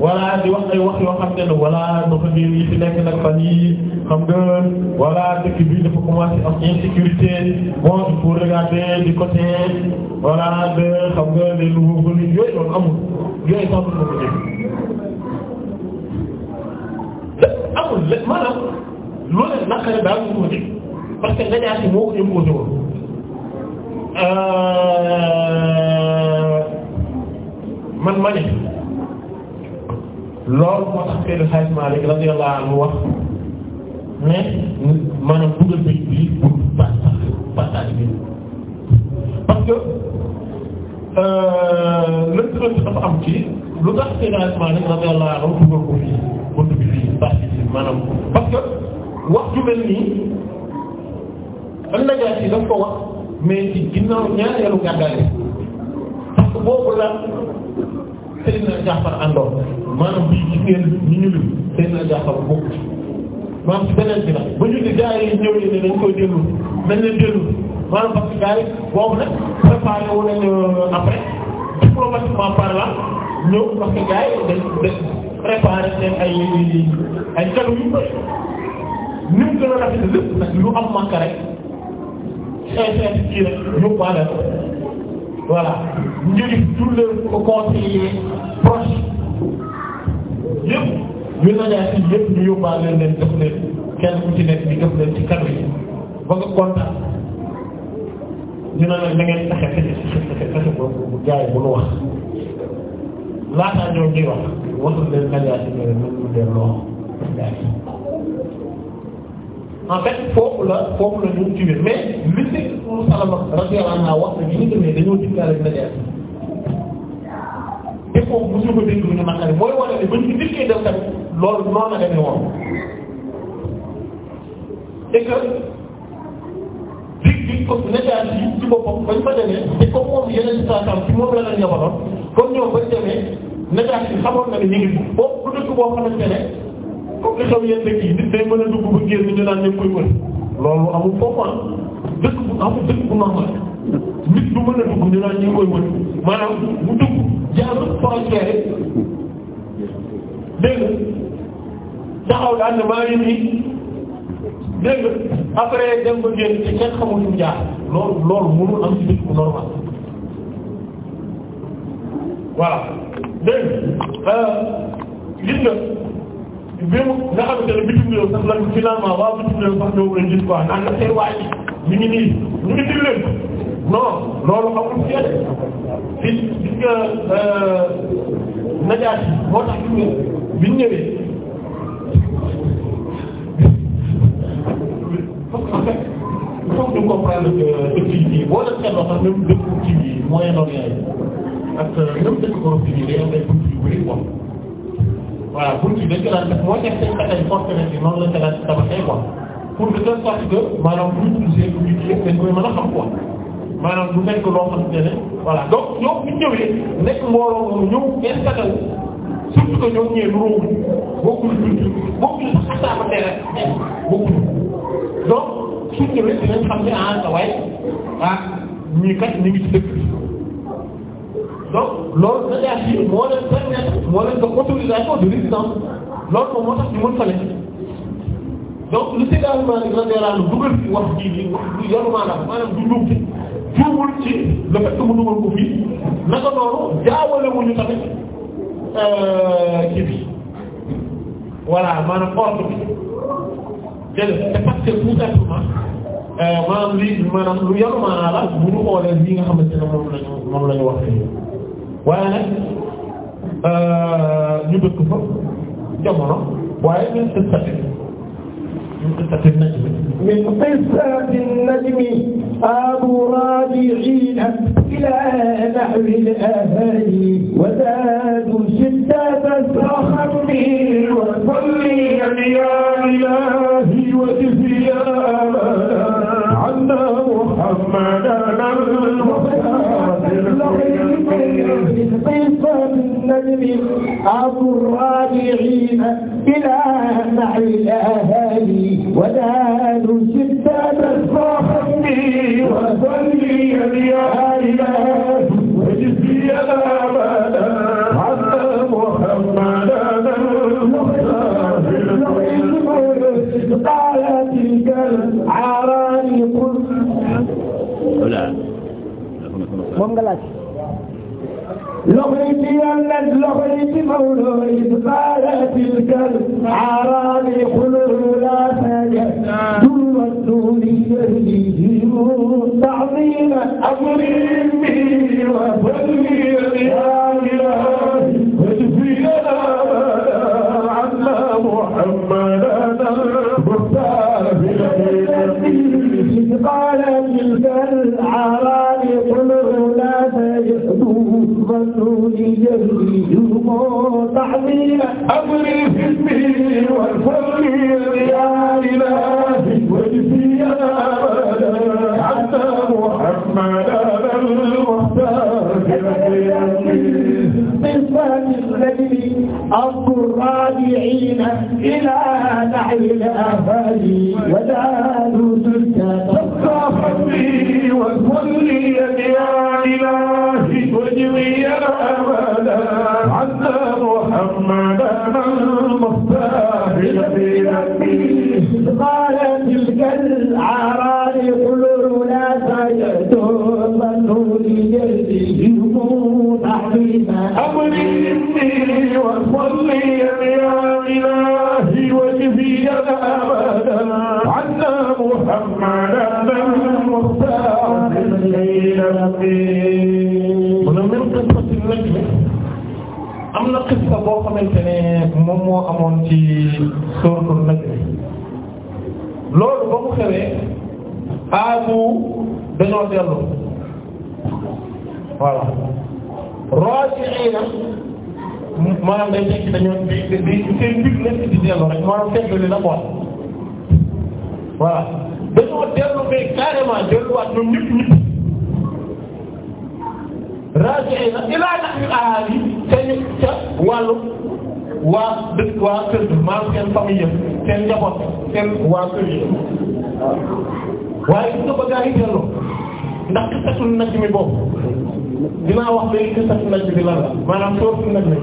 wala di wax ay wax yoo xam te ne wala dafa biir yi fi nekk nag fan yi xam nga wala dëkk bi dafa commencé am insécurité bon il faut regarder du côté wala de xam nga les nouveaux venus yooyu loolu amul yooyu sax du ko dégg amul lépp maanaam loolu naqari daal du ko dégg parce que dañaa si moo ko imposé woon euh, man ma ne loolu moo tax Seydou Hadj Malick radiyallahu anhu ne maanaam dugal bi lii pour baax baaxaat bi parce que euh, lëkkalante dafa am ci lu tax Seydou Hadj Malick radiyallahu anhu dugal ko fii bunt bi fii baax bi maanaam parce ko wax mais ci ginnaaw ñaareelu gàddaay parce que boobu la. Seydina Jaafar àndoon maanaam bii gis ngeen ñu ñu lim Seydina Jaafar bokk ci maanaam ci beneen bi la ba ñu ne gars yi ñëw ne dañ koy dellu nañ leen dellu maanaam parce que gars yi boobu nag préparé wu euh, après diplomatiquement parlant ñëw parce que gars yi dañ ay ay cadeau yu bëri ni mu gën a rafetlu lépp lu am màkk rek xeexeex kii rek yóbbaale ko. voilà ñu ngi tous les conseillers proches yëpp ñu nañaa si yëpp ñu yóbbaale leen leen def kenn ku ci nekk ñu def leen ci kàddu yi ba nga kontaan ñu ne la da ngeen taxe bu jaay bu nu wax laataa ñoo ñuy wax waxal leen nañaa si ñoom ñu delloo jaay en fait foofu la foofu la ñu tuwee mais li ci Umm Salama radiyallahu anha wax na ñu demee dañoo diggaale najaas te foofu mosu ko dégg lu ñu naqari mooy wane ne bañ ci dikkee def tamit loolu noonu la demee woon et que dig dig ko najaas yi ci boppam bañ fa demee te comme moom yeneen saatam ci moom la la ñëwaloon comme ñoom bañ demee najaas yi xamoon na ne ñu ngi foofu bu dëkk boo xamante ne comme li xew yenn dëkk yi nit day mën a dugg ba génn ñu naan ñëpp koy wër loolu amul foofu ah dëkk bu amul dëkk bu normal nit du mën a dugg ñu naan ñu koy wër maanaam bu dugg jaarul frontière dégg taxaw daan ne maa ngi nii dégg après dem ba génn ci kenn xamul ñu jaar loolu loolu mënul am ci dëkk bu normal voilà dégg euh, gis nga. même nga xamante ne bitim réew sax lan finalement waa bitim réew sax ñoo leen gis quoi naan la seen waa ji ñu ngi nii ñu ngi dig leen non loolu amul ci yéen fii gis nga euh, najaat yi moo tax gis nga biñ ñëwee parce que il faut ñu comprendre que dëkk yi boo leen seetloo sax même dëkk ci Moyen-Orient ak euh, même dëkk Europe yi day am ay buntu yu bari quoi. voilà buntu dañ ko daan def moo tax seen katay porte bi noonu lañ ko daan tabaxee quoi pour de telle sorte que maanaam bu ñu utilisé bu ñu yëpp dañ koy mën a xam quoi maanaam du nekk loo xamante ne voilà donc ñoom bu ñu ñëwee nekk mbooloo moom ñëw ngeen katal surtout que ñoom ñooy ruubu bokkul tuuti bokkul sax saa ba tere bokkul donc suñu ñëwee dinañ xam ne ah sa waay ah ñii kat ñu ngi donc loolu délégation moo leen permettre moo leen jox autorisation de résidence loolu moom moo tax ñu mën fa nekk donc lu si daal maa ngi rajo dugal fi wax ji bi wax du yoru maanaam maanaam du ñëw ci juumul ci le fait que mu dugal ko fii naka noonu jaawale wu ñu tamit ci euh, bi voilà maanaam ordre bi jërëjëf c'est parce que tout simplement euh, maanaam lii maanaam lu yoru maanaam la bu ñu xoolee lii nga xamante ne moom lañu moom lañu wax waaye nag euh, ñu dëkk fa jamono waaye min qissati min qissati najmi min qissati najmi abu rabi'in ila nahwi al-ahli wa zaadu shiddata sakhri wa salli ya ilahi wa jizya anna muhammadan المغرب أبو الراجعين إلى معي الأهالي ونال جداد الصاحبي وصلي يا إله وجزي يا قال تلك العراني قل لا loxo yi ci yàlla loxo yi ci Maodo yi ci baara tilkal araami xulul la saja dul wa duuni yëri yi mu taxmiina amri إلى نحل الأفل ودار xissa boo xamante ne moom moo amoon ci suratul najm loolu ba mu xewee aadu dañoo dellu voilà raji'ina maanaam day tekki dañoo di di seen mbir nekk di dellu rek maanaam fekk li la boole voilà dañoo dellu mais carrément delluwaat ñoom ñëpp ñëpp raji'ina ilaa nahwi aali te ñu ca waa dëkk waa kër maanaam seen famille yëpp seen njaboot seen waa kër yi waaye gis nga bëgg a yi delloo ndax xisatul naj mi boobu dinaa wax léegi xisatul naj bi lan la maanaam soosu naj mi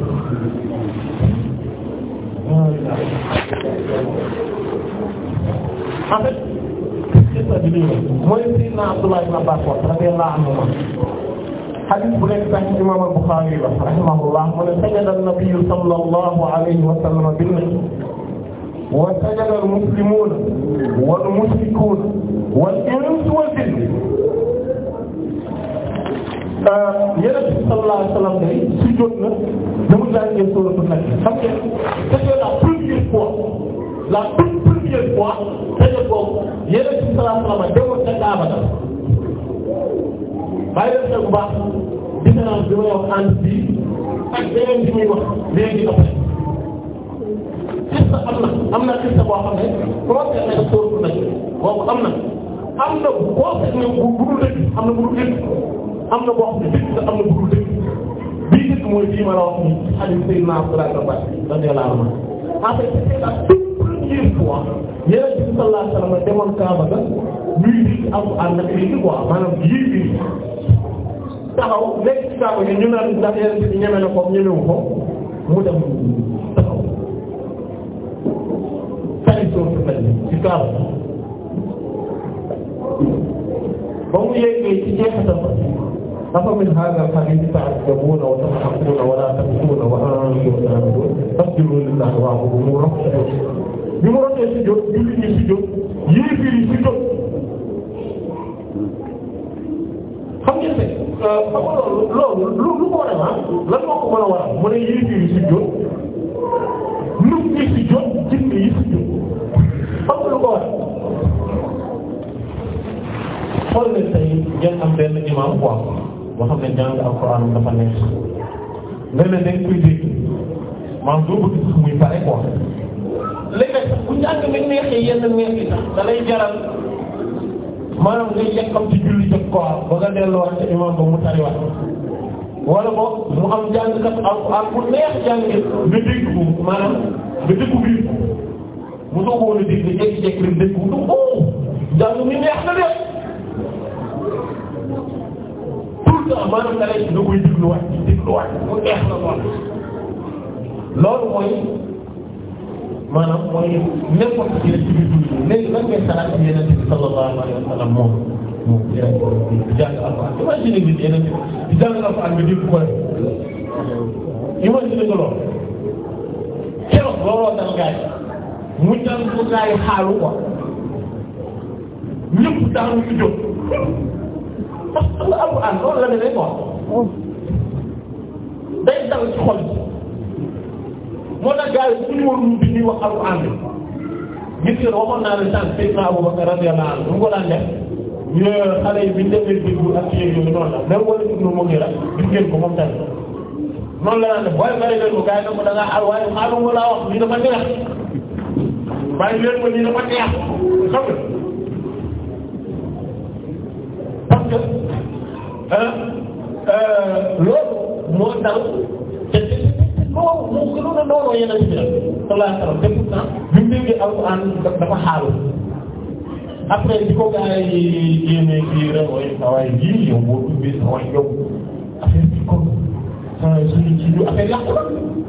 en fait xisa bi lii mooy Sayyidina Abdullah ibn Abbas radiyallahu anhu xadis bu nekk sax ci imaam al-Buxaari la rahimahullah mu ne sajada an-nabiyyu sallallahu alayhi wa sallam bin-najm wa sajada al-muslimuuna wal-mushrikuuna wal-insu wal-jinn euh, Yonent bi sallallahu alayhi wa sallam day sujjóot na dama jàngee suuratu Najm xam nga c'était la première fois la toute première fois sajada boobu Yonent bi sallallahu alayhi wa sallam demoon ca Kaaba bàyyi leen xel bu baax différence bi may wax ànd bi ak beneen bi muy wax léegi dafa xista am na am na xista boo xam ne projet na sóoru nag boobu am na am na boo seet ne bu dul dëgg am na bu dul dëgg am na boo xam ne dëgg la am na bu dul dëgg bii dëgg mooy bii ma la wax ni xalis Seydina Abdoulaye Abbas radiyallahu anhu en fait c'était la toute première fois Yonent bi sallallahu alayhi wa sallam demoon Kaaba ga luy di Alxuraan nag léegi quoi maanaam yii bi taxaw nekk ci Kaaba gi ñu naan ndax Yonent bi ñeme na ko ñemewu ko mu dem taxaw tari soo ko mel ci Kaaba ba mu yeggee ci jeexital ba أفمن هذا الحديث تعجبون وتضحكون ولا تبكون وأنتم تحزنون فاستغفروا لله واعبدوه bi mu rotee si jot jullit ñi si jot yéefir yi si jot xam ngeen euh, loolu lu ko war a lan moo ko mën a waral mu ne yéefir yi si jot nit ñi si jot jinne yi si nga lu ko war xool ne tey ngeen am benn imam quoi boo xam ne jàng alxuraan dafa nekk nga ne dañ bu njàng mi neexee yenn neex yi sax da lay jaral maanaam ngay yekkam ci julli jot ko ba nga delluwaat ci imam ba mu tariwaat wala boog mu am jàngkat alquran bu neex jàngee nga dégg ko maanaam nga déggu biir mu doog woon a dégg nga jékki-jékki rek dégg mu doog oh jàng mi neex na de tout le temps maanaam da lay da koy dégluwaat di dégluwaat mu neex na loolu mooy. maanaam mooy nekkoon ci biir dugub léegi lan ngay salaat ci yeneen bi sallallahu alayhi wa sallam moom moom jàng alxuraan imagine bi yeneen bi jàng alxuraan nga dégg ko imagine nga lool keroog looloo dal gaay mu dal ko gaay xaalu quoi ñëpp daanu ñu jóg parce que alxuraan loolu la demee quoi day dal ci xol moo tax gars yi bu ñu woon di ñuy wax alxuraan bi gis nga waxoon naa ne sànq Seydina Abubakar radiyallahu anhu mu ko daan def ñu xale yi biñ demee déglu ak kii yooyu noonu la même wala dugub moom yi la gis ngeen ko moom tamit noonu la daan def waaye bari leen ko gars yi nag da ngaa waaye xaaral ma laa wax lii dafa neex bàyyi leen ko lii dafa neex xam nga parce que euh, loolu moo tax. loolu moom gënoon a doonoo yeneen bi nag sallallahu alayhi wasallam te pourtant bi mu déggee alxuraan dafa xaaru après di ko gars yi yéene kii rek waaye saa waay ji yow boo tuddee saa waay yow affaire bi kon saa suñu ji yu affaire yàqu la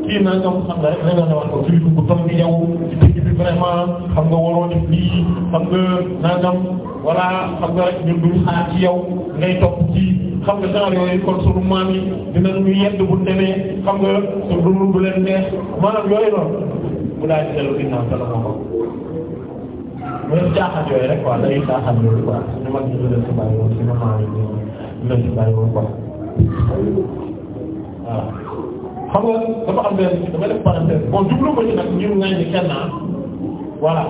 kii naa nga xam nga rek da nga dawal ko surtout bu toll nii yow ci dëkk bi vraiment xam nga waroo def lii xam nga nangam voilà xam nga rek ñun duñu xaar ci yow ngay topp ci. xam nga genre yooyu kon sunu maam yi dinañu yedd bu demee xam nga sunu dund du leen neex maanaam yooyu noonu mu daal di dellu ginnaaw dana ko xam. même caaxaan yooyu rek quoi day caaxaan yooyu quoi ñu mag ñu leen si bàyyi woon suñu maam yi ñu leen si bàyyi woon quoi waaw. xam nga dafa am benn dama def parenthèse bon jublu ma ci nag ngir ŋaññi kenn ah voilà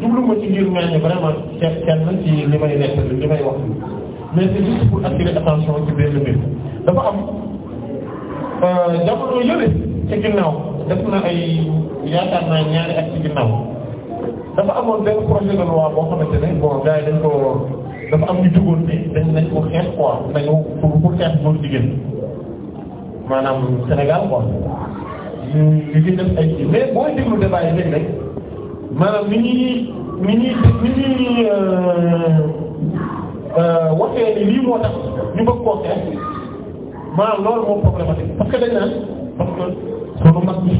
jublu ma ci ngir ŋaññi vraiment kenn ci li may nekk li may mais c'est juste pour attirer attention ci benn mbir dafa am euh, jamono yële ci ginnaaw def na ay yaakaar naa ñaari at ci ginnaaw dafa amoon benn projet de loi boo xamante ne bon gars yi dañ ko dafa am ñu jugoon ni dañ nañ ko xeex quoi dañu pour pour xeex góor jigéen maanaam Sénégal quoi ñu ñu ngi def ay ci mais booy déglu débat yi léeg-léeg maanaam ni ñuy ni ñuy ni ñuy euh, Euh, waxee ni lii moo tax ñu bëgg koo xeex maanaam loolu moom problématique parce que dañ naan parce que sunu mag bi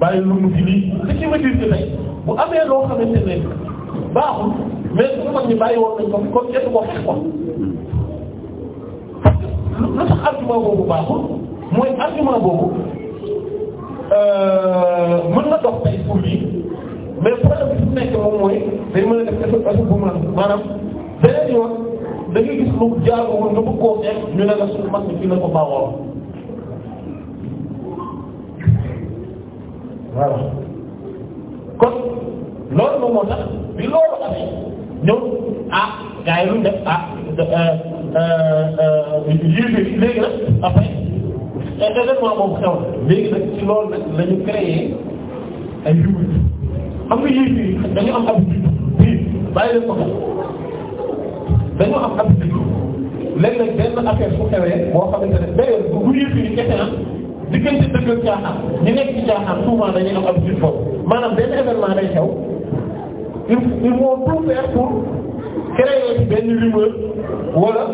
bàyyi lu mu fi lii ce qui veut dire que tey bu amee loo xamante ne baaxul mais suñu mag ñi bàyyi woon nañ ko comme kenn koo xeex ko parce que lu tax argument boobu baaxul mooy argument boobu euh, mën na dox tey pour lii mais problème bi su nekk moom mooy day mën a def effet bu mu maanaam beneen yoon da ngay gis lu jaaruwul nga bëgg koo seet ñu ne la suñu mag ni fii la ko baaxoon voilà kon loolu moom moo tax bi loolu amee ñëw ah gars yi lu ñu def ah euh, euh, euh, yéen léegi nag après événement boobu xew na léegi nag ci loolu nag la ñu créé ay yëngu xam nga yéen fii dañu am habitude fii bàyyi leen ko dañoo am ab digg léeg-léeg benn affaire su xewee boo xamante ne d'ailleurs bu bu yëfi ni kese am diggante dëgg ak caaxaan ñi nekk ci caaxaan souvent dañuy am ab digg foofu maanaam benn événement day xew il il faut tout faire wala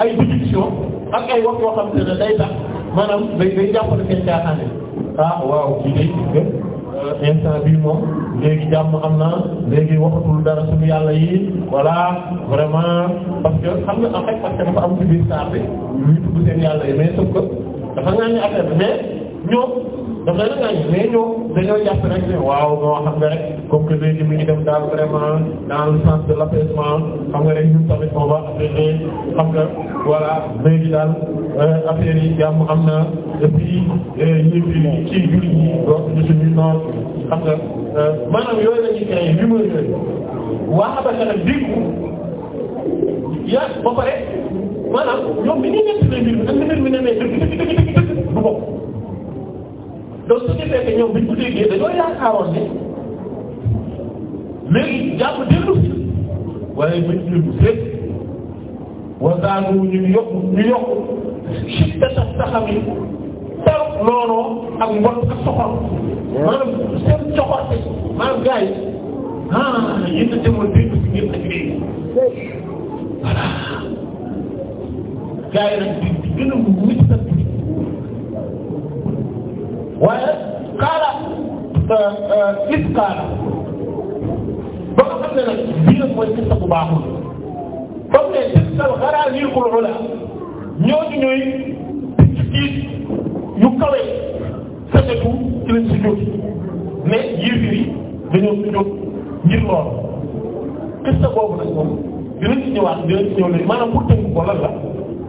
ay déduction ak ay wax yoo xamante ne day tax maanaam day day jàppale seen caaxaan yi ah waaw kii day Euh, instant bii moom léegi jàmm am na léegi waxatul dara suñu yàlla yi voilà vraiment parce que xam nga en fait parce que dafa am ci biir saar bi ñuy tudd seen yàlla yi mais sauf dafa ngaa ñu affaire bi mais ñoom daf la ngay mais ñoom dañoo jàpp rek ne waaw moo xam nga rek comme que léegi mi ngi dem daal vraiment dans le sens de l'apaisement xam nga rek ñun tamit on va apaiser xam nga voilà léegi daal euh, affaire yi jàmm am na et puis ñi euh, fi kii jur yi donc ñu suñu noonu xam nga euh, maanaam yooyu la ñuy créé numéro yooyu waa Habasha nag dégg ya ba pare maanaam ñoom bi ñuy nekk ci mbir mi ak mbir mi ne ne dëgg dëgg dëgg dëgg du bokk donc su defee que ñoom bi ñu ko déggee dañoo yaakaaroon ne léegi jàpp dellu si waaye ba ñu leen di seet waxtaan wu ñu yokku ah yéen a demoon dégg si ngeen waaye xaala euh, euh, is xaala ba nga xam ne nag bii nag mooy kista bu baaxul comme ne tistal xaraa yiixul ula ñooñu ñooy picc yu kawe sajetu ci lañ si jóg mais yéefir yi dañoo si jóg ngir loolu kista boobu nag moom dinañ ci ñëwaat dinañ ci ñëw léegi maanaam ko la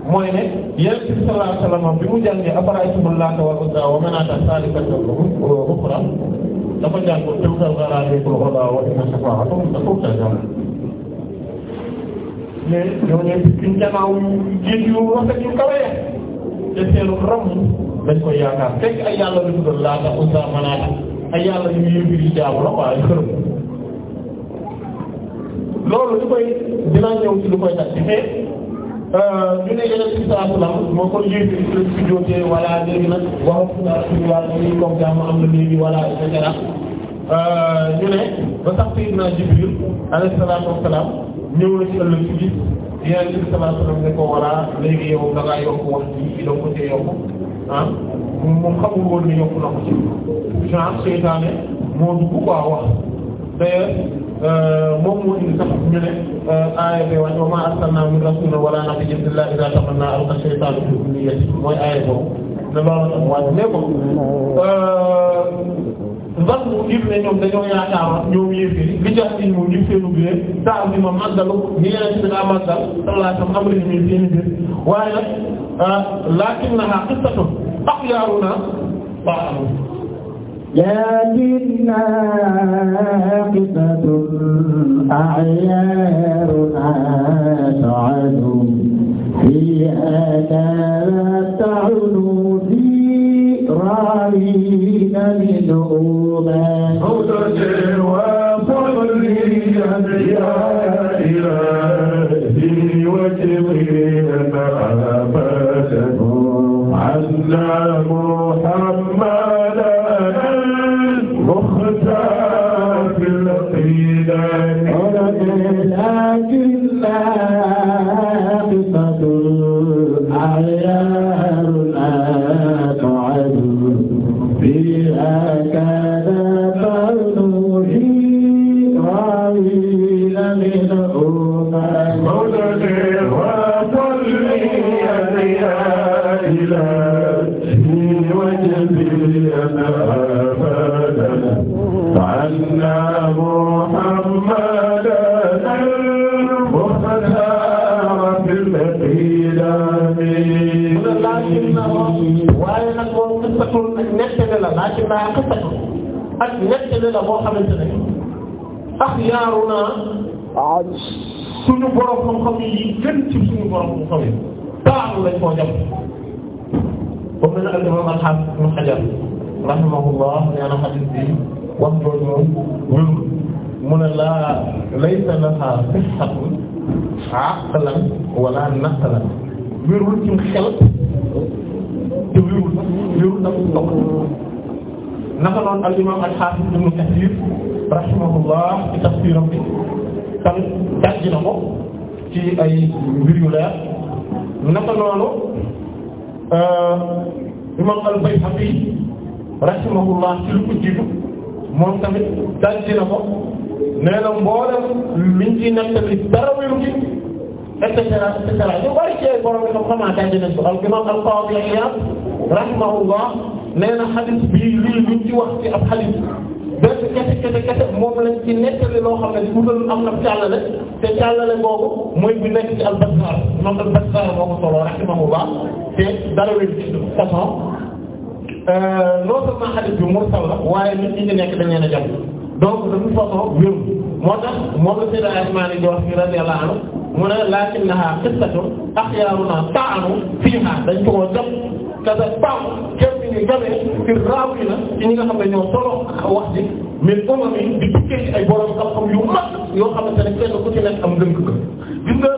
mooy ne yonent bi sallallahu alayhi wasallam bi mu jàngee afara'aytumul laata wal uzza wa manaata saalisata ukhra dafa jàng tilkal gharaa'ibul uzza wa inna shafa'atakum la turja mais ñoo ne suñ janaaw géej yu rafet yu kawe te seenu ram koy yaakaar fekk ay yàlla lu dul laata uzza manaata ay yàlla yu yëngu jaamu la loolu li koy dinaa ñëw ci li koy tax ci Euh, ñu ne yeneen saa salaam moo ko yéegee ci si jotee voilà léegi nag waxu naa suñu waa léegi comme jàmm am na léegi voilà et cetera euh, ñu ne ba sax Sayyidina Jibril alayhi salaatu wa salaam ñëw na ci ëllëg ci gis yeneen ci ne ko voilà léegi yow da ngaa yokk wax ji da nga ko cee yokk ah ko ci genre d'ailleurs euh, moom moo indi sax ñu ne aaya euh, bi wa ma arsalna min rasulin wala nabiyyin illa idha tamanna alqa shaytanu fi umniyati mooy aaya boobu ne loolu tax waaye ne ko zan mu ngir ne ñoom dañoo yaakaaroon ñoom yéeféri li jax liñ moom ngir seenu biir daal bi ma màggalu ñi yeneen si daa màggal sallallahu alayhi wa sallam am nañu ñu seeni biir waaye nag euh, lakinnaha qissatun axyaaruna ba'dahum لكن ناقصة أعيارنا تعد في لا تعد في رايين منهما هدى وفضل يا إلهي وجبريل أبدا علام naaqisatu ak nettali la boo xamante ne ak yaaru naa suñu borom xam-xam yi gën ci suñu borom xam-xam yi taaru lañ koo jàpp boobu la al imam al-Hafiz ibn Hajar rahimahullah nee na hadith bi wax jooju ñun mu ne laa laysa lahaa sihhatun aqlan wala naqlan wérul ci xel te wérul wérul nag ndox naka noonu al imam al hafiz ibn kathir rahimahullah ci tafsiram bi tam dajji na ko ci ay mbir yu leer naka noonu euh, imam al bayhaqi rahimahullah ci lu ko jiitu moom tamit dajji na ko nee na mboolem liñ ci nettali dara wéru ci et cetera et cetera ñu bari ci borom xam-xam dajji nañ ko al imam al qadi iyad rahimahullah nee na xadis bii lii luñ ci wax ci ab xadis benn kese kese kese moom lañ ci nettali loo xam ne di wutal am na càllale te càllale boobu mooy bi nekk ci al-Bazzar moom al-Bazzar moo ko solo rahimahullah te dara wér ci façon euh, non seulement xadis bi mursal la waaye nit ñi ci nekk dañ leen a jàpp donc de façon wéru moo tax moom la Seydina Usmaan di wax ni radiyallahu anhu mu ne lakinnaha qissatun axyaaruna ta'anu fiiha dañ ko jàpp kada baaxu képp ni gabe ci raawi na ci ñi nga xam ne ñoo solo wax ji mais umam yi di tukkee ay borom xam-xam yu mag yoo xamante ne kenn ku ci nekk am gën ko gis nga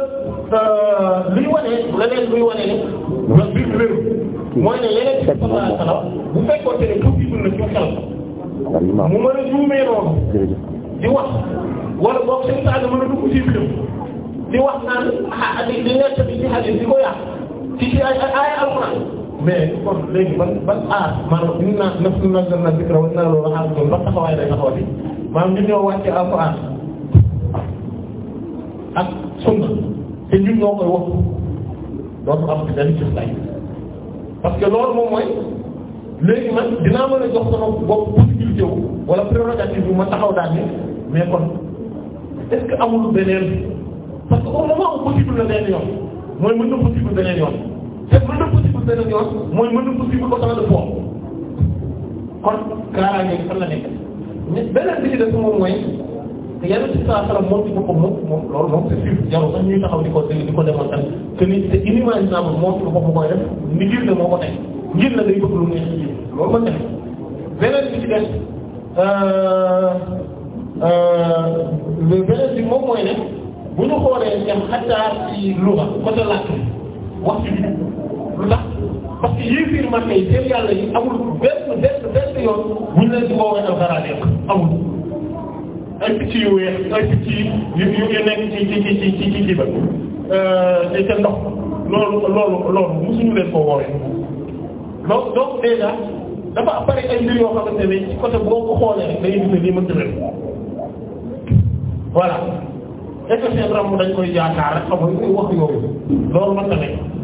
euh, luy wane leneen wane ne nga biir wér mooy ne yeneen ci sallallahu alayhi wasallam bu fekkoon te ne tuuti na ci xel mu mën a juumee noonu di wax wala boog seen tàgg mën a dugg ci biir di wax naan ah di nekk ci xadis di ko yàq ci ci ay ay alxuraan mais kon léegi ban ban aar maanaam ñu naan na suñu naan na zikra wa naa loolu aar kon ban taxawaay lay taxawati maanaam ñu ñoo wàcce alxuraan ak sunna te ñun ñoo koy wax dootu am ci benn ci lay parce que loolu moom mooy léegi man dinaa mën a jox sama bopp wala prérogative bi ma taxaw daal ni mais kon est ce que amul beneen parce que au moment où possible la benn yoon mooy mën na possible beneen te mën na possible benn yoon mooy mën na possible autant de fois kon kaaraange gi fan la nekk beneen bi ci def moom mooy yàlla ci saa xaram moom ci boppam moom moom loolu moom c'est sûr jarul sax ñuy taxaw di ko di ko demal tam te ni te inimaginable moom ci boppam koy def ni ngir ne moo ko teg ngir na day bëgg lu muy ji loolu ma def beneen bi ci def euh, euh, beneen bi moom mooy ne bu ñu xoolee dem xataa ci luga côté làkk wax lu tax parce que yéefir man tey seen yàlla yi amul benn benn benn yoon buñ leen di woowee dara def amul. ay picc yu ay picc yu yu nekk ci ci ci ci ci ci ba euh, te ca ndox loolu loolu loolu musuñu leen ko woowee donc donc déjà dafa bari ay mbir yoo xamante ne ci côté boo ko xoolee rek dañuy gis ne lii mënta leen voilà. émission bi dañ koy yaakaar rek xamul wax yooyu loolu mënta nekk.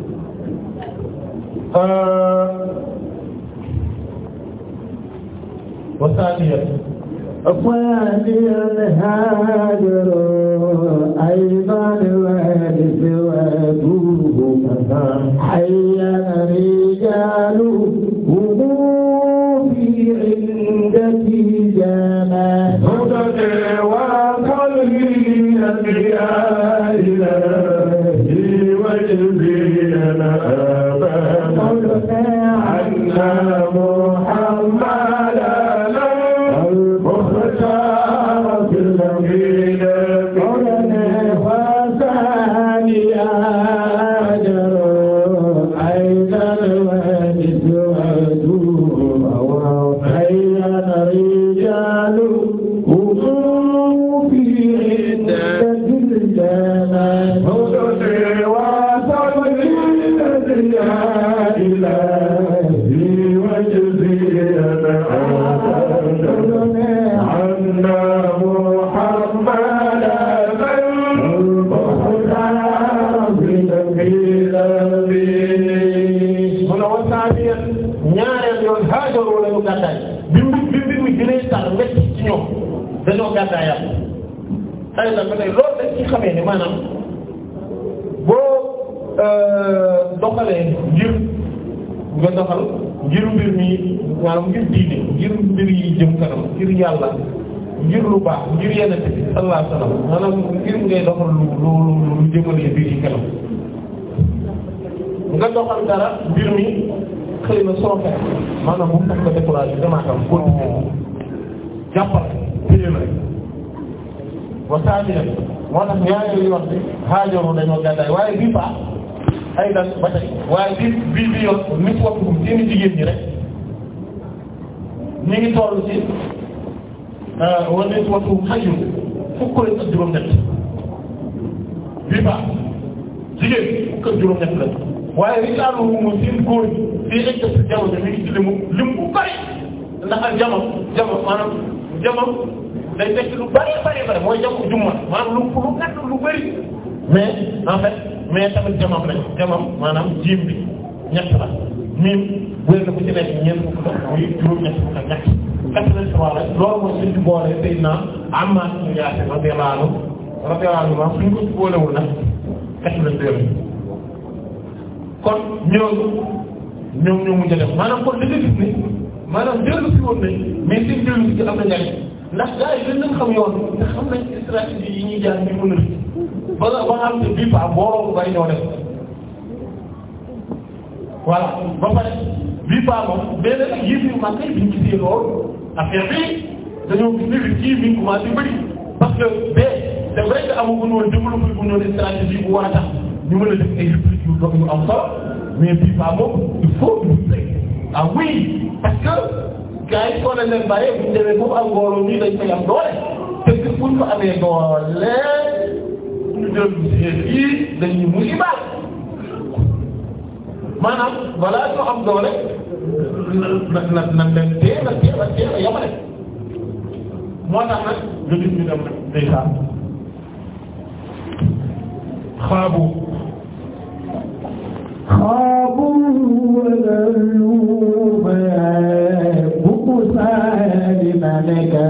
والثانية أقوال هاجر أيضا وارث وأبوه حي الرجال هم في عندتي جانا هدى وقلبي أنبياء إلهي وجبينا ربنا علام xëy na ba tey loolu dañ ciy xamee boo euh, doxalee ngir nga doxal ngir mbir mi maanaam ngir diine ngir mbir yi jëm kanam ngir yàlla ngir lu baax ngir yenente bi sallallahu alayhi wasallam maanaam ngir ngay lu lu lu jëmale nga doxal dara mbir mi xëy na sooxe maanaam bu mu tax nga découragé damaa xam continuer oh. jàppal wa saamina moo tax ñaareelu yoon bi haajaru dañoo gàddaay waaye bii baax ay dan ba tey waaye bi bii bi yoon mi ngi waxtu seeni jigéen ñi rek ñu ngi toll ci euh, wa nit waxtu xajul fukk ak juróom-ñett bii baax jigéen fukk ak juróom-ñett la waaye li daal moom mooy seen góor fii ay jot jamono mi ngi ci limu lim bu bari ndax ak jamono jamono maanaam jamono day fekk lu bari bari bari mooy jànku jumma maanaam lu lu gàtt lu bari mais en fait mais tamit jamam lañ jamam maanaam jiim bi ñett la miim wér na bu ci nekk ñeent fukk la muy juróom ñett fukk ak ñett quatre vingt loolu mooy suñ ci boole Seydina Ammaar ibn Yaasir radiyallahu anhu radiyallahu anhu ma suñ ko ci boolewul nag quatre-vingt-deux la kon ñooñu ñoom ñoo mujj a def maanaam kon dañuy gis ne maanaam dellu si woon nañ mais seen dellu si am na njariñ ndax gars yi dañ xam yoon te xam nañ stratégie yi ñuy jaar ñu mën a bala ba xam ne bii paa booroom bay ñoo def voilà ba pare bii paa moom mais nag yéen ñu màgg bi ñu gisee lool affaire bi dañoo gis ne kii bi commencé bëri parce que bee c'est vrai que amaguñu woon développé bu ñëw stratégie bu war a tax ñu mën a def ay répliques yu doog ñu am solo mais bii paa moom il faut que ñu ah oui parce que. gars yi soo leen leen bàyyee bu ñu demee ba mu am mbooloo ñu dañ koy am doole te te buñ ko amee doole ñu jël yi dañuy mujj baal maanaam balaa ñu am doole na na na leen teel a teel a teel a yemale moo tax nag nga gis ñu dem ndeysaan xaabu xaabu wala ملكا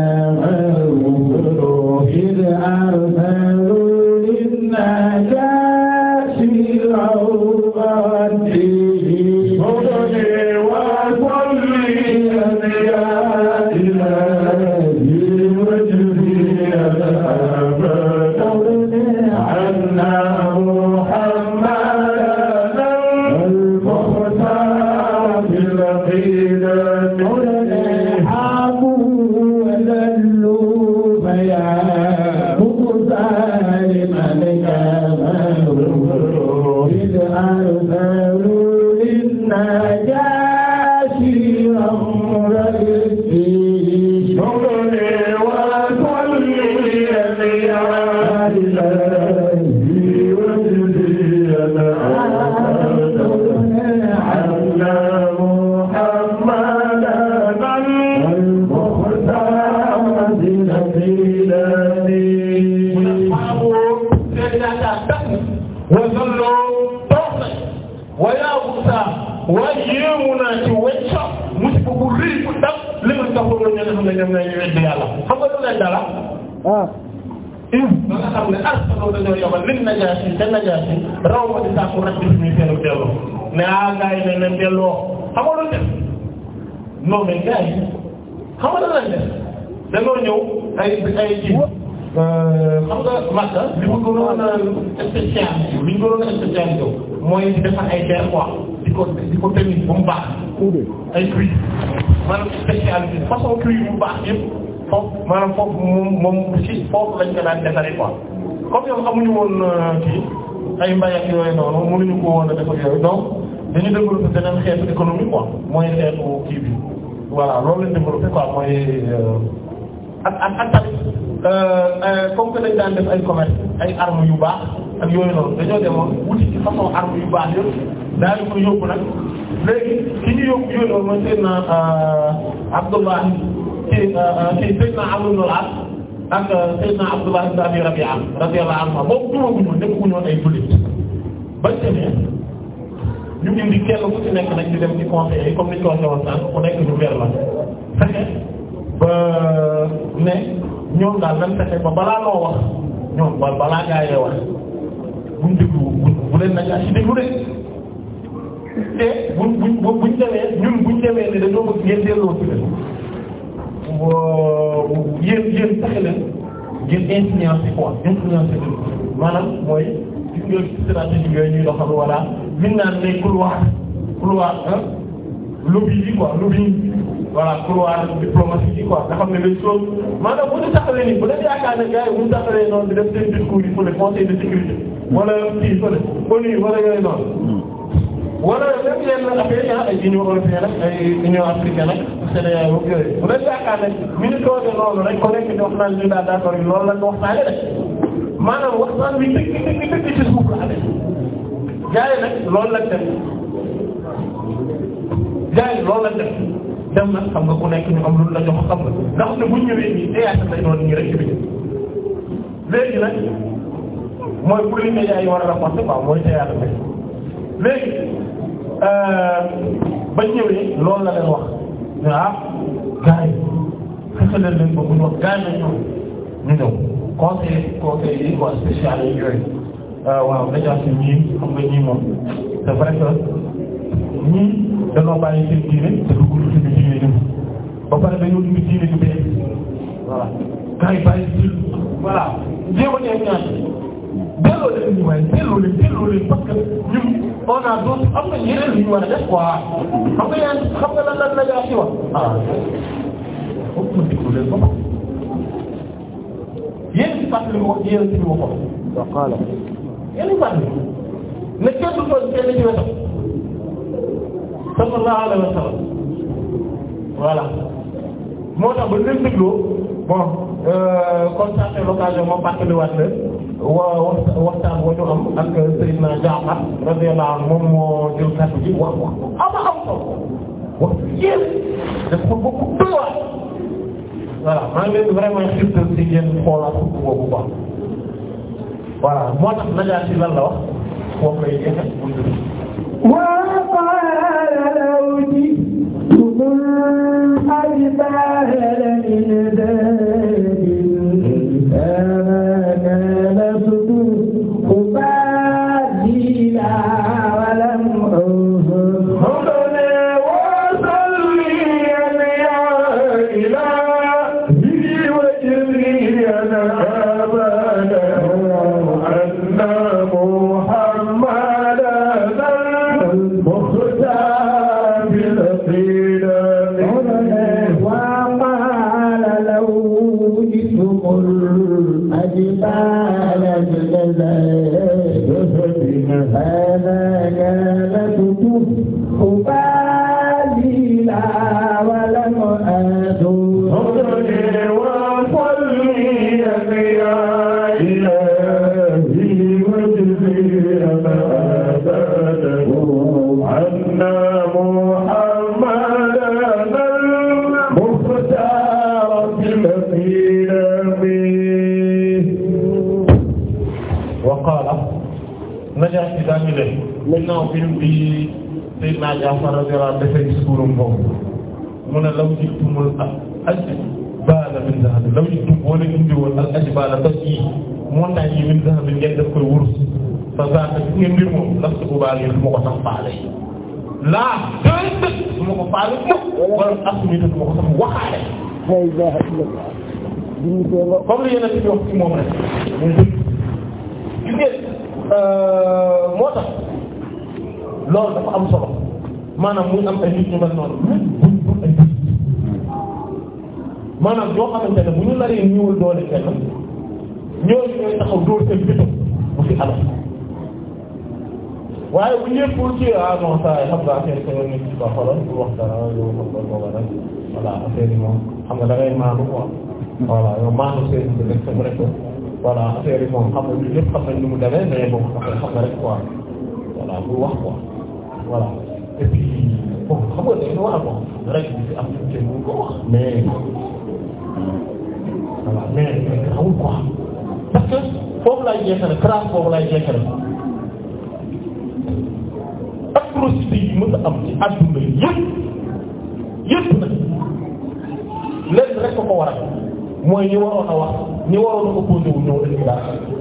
Najaasi te Najaasi raw ma di sàkku rek def ñu seen delloo ne ah gars yi dañ leen delloo xam nga lu def non mais gars yi xam nga lan def dañoo ñëw ay ay ji euh, xam nga Makka li mu gënoon a spécial li ñu gënoon a spécial mooy di ay der quoi di ko di ko tamit ba ay cuir maanaam spécial bi façon cuir bu baax yëpp foofu maanaam foofu moom moom ci foofu lañ ko daan defaree quoi comme yow amuñu woon euh, kii ay mbay ak yooyu noonu mënuñu ko woon a def ak yooyu donc dañu développé beneen xeetu économie quoi mooy xeetu kii bi voilà loolu lañ développé quoi mooy euh, ak ak ak tamit euh, comme que dañ daan def ay commerce ay armes yu baax ak yooyu noonu dañoo demoon wuti ci façon armes yu baax yëpp daal ko yóbbu nag léegi ki ñu yóbbu yooyu noonu mooy Seydina Abdullah ci ci Seydina Amru ibn al-As ak Seydina Abdullah ibn Abi Rabi'a radiyallahu anhu boobu tuumaguñu woon nekkuñu woon ay jullit ba ci ne ñu indi kenn ku ci nekk nag ñu dem ci conseil yi comme ni ñu ko waxee woon sànq ku nekk ñu weer la fexe ba ne ñoom daal lan fexe ba balaa loo wax ñoom ba balaa gaayee wax buñ déglu bu leen nañ ci déglu de te buñ buñ buñ demee ñun buñ demee ne dañoo bëgg ngeen delloo ci yéen yéen fexe leen ngeen influence quoi influence leen maanaam mooy gis nga stratégie yooyu ñuy doxal wala min naan ne couloir couloir lobby yi quoi lobby voilà couloir diplomatique yi quoi nga xam ne dañ soog maanaam bu ñu taxawee nii bu leen yaakaar ne gars yi bu ñu taxawee noonu di def seen discours yi fële conseil de sécurité wala kii fële ONU wala yooyu noonu wala lépp yenn affaire yi ah ay union européenne ak ay union africaine ak CEDEAO yooyu bu leen yaakaar ne ministre de loolu rek ko nekk jox naan li daal d'accord yi loolu la ñu waxtaanee rek maanaam waxtaan bi dëgg dëgg dëgg ci suuf la amee gars yi nag loolu lañ def gars yi loolu lañ def dem nag xam nga ku nekk ñu am lu la jox xam nga ndax ne bu ñu ñëwee nii théâtre lay doon ñu rek ci biir léegi nag mooy pour li médias yi war a rapporter quoi mooy théâtre bi léegi. Euh, ba ñëwee loolu la leen wax ne ah gars yi fexe leen leen ba bu ñu wax gars yi ñëw ñu ñëw conseil conseil yi waa spécial yi yooyu euh, waaw médiation ñii xam nga ñii moom c'est vrai que ñii danoo bàyyi seen diine te dugg suñu diine ñu ba pare dañoo dugg diine ñu bee voilà gars yi bàyyi voilà jéem a ñaan delloo leen ñu waaye delloo leen delloo leen parce que ñun on a d'autres am na yeneen yu ñu war a def quoi xam nga yaa xam nga lan lan la yaa ci wax ah foofu ma déglu leen ba pare yéen ci fàttali wax yéen ci waxoon. wa qaala yéen a fàttali ne kenn du tooñ kenn ci wetam sallallahu alayhi wa sallam voilà moo tax ba leen dégloo bon kon ça c'est l'occasion ma fàttaliwaat leen waaw wax waxtaan wa ñu am ak Seydina Jaafar radiyallahu anhu moom moo jël kàddu ji wax wax ama am solo wax yéen daf ko bokk doywaat voilà maa ngi leen vraiment surtout si ngeen xoolaat boobu quoi voilà moo tax najaa si lan la wax foofu lay jeexal bunt bi وقال ginnaaw film bi Seydina Jaafar radiyallahu anhu dafay discours boobu mu ne law jittumul ajbala al ajbala doj yi montagne yi min zahab ngeen def koy wurus fa zaata gis ngeen mbir moom ndax su boobaa ngeen du ma ko sax faale laa doy dëkk du ma ko faale mukk wala asmi ko sax waxaale di wax ci moom euh, moo tax loolu dafa am solo maanaam muy am ay nit ñu mel noonu buñ buñ ay nit maanaam ñoo xamante ne bu ñu laree ñëwul doole kenn ñooñu ñooy taxaw dóor seen bitim bu fi amee waaye bu ñëpp ah nga affaire yi nekk ci ba xoolal pour wax dara yow xam nga booba rek yi moom xam nga da ngay maanu quoi voilà maanu seen bi rek sa rek voilà affaire yi moom xam nga ñun ñëpp xam nañ ni voilà et puis bon xam nga dañu war a bon rek bi fi am tuuti mu ko wax mais voilà mais mais amul quoi parce que foofu laay jeexale trace foofu laay jeexale atrocité yi mën a am ci adduna yëpp yëpp nag lenn rek ko ko waral mooy ñi waroon a wax ñi waroon a opposé wu ñëw dañuy daal.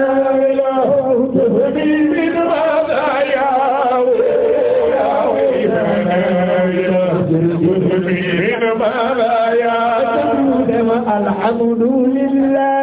الحمد لله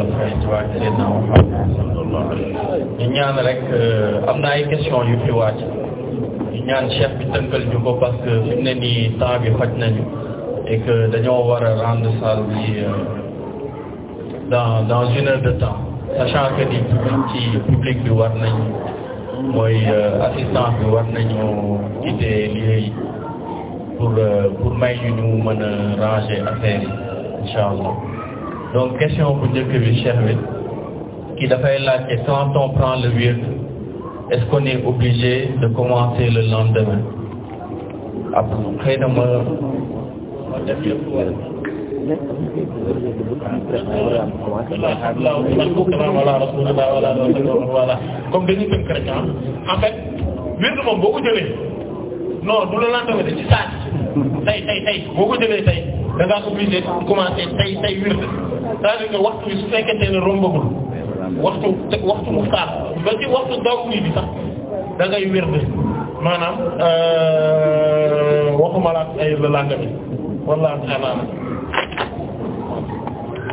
yàlla fay waa Seydina Muhammad sallallahu alayhi wa sallam ñu ñaan rek euh, am na ay question yu fi wàcc yu ñaan chef bi tënkal ñu ko parce que mu ne nii temps bi xoj nañu et que dañoo war a rendre salle bi euh, dans dans une de temps sachant que ni ci public bi war nañu mooy euh, assistance bi war nañu quitter lieu pour pour may ñu ñu mën a ranger affaire yi incha allah donc question bu njëkk bi cheikh bi ki dafay laajte quand on prend le wird est-ce qu'on est obligé de commencer le lendemain ab xëy na ma ma def yëpp voilà comme dañuy tënk rek ah en fait mbir mi moom boo ko jëlee non du la lendemain de ci saa tay tay tay boo ko jëlee tay da ngaa obligé commencer tay tay wird c'est-à-dire waxtu bi su fekkente ne rombagul waxtu waxtu muxtaar ba ci waxtu daruri bi sax da ngay wérde maanaam euh, waxuma la ay langa bi walla alaana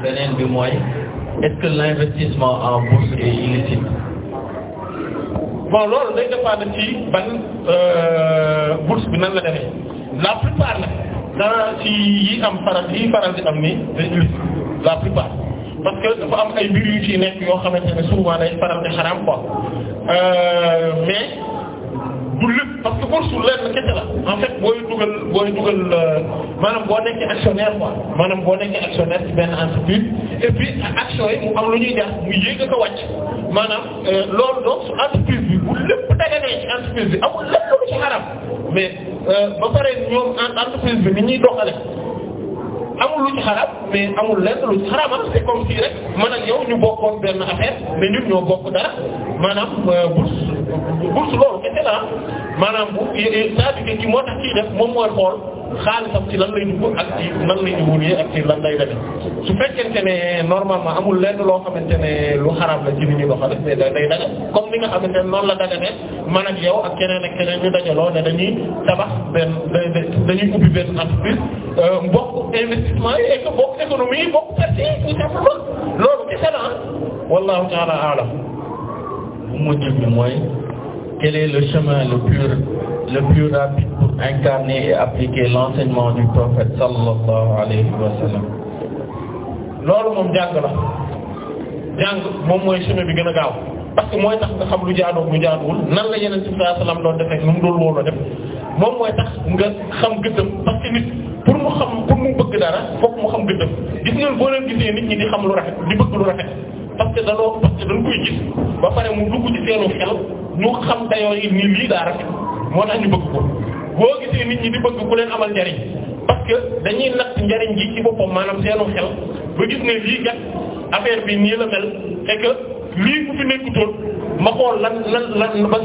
beneen bi mooy est-ce que l'investissement en bourse est illicite bon loolu day dépendre ci ban euh, bourse bi nan la demee la plupart nag ci yi am faral yi faral di am ni day illicite la plupart parce que dafa am ay mbir yu ci nekk yoo xamante ne souvent day faral di xaraam quoi euh, mais du lépp parce que course lenn kese la en fait booy dugal booy dugal euh, maanaam boo nekkee actionnaire quoi maanaam boo nekkee actionnaire ci benn entreprise et action yi mu am lu ñuy jaar mu yéeg a ko maanaam euh, loolu donc su entreprise bi bu lépp daganee ci entreprise bi amul lépp lu ci xaram mais ba pare ñoom entreprise bi ni ñuy doxale amul lu ci xaraam mais amul lenn lu ci xaraama ah. c'est comme yow ñu bokkoon benn affaire mais ñun ñoo bokk dara maanaam euh, bourse bourse loolu kese la ah. maanaam bu saa bi ki moo tax kii def moom mooy xool. xaalisam ci lan lay dugg ak ci nan lay dugg ak ci lan lay def su fekkente ne normalement amul lenn loo xamante ne lu xaraam la ci li ñuy doxal mais day daga comme ni nga xamante ne noonu la daga ne man ak yow ak keneen ak keneen ñu dajaloo ne dañuy tabax benn dañuy ubbi benn entreprise mbokk euh, investissement yi et mbokk économie yi mbokk perte yi ñu taxaw loolu ci seen wallahu ta'ala a'lam bu mujj bi mooy. quel est le chemin le plus le plus rapide pour incarner et appliquer l'enseignement du prophète sallallahu alayhi wa loolu moom jàng la jàng moom mooy chemin bi gën a gaaw parce mooy tax nga xam lu jaadoog lu jaaduwul nan la yeneen sallallahu alayhi wa sallam doon defee nu mu doon def moom mooy tax nga xam gëddëm parce nit pour mu xam pour mu bëgg dara fokk mu xam gëddëm gis ngeen boo leen gisee nit ñi di xam lu rafet di bëgg lu rafet parce que danoo parce que dañ gis ba pare mu dugg ci seenu xel ñu xam dayoo yi nii lii daa rafet moo tax ñu bëgg ko boo gisee nit ñi di bëgg ku leen amal njariñ parce que dañuy natt njariñ gi ci boppam maanaam seenu xel ba gis ne lii gat affaire bi nii la mel et lii ku fi nekkutoon ma xool lan lan lan ba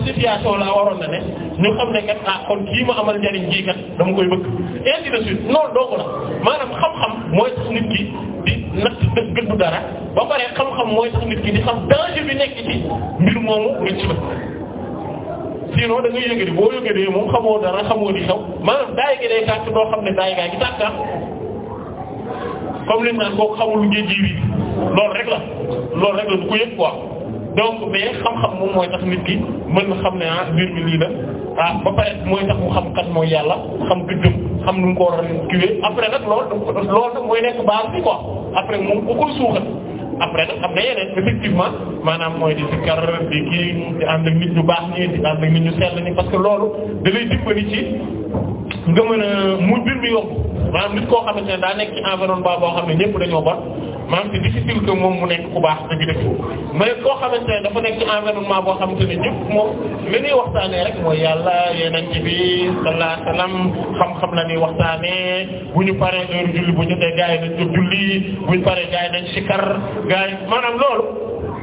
laa waroon na ne ñu xam ne kat ah kon kii ma amal njariñ kii kat dama koy bëgg ainsi suite noonu doo ko la maanaam xam-xam mooy tax nit ki di natt dëgg gëddu dara ba pare xam-xam mooy tax nit ki di xam danger bi nekk ci mbir moomu nga ci sinon da ngay yëngu di boo yëngu di moom xamoo dara xamoo di xaw maanaam daay gi day tàkk doo xam ne daay gaa gi tàkk ah. comme li naan kooku xamul lu ngeen jiw loolu rek la loolu rek la du ko yëg quoi donc mais xam-xam moom mooy tax nit ki mën na xam ne ah mbir mi lii la ah ba pare mooy tax mu xam kat mooy yàlla xam gëddëm xam nu mu ko war a kiiwee après nag loolu loolu nag mooy après nag xam na yeneen effectivement maanaam mooy di sikkar di kii di ànd ak nit ñu baax ñi di ànd ak nit ñu sell ñi parce que loolu da dimbali ci. nga mën a mu mbir mi yomb maanaam nit koo xamante ne daa nekk ci environnement boo xam ne ñëpp dañoo bon maanaam c'est difficile que moom mu nekk ku baax te ci dëkk mais koo xamante ne dafa nekk ci environnement boo xamante ne ñëpp moom li ñuy waxtaanee rek mooy yàlla yeneen ci bi sallallahu alayhi xam-xam la ñuy waxtaanee bu ñu paree heure julli bu ñu tee gars yi nañ ko julli bu ñu paree gars yi nañ sikar gars yi maanaam loolu.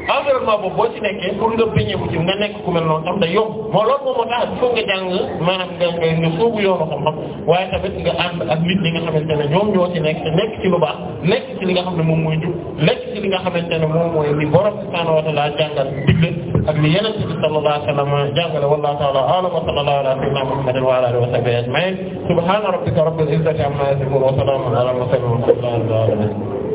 environnement boobu boo ci nekkee pour nga bañeeku ci nga nekk ku mel noonu tam day yomb moo loolu moom moo tax nga jàng maanaam nga nga nga soobu xam ne ci nekk nekk ci lu baax nekk ci li nga xam ne moom mooy jub nekk ci li nga xamante ne moom mooy li borom subhaanahu wa ta'aala jàngal digle ak li yeneen ci sallallahu alayhi wa sallam jàngale wallahu ta'aala a'lam wa sallallahu ala sayyidina muhammadin wa ala alihi wa sahbihi ajma'in subhaana rabbika rabbil izzati amma yasifun wa salaamun